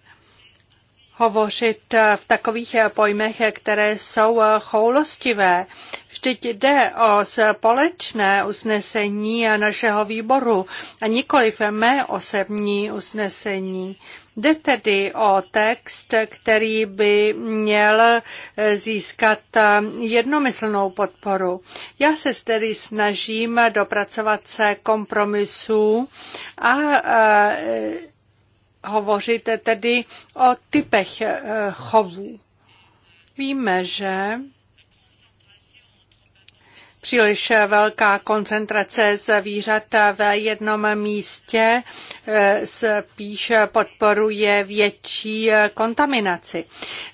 hovořit eh, v takových eh, pojmech, eh, které jsou choulostivé. Vždyť jde o společné usnesení našeho výboru a nikoliv mé osobní usnesení. Jde tedy o text, který by měl získat jednomyslnou podporu. Já se tedy snažím dopracovat se kompromisů a hovořit tedy o typech eh, chovů. Víme, že příliš velká koncentrace zvířat v jednom místě eh, spíš podporuje větší eh, kontaminaci.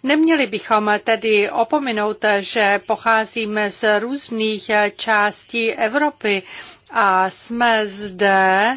Neměli bychom tedy opominout, že pocházíme z různých částí Evropy a jsme zde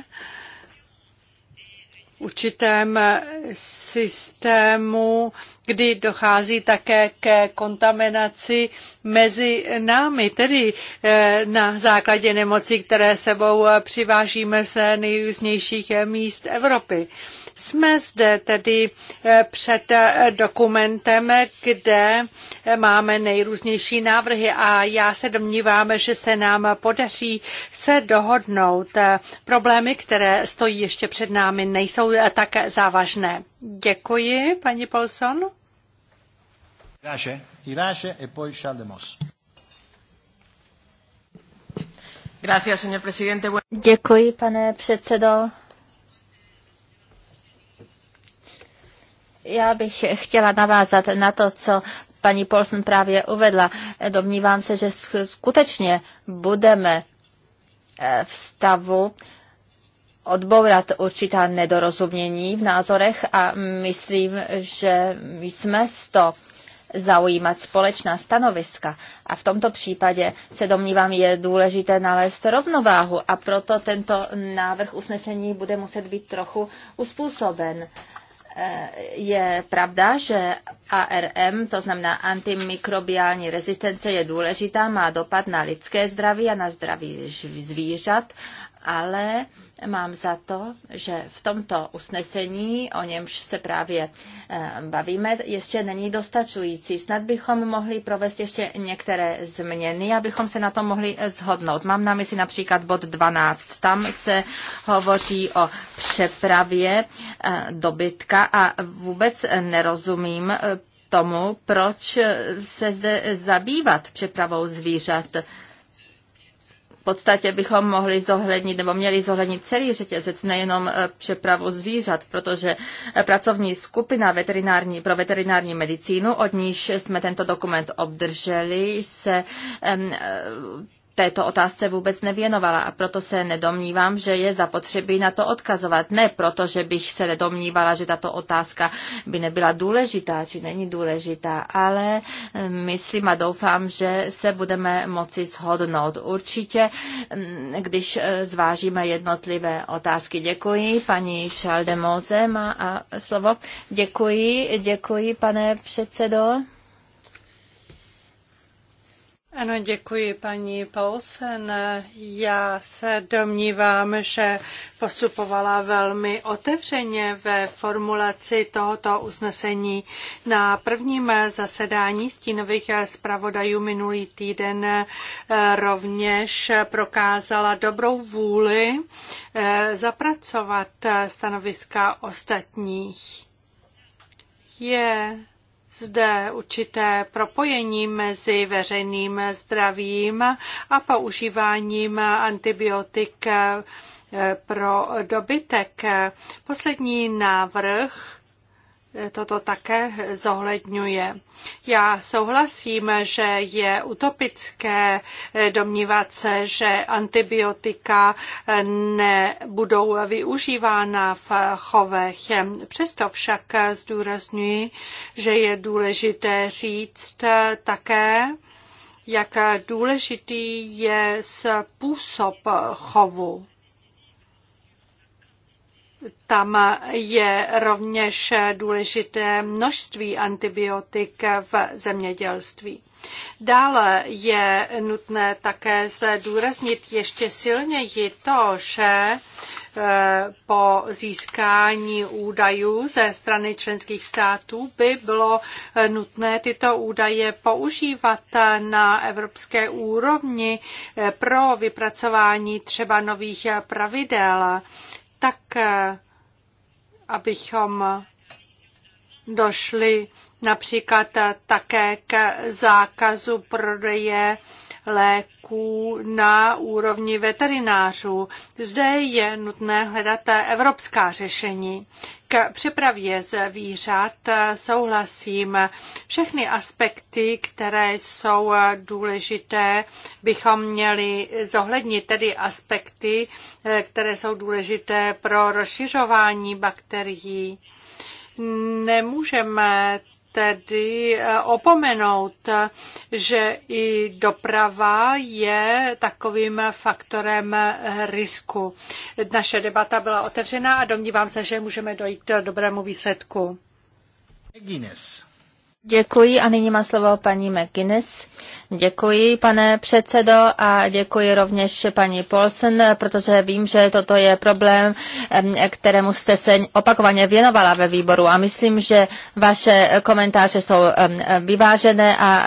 určitém eh, systému, kdy dochází také ke kontaminaci mezi námi, tedy eh, na základě nemocí, které sebou eh, přivážíme z nejrůznějších míst Evropy. Jsme zde tedy eh, před eh, dokumentem, kde eh, máme nejrůznější návrhy a já se domnívám, že se nám podaří se dohodnout. Problémy, které stojí ještě před námi, nejsou tak závažné. Děkuji, paní Polson. Irace, e poi Chaldemos. Děkuji, pane předsedo. Já bych chtěla navázat na to, co paní Polson právě uvedla. Domnívám se, že skutečně budeme eh, v stavu odbourat určitá nedorozumění v názorech a myslím, že jsme z to zaujímat společná stanoviska. A v tomto případě se domnívám, je důležité nalézt rovnováhu a proto tento návrh usnesení bude muset být trochu uspůsoben je pravda, že ARM, to znamená antimikrobiální rezistence, je důležitá, má dopad na lidské zdraví a na zdraví zvířat ale mám za to, že v tomto usnesení, o němž se právě eh, bavíme, ještě není dostačující. Snad bychom mohli provést ještě některé změny, abychom se na to mohli zhodnout. Eh, mám na mysli například bod 12. Tam se hovoří o přepravě eh, dobytka a vůbec nerozumím tomu, proč se zde zabývat přepravou zvířat podstatě bychom mohli zohlednit nebo měli zohlednit celý řetězec, nejenom e, přepravu zvířat, protože e, pracovní skupina veterinární, pro veterinární medicínu, od níž jsme tento dokument obdrželi, se e, této otázce vůbec nevěnovala a proto se nedomnívám, že je zapotřebí na to odkazovat. Ne proto, že bych se nedomnívala, že tato otázka by nebyla důležitá, či není důležitá, ale eh, myslím a doufám, že se budeme moci shodnout. Určitě, mm, když eh, zvážíme jednotlivé otázky. Děkuji, paní Šaldemoze má a eh, slovo. Děkuji, děkuji, pane předsedo. Ano, děkuji paní Paulsen. Já se domnívám, že postupovala velmi otevřeně ve formulaci tohoto usnesení. Na prvním zasedání stínových zpravodajů minulý týden eh, rovněž prokázala dobrou vůli eh, zapracovat stanoviska ostatních. Je zde určité propojení mezi veřejným zdravím a používáním antibiotik eh, pro dobytek. Poslední návrh toto také zohledňuje. Já souhlasím, že je utopické domnívat se, že antibiotika nebudou využívána v chovech. Přesto však zdůrazňuji, že je důležité říct také, jak důležitý je způsob chovu. Tam je rovněž důležité množství antibiotik v zemědělství. Dále je nutné také zdůraznit ještě silněji to, že eh, po získání údajů ze strany členských států by bylo eh, nutné tyto údaje používat na evropské úrovni eh, pro vypracování třeba nových pravidel tak eh, abychom došli například eh, také k zákazu prodeje léků na úrovni veterinářů. Zde je nutné hledat evropská řešení. K přepravě zvířat souhlasím. Všechny aspekty, které jsou důležité, bychom měli zohlednit, tedy aspekty, které jsou důležité pro rozšiřování bakterií nemůžeme tedy eh, opomenout, že i doprava je takovým faktorem eh, risku. Naše debata byla otevřená a domnívám se, že můžeme dojít k dobrému výsledku. Guinness. Děkuji a nyní má slovo paní McGuinness. Děkuji, pane předsedo, a děkuji rovněž paní Polsen, protože vím, že toto je problém, kterému jste se opakovaně věnovala ve výboru a myslím, že vaše komentáře jsou vyvážené a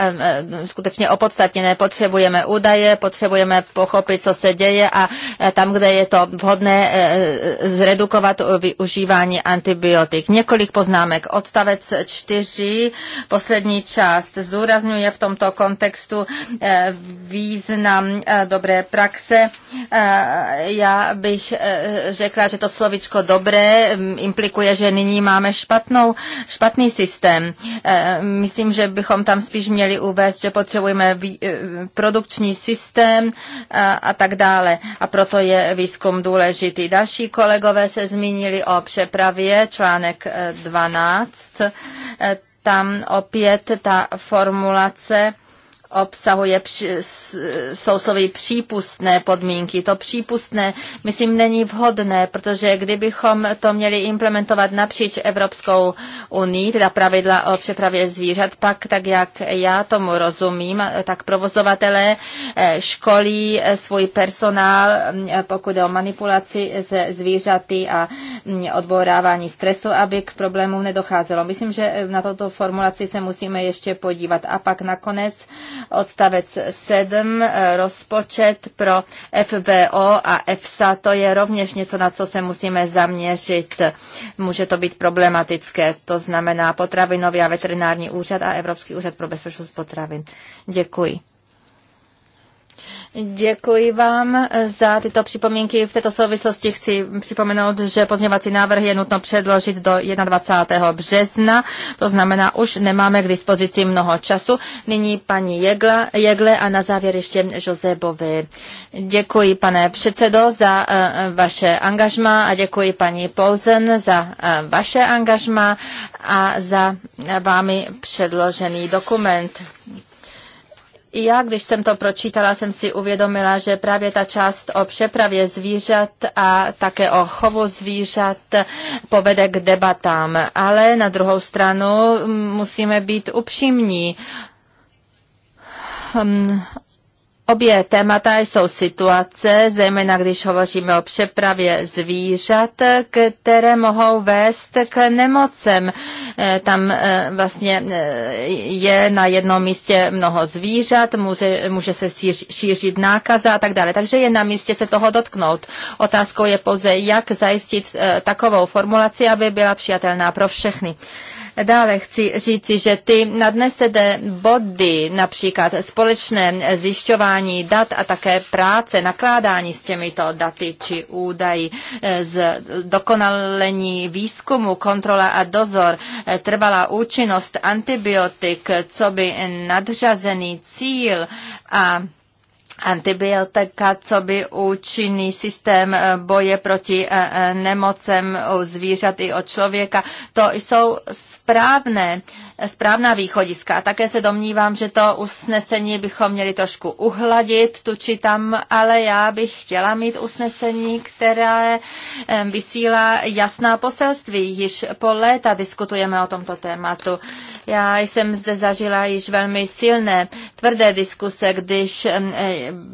skutečně opodstatněné. Potřebujeme údaje, potřebujeme pochopit, co se děje a e, tam, kde je to vhodné, e, e, zredukovat využívání antibiotik. Několik poznámek. Odstavec 4 Poslední část zdůrazňuje v tomto kontextu eh, význam eh, dobré praxe. Eh, já bych řekla, že to slovičko dobré mm, implikuje, že nyní máme špatnou, špatný systém. Myslím, že bychom tam spíš měli uvést, že potřebujeme produkční systém a tak dále. A proto je výzkum důležitý. Další kolegové se zmínili o přepravě, článek 12 tam opět ta formulace obsahuje sousloví přípustné podmínky. To přípustné, myslím, není vhodné, protože kdybychom to měli implementovat napříč Evropskou unii, teda pravidla o přepravě zvířat, pak tak, jak já tomu rozumím, tak provozovatelé eh, školí eh, svůj personál, eh, pokud je o manipulaci se zvířaty a mm, odborávání stresu, aby k problémům nedocházelo. Myslím, že na toto formulaci se musíme ještě podívat. A pak nakonec Odstavec 7, eh, rozpočet pro FVO a EFSA, to je rovněž něco, na co se musíme zaměřit. Může to být problematické, to znamená potravinový a veterinární úřad a Evropský úřad pro bezpečnost potravin. Děkuji. Děkuji vám za tyto připomínky. V této souvislosti chci připomenout, že pozměňovací návrh je nutno předložit do 21. března, to znamená, už nemáme k dispozici mnoho času. Nyní paní Jegla, Jegle a na závěr ještě Josebovi. Děkuji, pane předsedo, za eh, vaše angažma a děkuji paní Polzen za eh, vaše angažma a za vámi předložený dokument. Já, když jsem to pročítala, jsem si uvědomila, že právě ta část o přepravě zvířat a také o chovu zvířat povede k debatám. Ale na druhou stranu mm, musíme být upřímní mm, Obě témata jsou situace, zejména když hovoříme o přepravě zvířat, které mohou vést k nemocem. Eh, tam eh, vlastně eh, je na jednom místě mnoho zvířat, může, může se šířit nákaza a tak dále. Takže je na místě se toho dotknout. Otázkou je pouze, jak zajistit takovou formulaci, aby byla přijatelná pro všechny. Dále chci říci, že ty nadnesené body, například společné zjišťování dat a také práce, nakládání s těmito daty či údaji, eh, z dokonalení výzkumu, kontrola a dozor, eh, trvalá účinnost antibiotik, co by nadřazený cíl a antibiotika, co by účinný systém eh, boje proti eh, eh, nemocem u zvířat i od člověka. To jsou správné, správná východiska. A také se domnívám, že to usnesení bychom měli trošku uhladit tu či tam, ale já bych chtěla mít usnesení, které vysílá jasná poselství. Již po léta diskutujeme o tomto tématu. Já jsem zde zažila již velmi silné, tvrdé diskuse, když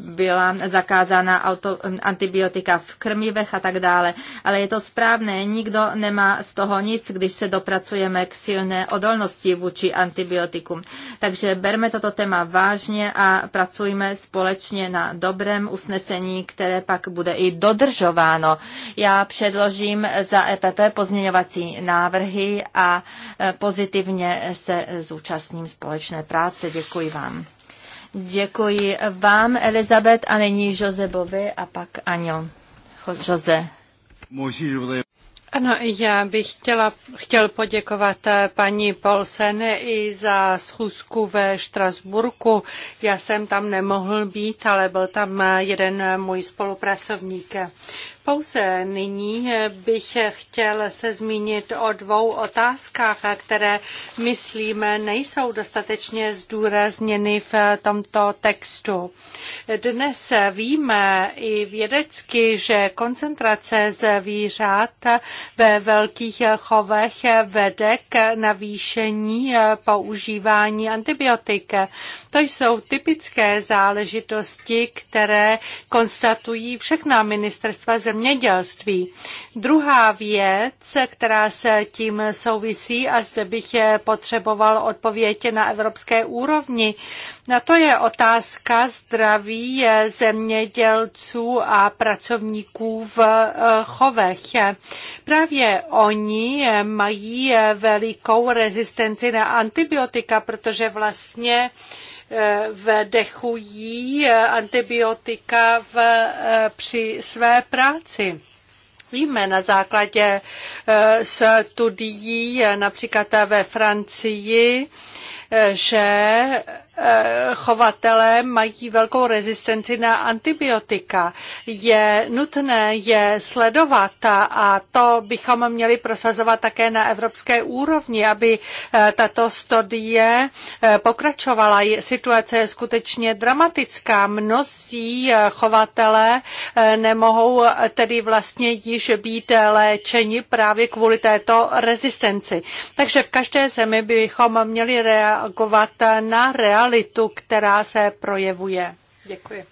byla zakázána auto, antibiotika v krmivech a tak dále. Ale je to správné, nikdo nemá z toho nic, když se dopracujeme k silné odolnosti vůči antibiotikum. Takže berme toto téma vážně a pracujme společně na dobrém usnesení, které pak bude i dodržováno. Já předložím za EPP pozměňovací návrhy a e, pozitivně se zúčastním společné práce. Děkuji vám. Děkuji vám, Elizabet, a nyní Josebovi a pak Aňo. Jose. Ano, já bych chtěla, chtěl poděkovat eh, paní Polsen i za schůzku ve Štrasburku. Já jsem tam nemohl být, ale byl tam eh, jeden eh, můj spolupracovník. Pouze nyní eh, bych chtěl se zmínit o dvou otázkách, eh, které, myslím, nejsou dostatečně zdůrazněny v eh, tomto textu. Dnes víme i vědecky, že koncentrace zvířat ve velkých chovech vede k navýšení používání antibiotik. To jsou typické záležitosti, které konstatují všechna ministerstva země zemědělství. Druhá věc, která se tím souvisí a zde bych potřeboval odpověď na evropské úrovni, na to je otázka zdraví zemědělců a pracovníků v eh, chovech. Právě oni mají velikou rezistenci na antibiotika, protože vlastně vdechují antibiotika v, e, při své práci. Víme na základě e, studií například ve Francii, e, že Eh, chovatelé mají velkou rezistenci na antibiotika. Je nutné je sledovat a to bychom měli prosazovat také na evropské úrovni, aby eh, tato studie eh, pokračovala. Situace je skutečně dramatická. Mnozí chovatelé nemohou tedy vlastně již být léčeni právě kvůli této rezistenci. Takže v každé zemi bychom měli reagovat na realitu realitu, která se projevuje. Děkuji.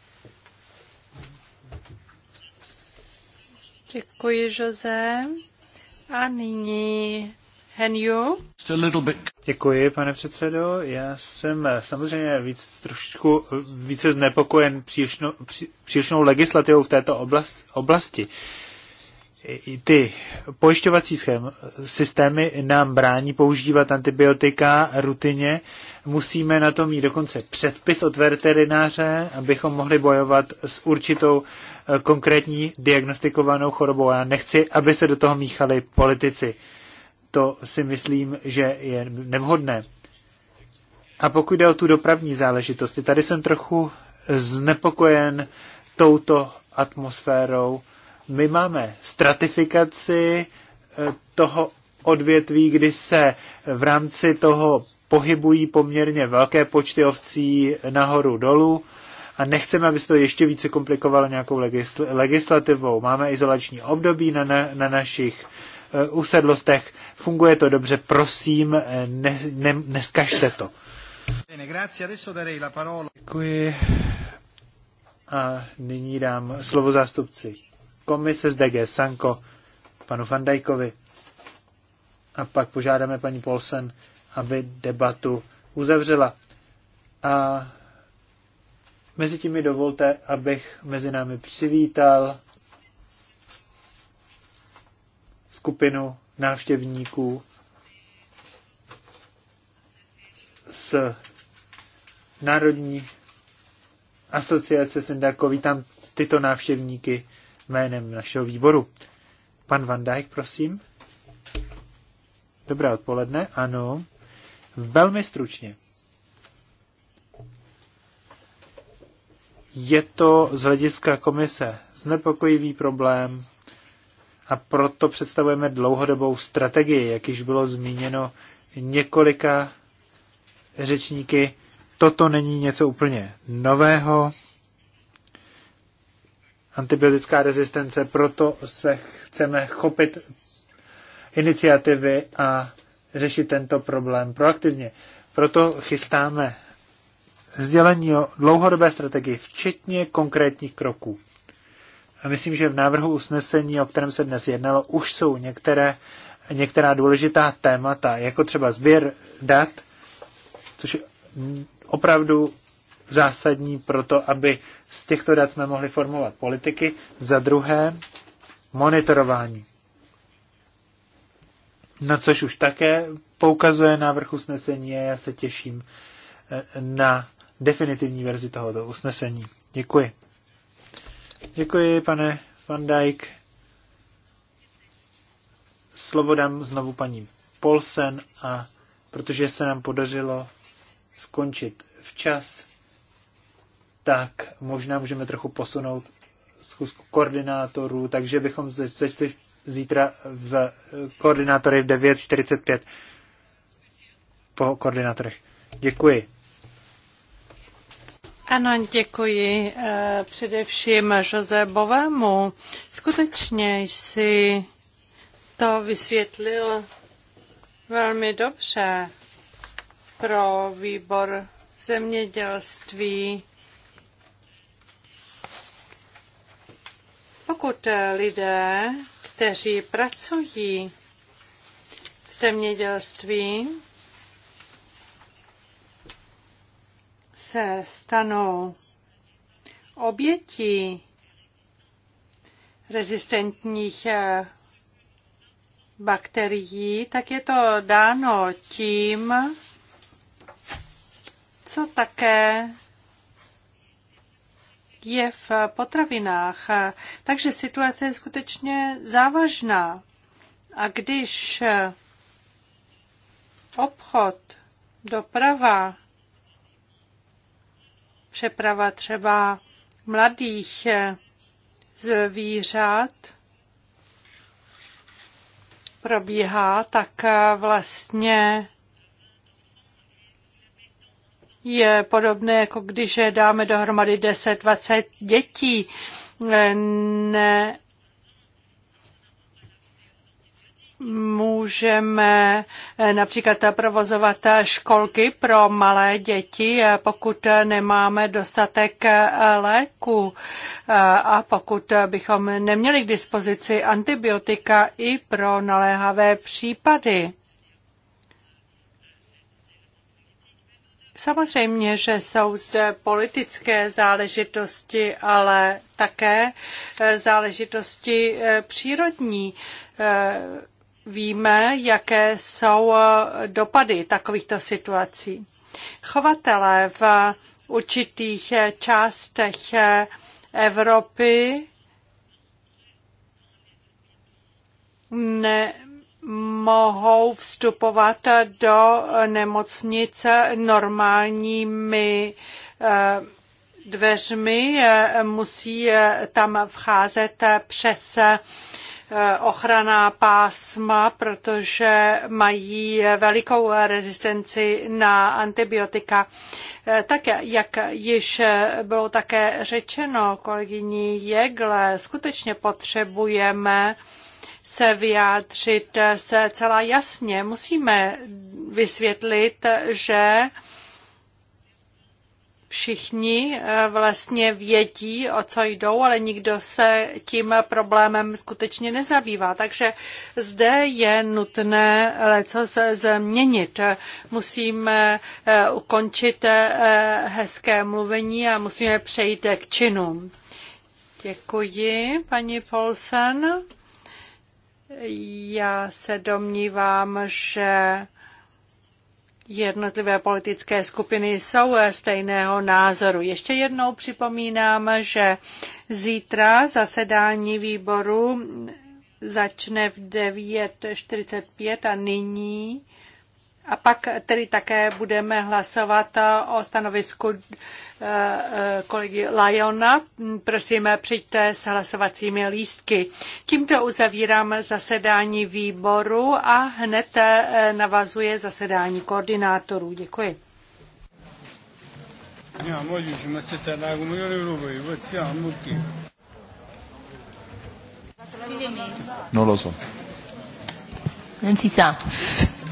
Děkuji, Jose. A nyní Henju. Děkuji, pane předsedo. Já jsem eh, samozřejmě víc, trošku eh, více znepokojen přílišnou, pří, přílišnou legislativou v této oblast, oblasti ty pojišťovací schém, systémy nám brání používat antibiotika rutině. Musíme na to mít dokonce předpis od veterináře, abychom mohli bojovat s určitou eh, konkrétní diagnostikovanou chorobou. Já nechci, aby se do toho míchali politici. To si myslím, že je nevhodné. A pokud jde o tu dopravní záležitosti, tady jsem trochu znepokojen touto atmosférou my máme stratifikaci eh, toho odvětví, kdy se v rámci toho pohybují poměrně velké počty ovcí nahoru dolů a nechceme, aby se to ještě více komplikovalo nějakou legisl- legislativou. Máme izolační období na, na, na našich uh, usedlostech, funguje to dobře, prosím, eh, ne, ne, neskažte to. Děkuji. A nyní dám slovo zástupci komise z DG Sanko panu Fandajkovi. A pak požádáme paní Polsen, aby debatu uzavřela. A mezi tím mi dovolte, abych mezi námi přivítal skupinu návštěvníků z Národní asociace Sendako. Vítám tyto návštěvníky jménem našeho výboru. Pan Van Dijk, prosím. Dobré odpoledne, ano. Velmi stručně. Je to z hlediska komise znepokojivý problém a proto představujeme dlouhodobou strategii, jak již bylo zmíněno několika řečníky. Toto není něco úplně nového antibiotická rezistence, proto se chceme chopit iniciativy a řešit tento problém proaktivně. Proto chystáme sdělení o dlouhodobé strategii, včetně konkrétních kroků. A myslím, že v návrhu usnesení, o kterém se dnes jednalo, už jsou některé, některá důležitá témata, jako třeba sběr dat, což je opravdu zásadní pro to, aby z těchto dat jsme mohli formulovat politiky. Za druhé, monitorování. No což už také poukazuje návrh usnesení a já se těším eh, na definitivní verzi tohoto usnesení. Děkuji. Děkuji, pane Van Dijk. Slovo dám znovu paní Polsen a protože se nám podařilo skončit včas, tak možná můžeme trochu posunout zkusku koordinátorů, takže bychom začali zítra v eh, koordinátory v 9.45 po koordinátorech. Děkuji. Ano, děkuji eh, především Jose Bovému. Skutečně jsi to vysvětlil velmi dobře pro výbor zemědělství. Pokud eh, lidé, kteří pracují v zemědělství, se stanou obětí rezistentních eh, bakterií, tak je to dáno tím, co také je v potravinách. Takže situace je skutečně závažná. A když obchod, doprava, přeprava třeba mladých zvířat probíhá, tak vlastně je podobné, jako když dáme dohromady 10-20 dětí. Ne, můžeme eh, například provozovat eh, školky pro malé děti, eh, pokud nemáme dostatek léku a pokud bychom neměli k dispozici antibiotika i pro naléhavé případy. Samozřejmě, že jsou zde politické záležitosti, ale také eh, záležitosti eh, přírodní. Eh, víme, jaké jsou dopady takovýchto situací. Chovatelé v určitých částech Evropy ne, mohou vstupovat do nemocnice normálními eh, dveřmi, eh, musí eh, tam vcházet přes ochraná pásma, protože mají velikou rezistenci na antibiotika. Tak jak již bylo také řečeno kolegyní Jegle, skutečně potřebujeme se vyjádřit eh, se celá jasně. Musíme vysvětlit, že všichni eh, vlastně vědí, o co jdou, ale nikdo se tím problémem skutečně nezabývá. Takže zde je nutné leco změnit. Musíme eh, ukončit hezké mluvení a musíme přejít k činům. Děkuji, paní Polsen. Já se domnívám, že jednotlivé politické skupiny jsou stejného názoru. Ještě jednou připomínám, že zítra zasedání výboru začne v 9.45 a nyní a pak tedy také budeme hlasovat o stanovisku Eh, eh, kolegy Lajona. Prosím, přijďte s hlasovacími lístky. Tímto uzavírám zasedání výboru a hned eh, navazuje zasedání koordinátorů. Děkuji. Ja,